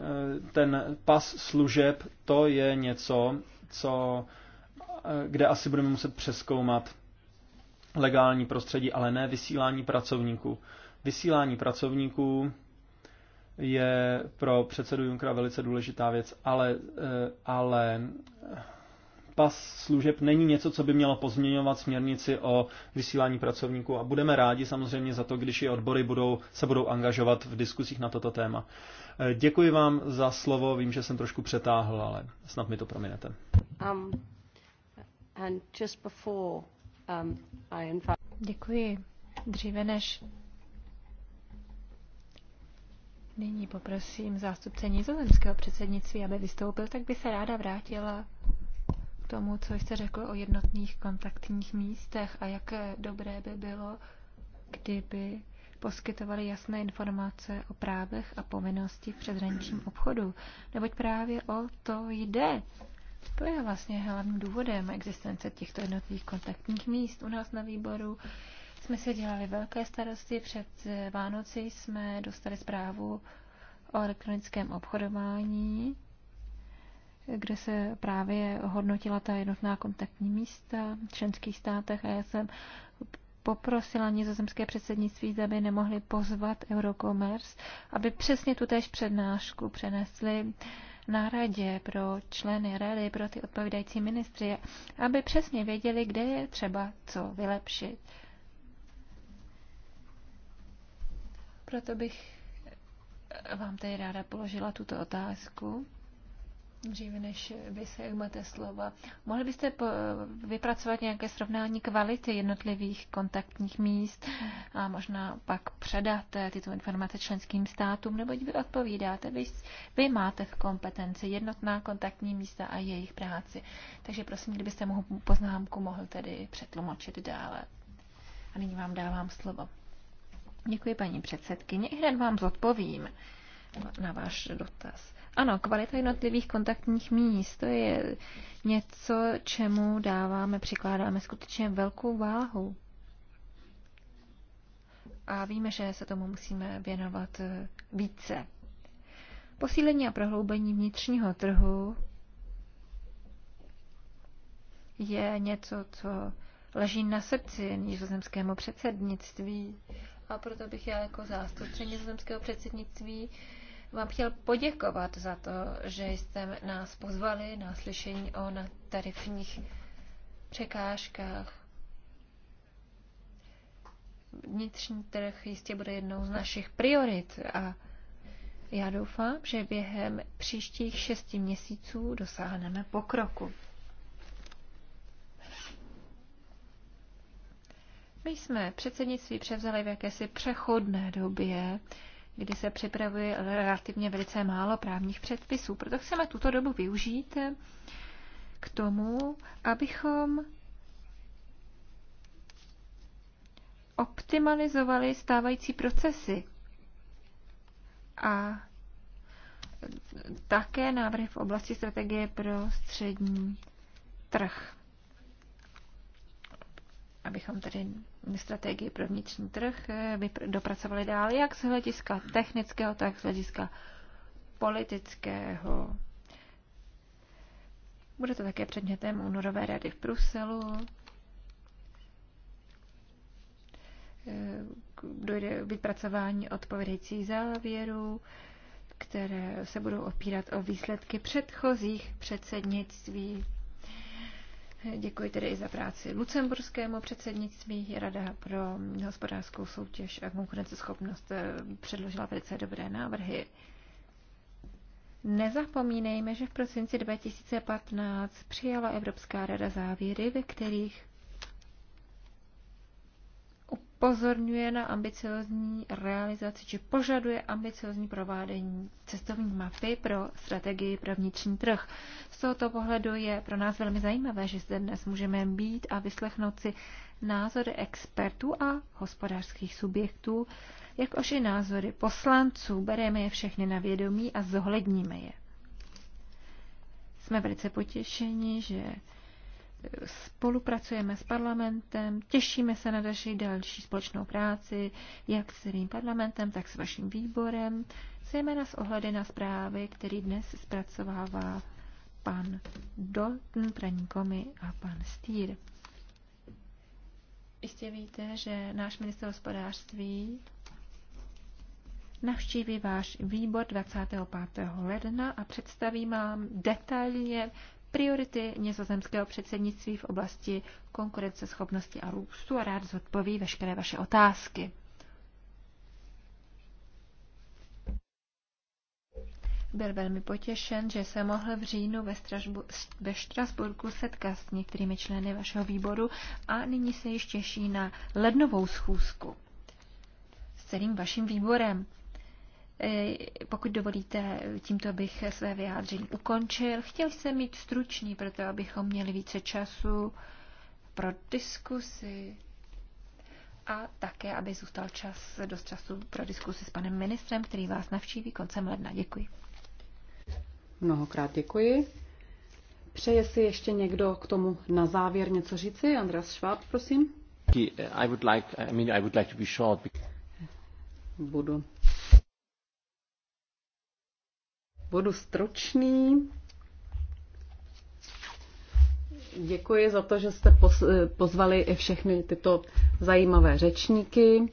ten pas služeb, to je něco, co, eh, kde asi budeme muset přeskoumat legální prostředí, ale ne vysílání pracovníků. Vysílání pracovníků je pro předsedu Junkra velice důležitá věc, ale, eh, ale pas služeb není něco, co by mělo pozměňovat směrnici o vysílání pracovníků a budeme rádi samozřejmě za to, když i odbory budou, se budou angažovat v diskusích na toto téma. Eh, děkuji vám za slovo, vím, že jsem trošku přetáhl, ale snad mi to prominete. Um, and just before, um, I invite... Děkuji. Dříve než Nyní poprosím zástupce nizozemského předsednictví, aby vystoupil, tak by se ráda vrátila k tomu, co jste řekl o jednotných kontaktních místech a jaké dobré by bylo, kdyby poskytovali jasné informace o právech a povinnosti v předhraničním obchodu. Neboť právě o to jde. To je vlastně hlavním důvodem existence těchto jednotných kontaktních míst. U nás na výboru jsme si dělali velké starosti. Před Vánoci jsme dostali zprávu o elektronickém obchodování kde se právě hodnotila ta jednotná kontaktní místa v členských státech a já jsem poprosila nizozemské předsednictví, aby nemohli pozvat Eurocommerce, aby přesně tu též přednášku přenesli na radě pro členy rady, pro ty odpovídající ministry, aby přesně věděli, kde je třeba co vylepšit. Proto bych vám tady ráda položila tuto otázku dříve než vy se ujmete slova. Mohli byste vypracovat nějaké srovnání kvality jednotlivých kontaktních míst a možná pak předat eh, tyto informace členským státům, neboť vy odpovídáte, vy, vy máte v kompetenci jednotná kontaktní místa a jejich práci. Takže prosím, kdybyste mohu poznámku mohl tedy přetlumočit dále. A nyní vám dávám slovo. Děkuji, paní předsedkyně. Hned vám zodpovím na váš dotaz. Ano, kvalita jednotlivých kontaktních míst, to je něco, čemu dáváme, přikládáme skutečně velkou váhu. A víme, že se tomu musíme věnovat eh, více. Posílení a prohloubení vnitřního trhu je něco, co leží na srdci nizozemskému předsednictví. A proto bych já jako zástupce nizozemského předsednictví vám chtěl poděkovat za to, že jste nás pozvali na slyšení o tarifních překážkách. Vnitřní trh jistě bude jednou z našich priorit a já doufám, že během příštích šesti měsíců dosáhneme pokroku. My jsme předsednictví převzali v jakési přechodné době, kdy se připravuje relativně velice málo právních předpisů. Proto chceme tuto dobu využít k tomu, abychom optimalizovali stávající procesy a také návrhy v oblasti strategie pro střední trh. Abychom tedy strategii pro vnitřní trh eh, dopracovali dál, jak z hlediska technického, tak z hlediska politického. Bude to také předmětem únorové rady v Bruselu. Eh, dojde k vypracování odpovědajících závěrů, které se budou opírat o výsledky předchozích předsednictví. Děkuji tedy i za práci lucemburskému předsednictví. Rada pro hospodářskou soutěž a konkurenceschopnost eh, předložila velice dobré návrhy. Nezapomínejme, že v prosinci 2015 přijala Evropská rada závěry, ve kterých upozorňuje na ambiciozní realizaci, či požaduje ambiciozní provádění cestovní mapy pro strategii pro vnitřní trh. Z tohoto pohledu je pro nás velmi zajímavé, že zde dnes můžeme být a vyslechnout si názory expertů a hospodářských subjektů, jakož i názory poslanců. Bereme je všechny na vědomí a zohledníme je. Jsme velice potěšeni, že spolupracujeme s parlamentem, těšíme se na další další společnou práci, jak s celým parlamentem, tak s vaším výborem, zejména s ohledy na zprávy, který dnes zpracovává pan Dalton, praní Komi a pan Stýr. Jistě víte, že náš minister hospodářství navštíví váš výbor 25. ledna a představí vám detailně priority nizozemského předsednictví v oblasti konkurenceschopnosti a růstu a rád zodpoví veškeré vaše otázky. Byl velmi potěšen, že se mohl v říjnu ve, Stražbu, ve Štrasburku setkat s některými členy vašeho výboru a nyní se již těší na lednovou schůzku s celým vaším výborem. E, pokud dovolíte, tímto bych své vyjádření ukončil. Chtěl jsem mít stručný, proto abychom měli více času pro diskusy a také, aby zůstal čas, dost času pro diskusy s panem ministrem, který vás navštíví koncem ledna. Děkuji. Mnohokrát děkuji. Přeje si ještě někdo k tomu na závěr něco říci? Andreas Schwab, prosím. I would like, I mean, I would like to be short. Budu Budu stručný. Děkuji za to, že jste pozvali všechny tyto zajímavé řečníky.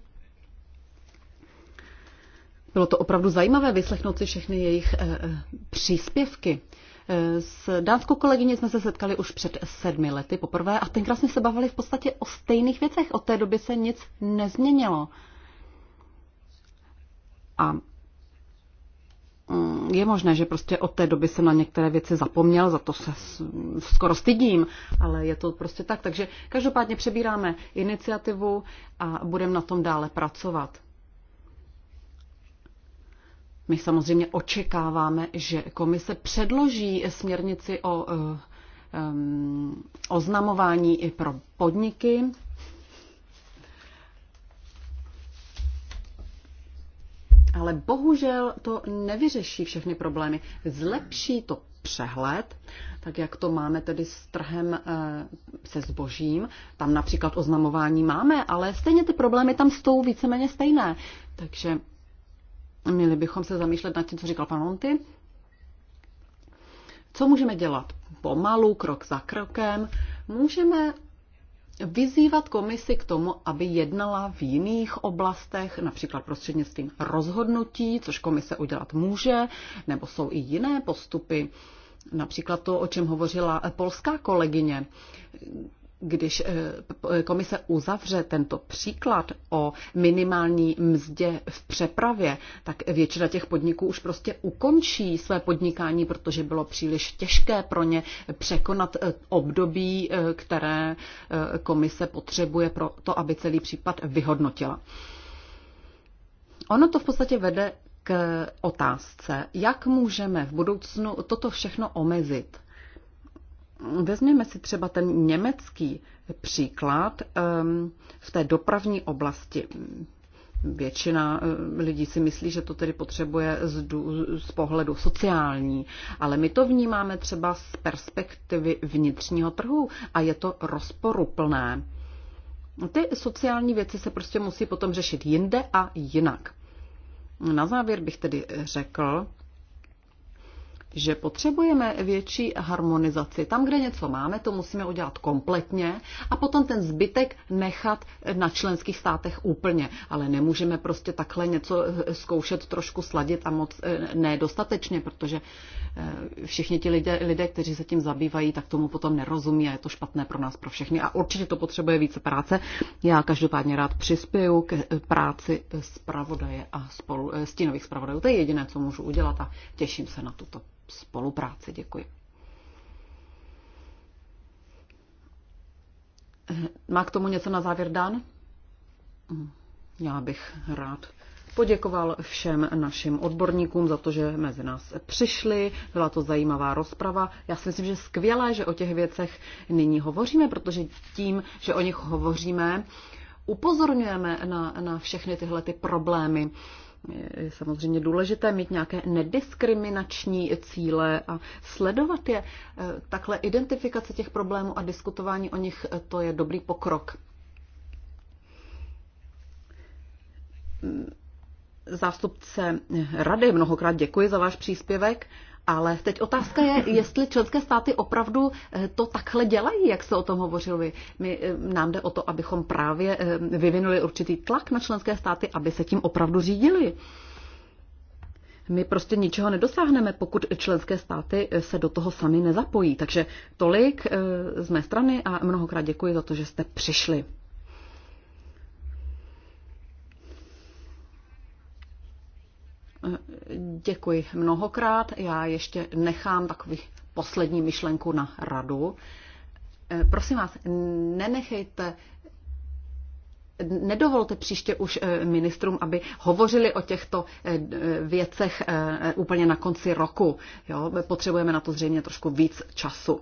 Bylo to opravdu zajímavé vyslechnout si všechny jejich eh, eh, příspěvky. Eh, s dánskou kolegyní jsme se setkali už před sedmi lety poprvé a tenkrát jsme se bavili v podstatě o stejných věcech. Od té doby se nic nezměnilo. A Mm, je možné, že prostě od té doby jsem na některé věci zapomněl, za to se skoro stydím, ale je to prostě tak. Takže každopádně přebíráme iniciativu a budeme na tom dále pracovat. My samozřejmě očekáváme, že komise předloží směrnici o um, oznamování i pro podniky. ale bohužel to nevyřeší všechny problémy. Zlepší to přehled, tak jak to máme tedy s trhem eh, se zbožím. Tam například oznamování máme, ale stejně ty problémy tam jsou víceméně stejné. Takže měli bychom se zamýšlet nad tím, co říkal pan Monty. Co můžeme dělat? Pomalu, krok za krokem. Můžeme vyzývat komisi k tomu, aby jednala v jiných oblastech, například prostřednictvím rozhodnutí, což komise udělat může, nebo jsou i jiné postupy, například to, o čem hovořila polská kolegyně když eh, eh, komise uzavře tento příklad o minimální mzdě v přepravě, tak většina těch podniků už prostě ukončí své podnikání, protože bylo příliš těžké pro ně překonat eh, období, které komise potřebuje pro to, aby celý případ vyhodnotila. Ono to v podstatě vede k otázce, jak můžeme v budoucnu toto všechno omezit Vezměme si třeba ten německý příklad ehm, v té dopravní oblasti. Většina eh, lidí si myslí, že to tedy potřebuje z, z pohledu sociální, ale my to vnímáme třeba z perspektivy vnitřního trhu a je to rozporuplné. Ty sociální věci se prostě musí potom řešit jinde a jinak. Na závěr bych tedy řekl, že potřebujeme větší harmonizaci. Tam, kde něco máme, to musíme udělat kompletně a potom ten zbytek nechat na členských státech úplně. Ale nemůžeme prostě takhle něco eh, zkoušet trošku sladit a moc eh, nedostatečně, protože eh, všichni ti lidé, lidé, kteří se tím zabývají, tak tomu potom nerozumí a je to špatné pro nás, pro všechny. A určitě to potřebuje více práce. Já každopádně rád přispěju k práci zpravodaje a spolu, stínových zpravodajů. To je jediné, co můžu udělat a těším se na tuto spolupráci. Děkuji. Eh, má k tomu něco na závěr Dan? Mm, já bych rád poděkoval všem našim odborníkům za to, že mezi nás přišli. Byla to zajímavá rozprava. Já si myslím, že skvělé, že o těch věcech nyní hovoříme, protože tím, že o nich hovoříme, upozorňujeme na, na všechny tyhle ty problémy, je samozřejmě důležité mít nějaké nediskriminační cíle a sledovat je. Takhle identifikace těch problémů a diskutování o nich, to je dobrý pokrok. Zástupce rady, mnohokrát děkuji za váš příspěvek. Ale teď otázka je, jestli členské státy opravdu eh, to takhle dělají, jak se o tom hovořil vy. My, eh, nám jde o to, abychom právě eh, vyvinuli určitý tlak na členské státy, aby se tím opravdu řídili. My prostě ničeho nedosáhneme, pokud členské státy se do toho sami nezapojí. Takže tolik z mé strany a mnohokrát děkuji za to, že jste přišli. Děkuji mnohokrát. Já ještě nechám takový poslední myšlenku na radu. Eh, prosím vás, nenechejte nedovolte příště už eh, ministrům, aby hovořili o těchto eh, věcech úplně na konci roku. Jo? Potřebujeme na to zřejmě trošku víc času.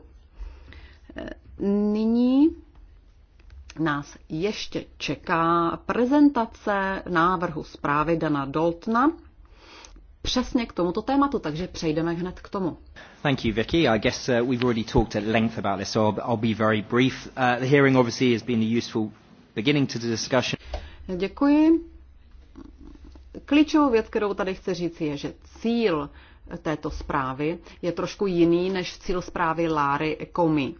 Nyní nás ještě čeká prezentace návrhu zprávy Dana Doltna přesně k tomuto tématu, takže přejdeme hned k tomu. Thank you, Vicky. I guess uh, we've already talked at length about this, so I'll, I'll be very brief. Uh, the hearing obviously has been a useful beginning to the discussion. Děkuji. Klíčovou věc, kterou tady chci říct, je, že cíl této zprávy je trošku jiný než cíl zprávy Láry Komi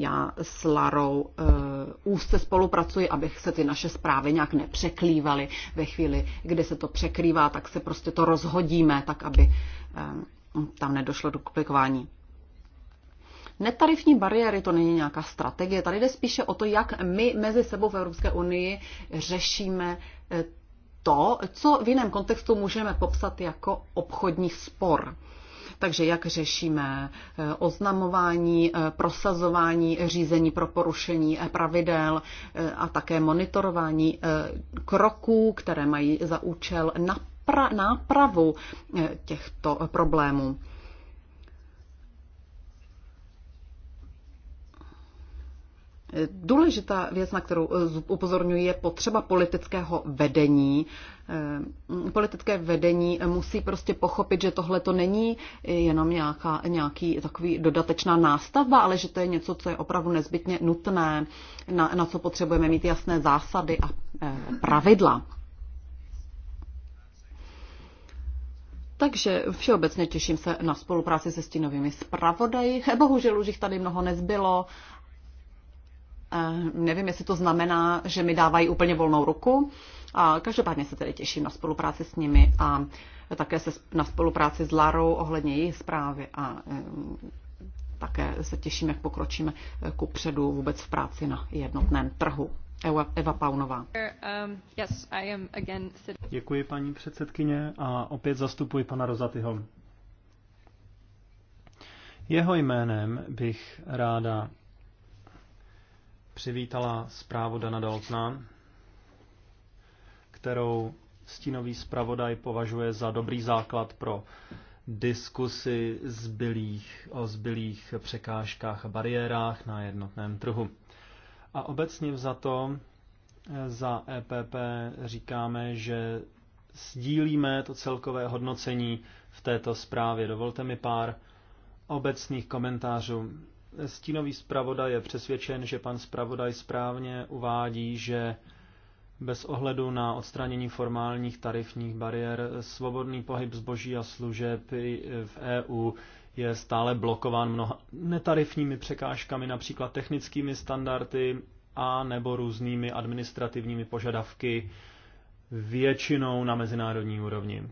já s Larou uh, úzce spolupracuji, abych se ty naše zprávy nějak nepřeklívaly. Ve chvíli, kdy se to překrývá, tak se prostě to rozhodíme, tak aby um, tam nedošlo k duplikování. Netarifní bariéry to není nějaká strategie, tady jde spíše o to, jak my mezi sebou v Evropské unii řešíme eh, to, co v jiném kontextu můžeme popsat jako obchodní spor. Takže jak řešíme eh, oznamování, eh, prosazování řízení pro porušení eh, pravidel a také monitorování kroků, které mají za účel napravu těchto problémů. Důležitá věc, na kterou eh, upozorňuji, je potřeba politického vedení. Eh, politické vedení musí prostě pochopit, že tohle to není jenom nějaká, nějaký takový dodatečná nástavba, ale že to je něco, co je opravdu nezbytně nutné, na, na co potřebujeme mít jasné zásady a eh, pravidla. Takže všeobecně těším se na spolupráci se stínovými zpravodaji. Bohužel už jich tady mnoho nezbylo Nevím, jestli to znamená, že mi dávají úplně volnou ruku. A každopádně se tedy těším na spolupráci s nimi a také se na spolupráci s Larou ohledně jejich zprávy a eh, také se těším, jak pokročíme eh, ku předu vůbec v práci na jednotném trhu. Eva, Eva Paunová. Um, Děkuji paní předsedkyně a opět zastupuji pana Rozatyho. Jeho jménem bych ráda přivítala zprávu Dana Daltna, kterou stínový zpravodaj považuje za dobrý základ pro diskusy zbylých, o zbylých překážkách a bariérách na jednotném trhu. A obecně to eh, za EPP říkáme, že sdílíme to celkové hodnocení v této zprávě. Dovolte mi pár obecných komentářů. Stínový zpravodaj je přesvědčen, že pan zpravodaj správně uvádí, že bez ohledu na odstranění formálních tarifních bariér, svobodný pohyb zboží a služeb v EU je stále blokován mnoha netarifními překážkami, například technickými standardy a nebo různými administrativními požadavky, většinou na mezinárodní úrovni.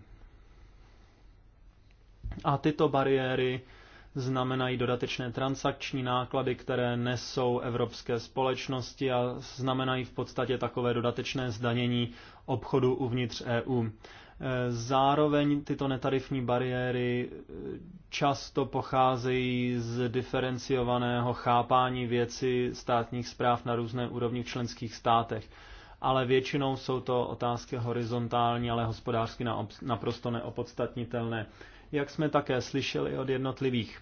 A tyto bariéry znamenají dodatečné transakční náklady, které nesou evropské společnosti a znamenají v podstatě takové dodatečné zdanění obchodu uvnitř EU. E, zároveň tyto netarifní bariéry e, často pocházejí z diferenciovaného chápání věci státních zpráv na různé úrovni v členských státech ale většinou jsou to otázky horizontální, ale hospodářsky naprosto neopodstatnitelné jak jsme také slyšeli od jednotlivých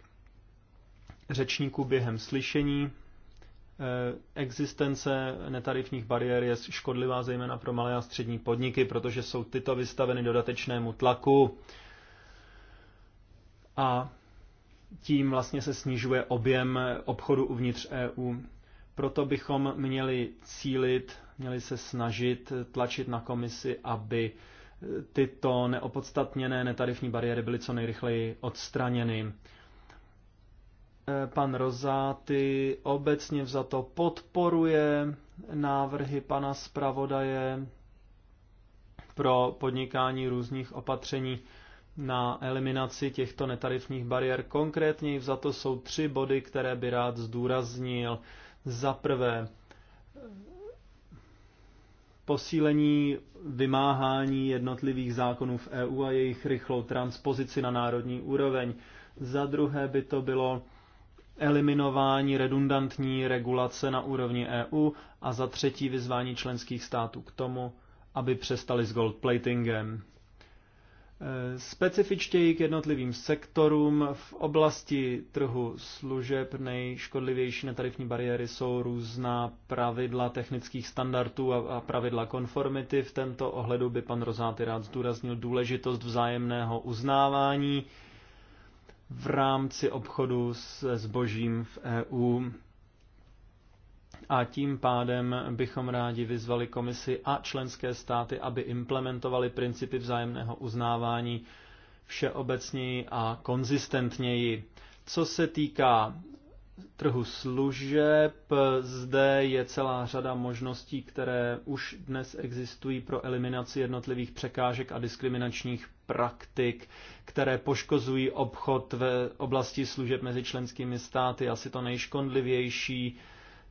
řečníků během slyšení, eh, existence netarifních bariér je škodlivá zejména pro malé a střední podniky, protože jsou tyto vystaveny dodatečnému tlaku a tím vlastně se snižuje objem obchodu uvnitř EU. Proto bychom měli cílit, měli se snažit tlačit na komisi, aby tyto neopodstatněné netarifní bariéry byly co nejrychleji odstraněny. Eh, pan Rozáty obecně za to podporuje návrhy pana zpravodaje pro podnikání různých opatření na eliminaci těchto netarifních bariér. Konkrétně za to jsou tři body, které by rád zdůraznil. Za prvé, posílení vymáhání jednotlivých zákonů v EU a jejich rychlou transpozici na národní úroveň. Za druhé by to bylo eliminování redundantní regulace na úrovni EU a za třetí vyzvání členských států k tomu, aby přestali s goldplatingem. Eh, specifičtěji k jednotlivým sektorům. V oblasti trhu služeb nejškodlivější netarifní bariéry jsou různá pravidla technických standardů a, pravidla konformity. V tento ohledu by pan Rozáty rád zdůraznil důležitost vzájemného uznávání v rámci obchodu se zbožím v EU a tím pádem bychom rádi vyzvali komisi a členské státy, aby implementovali principy vzájemného uznávání všeobecněji a konzistentněji. Co se týká trhu služeb, zde je celá řada možností, které už dnes existují pro eliminaci jednotlivých překážek a diskriminačních praktik, které poškozují obchod v oblasti služeb mezi členskými státy. Asi to nejškodlivější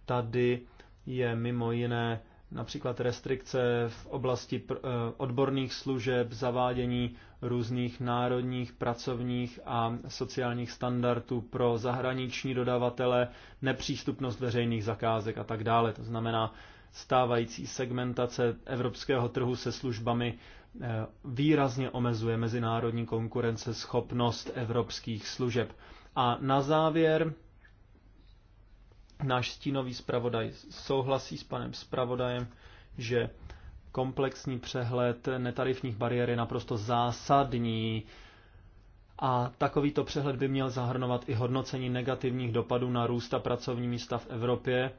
Tady je mimo jiné například restrikce v oblasti eh, odborných služeb, zavádění různých národních, pracovních a sociálních standardů pro zahraniční dodavatele, nepřístupnost veřejných zakázek a tak dále. To znamená, stávající segmentace evropského trhu se službami eh, výrazně omezuje mezinárodní konkurenceschopnost evropských služeb. A na závěr Náš stínový zpravodaj souhlasí s panem zpravodajem, že komplexní přehled netarifních bariér je naprosto zásadní a takovýto přehled by měl zahrnovat i hodnocení negativních dopadů na růst a pracovní místa v Evropě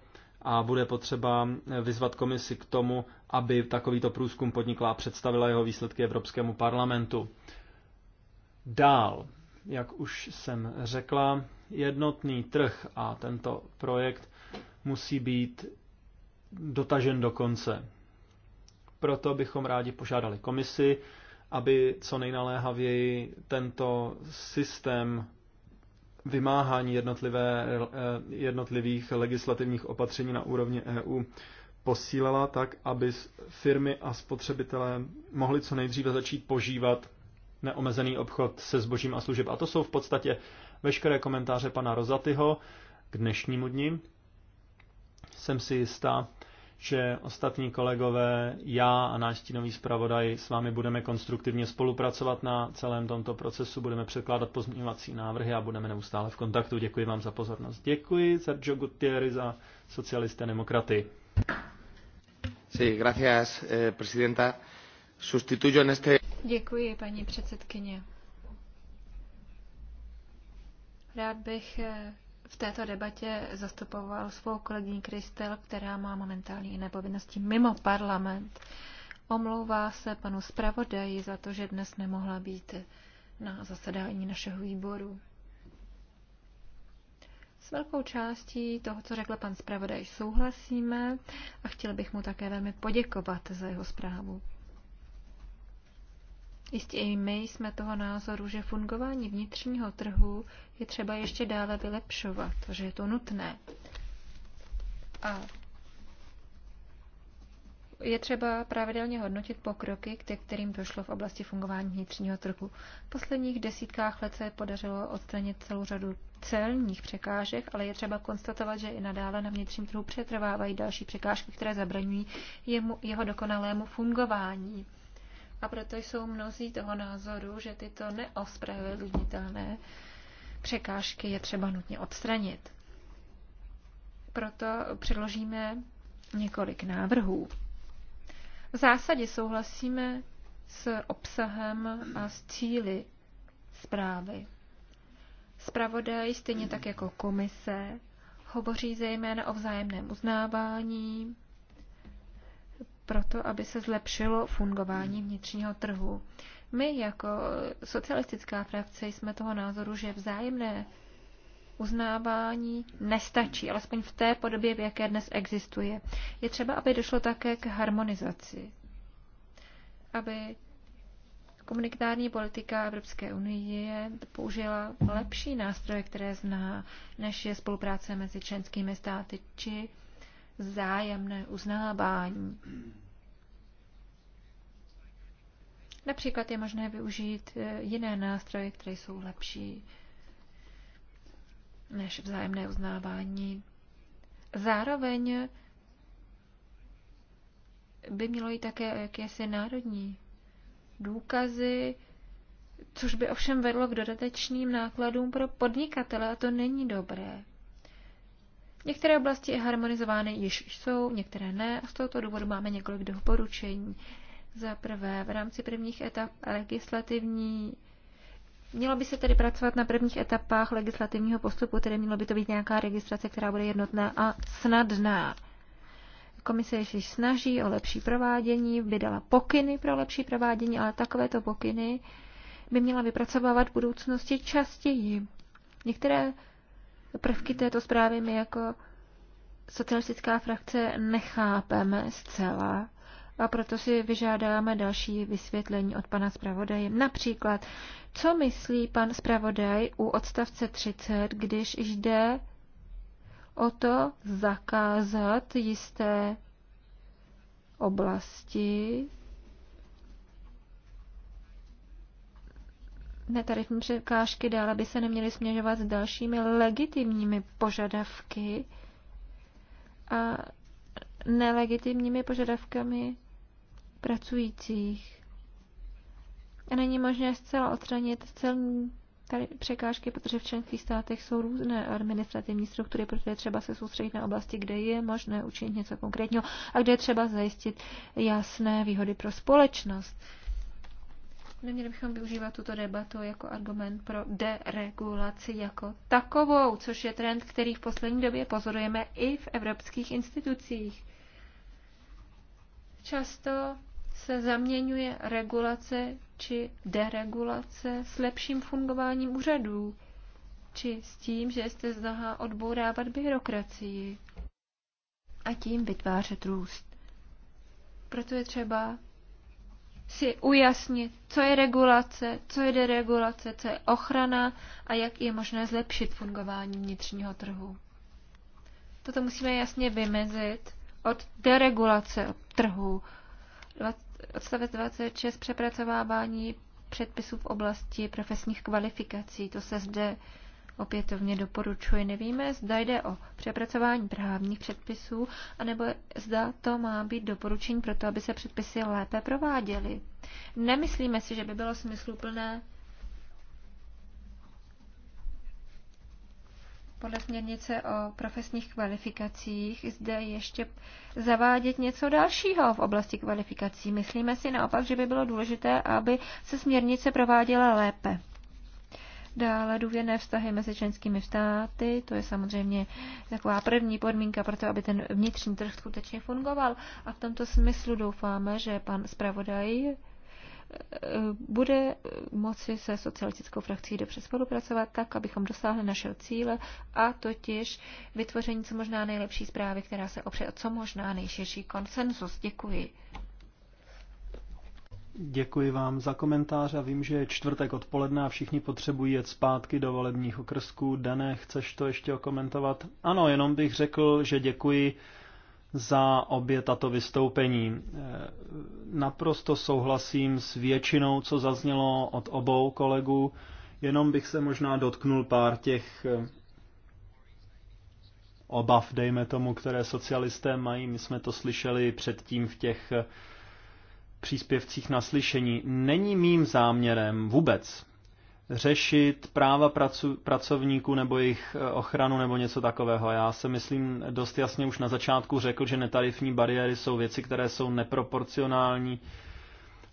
a bude potřeba vyzvat komisi k tomu, aby takovýto průzkum podnikla a představila jeho výsledky Evropskému parlamentu. Dál, jak už jsem řekla, jednotný trh a tento projekt musí být dotažen do konce. Proto bychom rádi požádali komisi, aby co nejnaléhavěji tento systém vymáhání jednotlivé, eh, jednotlivých legislativních opatření na úrovni EU posílala tak, aby firmy a spotřebitelé mohli co nejdříve začít požívat neomezený obchod se zbožím a služeb. A to jsou v podstatě veškeré komentáře pana Rozatyho k dnešnímu dni. Jsem si jistá, že ostatní kolegové, já a náš stínový zpravodaj s vámi budeme konstruktivně spolupracovat na celém tomto procesu, budeme překládat pozměňovací návrhy a budeme neustále v kontaktu. Děkuji vám za pozornost. Děkuji Sergio Gutierrez za socialisté demokraty. Sí, gracias, eh, presidenta. Sustituyo en este... Děkuji, paní předsedkyně. Rád bych eh, v této debatě zastupoval svou kolegyni Kristel, která má momentální i nepovinnosti mimo parlament. Omlouvá se panu zpravodaji za to, že dnes nemohla být na zasedání našeho výboru. S velkou částí toho, co řekl pan zpravodaj, souhlasíme a chtěl bych mu také velmi poděkovat za jeho zprávu. Jistě i my jsme toho názoru, že fungování vnitřního trhu je třeba ještě dále vylepšovat, že je to nutné. A je třeba pravidelně hodnotit pokroky, ke kterým došlo v oblasti fungování vnitřního trhu. V posledních desítkách let se podařilo odstranit celou řadu celních překážek, ale je třeba konstatovat, že i nadále na vnitřním trhu přetrvávají další překážky, které zabraňují jemu, jeho dokonalému fungování a proto jsou mnozí toho názoru, že tyto neospravedlnitelné překážky je třeba nutně odstranit. Proto předložíme několik návrhů. V zásadě souhlasíme s obsahem a s cíly zprávy. Spravodaj, stejně tak jako komise, hovoří zejména o vzájemném uznávání, proto, aby se zlepšilo fungování vnitřního trhu. My jako socialistická frakce jsme toho názoru, že vzájemné uznávání nestačí, alespoň v té podobě, v jaké dnes existuje. Je třeba, aby došlo také k harmonizaci, aby komunitární politika Evropské unie použila lepší nástroje, které zná, než je spolupráce mezi členskými státy či vzájemné uznávání. Například je možné využít eh, jiné nástroje, které jsou lepší než vzájemné uznávání. Zároveň by mělo jít také jakési národní důkazy, což by ovšem vedlo k dodatečným nákladům pro podnikatele a to není dobré. Některé oblasti harmonizovány již jsou, některé ne a z tohoto důvodu máme několik doporučení. Za prvé, v rámci prvních etap legislativní Mělo by se tedy pracovat na prvních etapách legislativního postupu, tedy mělo by to být nějaká registrace, která bude jednotná a snadná. Komise ještě snaží o lepší provádění, vydala pokyny pro lepší provádění, ale takovéto pokyny by měla vypracovávat v budoucnosti častěji. Některé prvky této zprávy my jako socialistická frakce nechápeme zcela a proto si vyžádáme další vysvětlení od pana zpravodaje. Například, co myslí pan zpravodaj u odstavce 30, když jde o to zakázat jisté oblasti netarifní překážky dále by se neměly směřovat s dalšími legitimními požadavky a nelegitimními požadavkami pracujících. A není možné zcela odstranit celní tady překážky, protože v členských státech jsou různé administrativní struktury, protože je třeba se soustředit na oblasti, kde je možné učinit něco konkrétního a kde je třeba zajistit jasné výhody pro společnost. Neměli bychom využívat tuto debatu jako argument pro deregulaci jako takovou, což je trend, který v poslední době pozorujeme i v evropských institucích. Často se zaměňuje regulace či deregulace s lepším fungováním úřadů, či s tím, že jste znahá odbourávat byrokracii a tím vytvářet růst. Proto je třeba si ujasnit, co je regulace, co je deregulace, co je ochrana a jak je možné zlepšit fungování vnitřního trhu. Toto musíme jasně vymezit od deregulace od trhu. Odstavec 26 přepracovávání předpisů v oblasti profesních kvalifikací. To se zde opětovně doporučuji. Nevíme, zda jde o přepracování právních předpisů, anebo zda to má být doporučení pro to, aby se předpisy lépe prováděly. Nemyslíme si, že by bylo smysluplné podle směrnice o profesních kvalifikacích zde ještě zavádět něco dalšího v oblasti kvalifikací. Myslíme si naopak, že by bylo důležité, aby se směrnice prováděla lépe. Dále důvěrné vztahy mezi členskými státy, to je samozřejmě taková první podmínka pro to, aby ten vnitřní trh skutečně fungoval. A v tomto smyslu doufáme, že pan zpravodaj eh, bude moci se socialistickou frakcí dobře spolupracovat tak, abychom dosáhli našeho cíle a totiž vytvoření co možná nejlepší zprávy, která se opře o co možná nejširší konsenzus. Děkuji. Děkuji vám za komentář a vím, že je čtvrtek odpoledne a všichni potřebují jet zpátky do volebních okrsků. Dané, chceš to ještě okomentovat? Ano, jenom bych řekl, že děkuji za obě tato vystoupení. E, naprosto souhlasím s většinou, co zaznělo od obou kolegů, jenom bych se možná dotknul pár těch e, obav, dejme tomu, které socialisté mají. My jsme to slyšeli předtím v těch e, příspěvcích na slyšení. Není mým záměrem vůbec řešit práva pracu, pracovníků nebo jejich eh, ochranu nebo něco takového. Já se myslím dost jasně už na začátku řekl, že netarifní bariéry jsou věci, které jsou neproporcionální,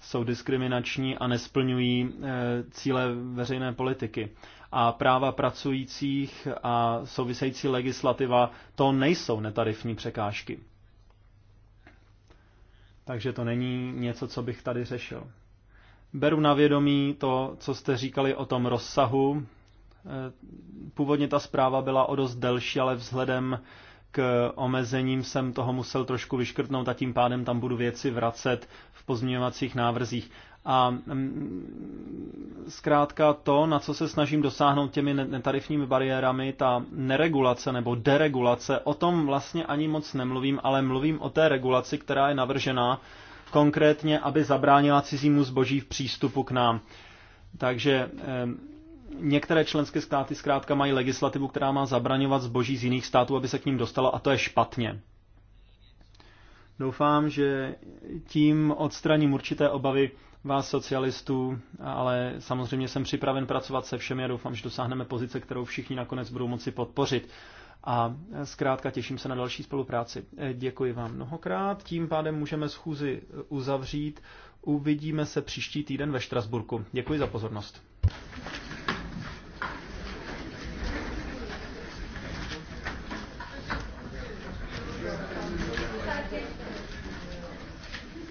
jsou diskriminační a nesplňují eh, cíle veřejné politiky. A práva pracujících a související legislativa to nejsou netarifní překážky. Takže to není něco, co bych tady řešil. Beru na vědomí to, co jste říkali o tom rozsahu. Eh, původně ta zpráva byla o dost delší, ale vzhledem k omezením jsem toho musel trošku vyškrtnout a tím pádem tam budu věci vracet v pozměňovacích návrzích. A mm, zkrátka to, na co se snažím dosáhnout těmi netarifními bariérami, ta neregulace nebo deregulace, o tom vlastně ani moc nemluvím, ale mluvím o té regulaci, která je navržená konkrétně, aby zabránila cizímu zboží v přístupu k nám. Takže některé členské státy zkrátka mají legislativu, která má zabraňovat zboží z jiných států, aby se k ním dostalo a to je špatně. Doufám, že tím odstraním určité obavy vás socialistů, ale samozřejmě jsem připraven pracovat se všemi a doufám, že dosáhneme pozice, kterou všichni nakonec budou moci podpořit. A zkrátka těším se na další spolupráci. Eh, děkuji vám mnohokrát. Tím pádem můžeme schůzi eh, uzavřít. Uvidíme se příští týden ve Štrasburku. Děkuji za pozornost.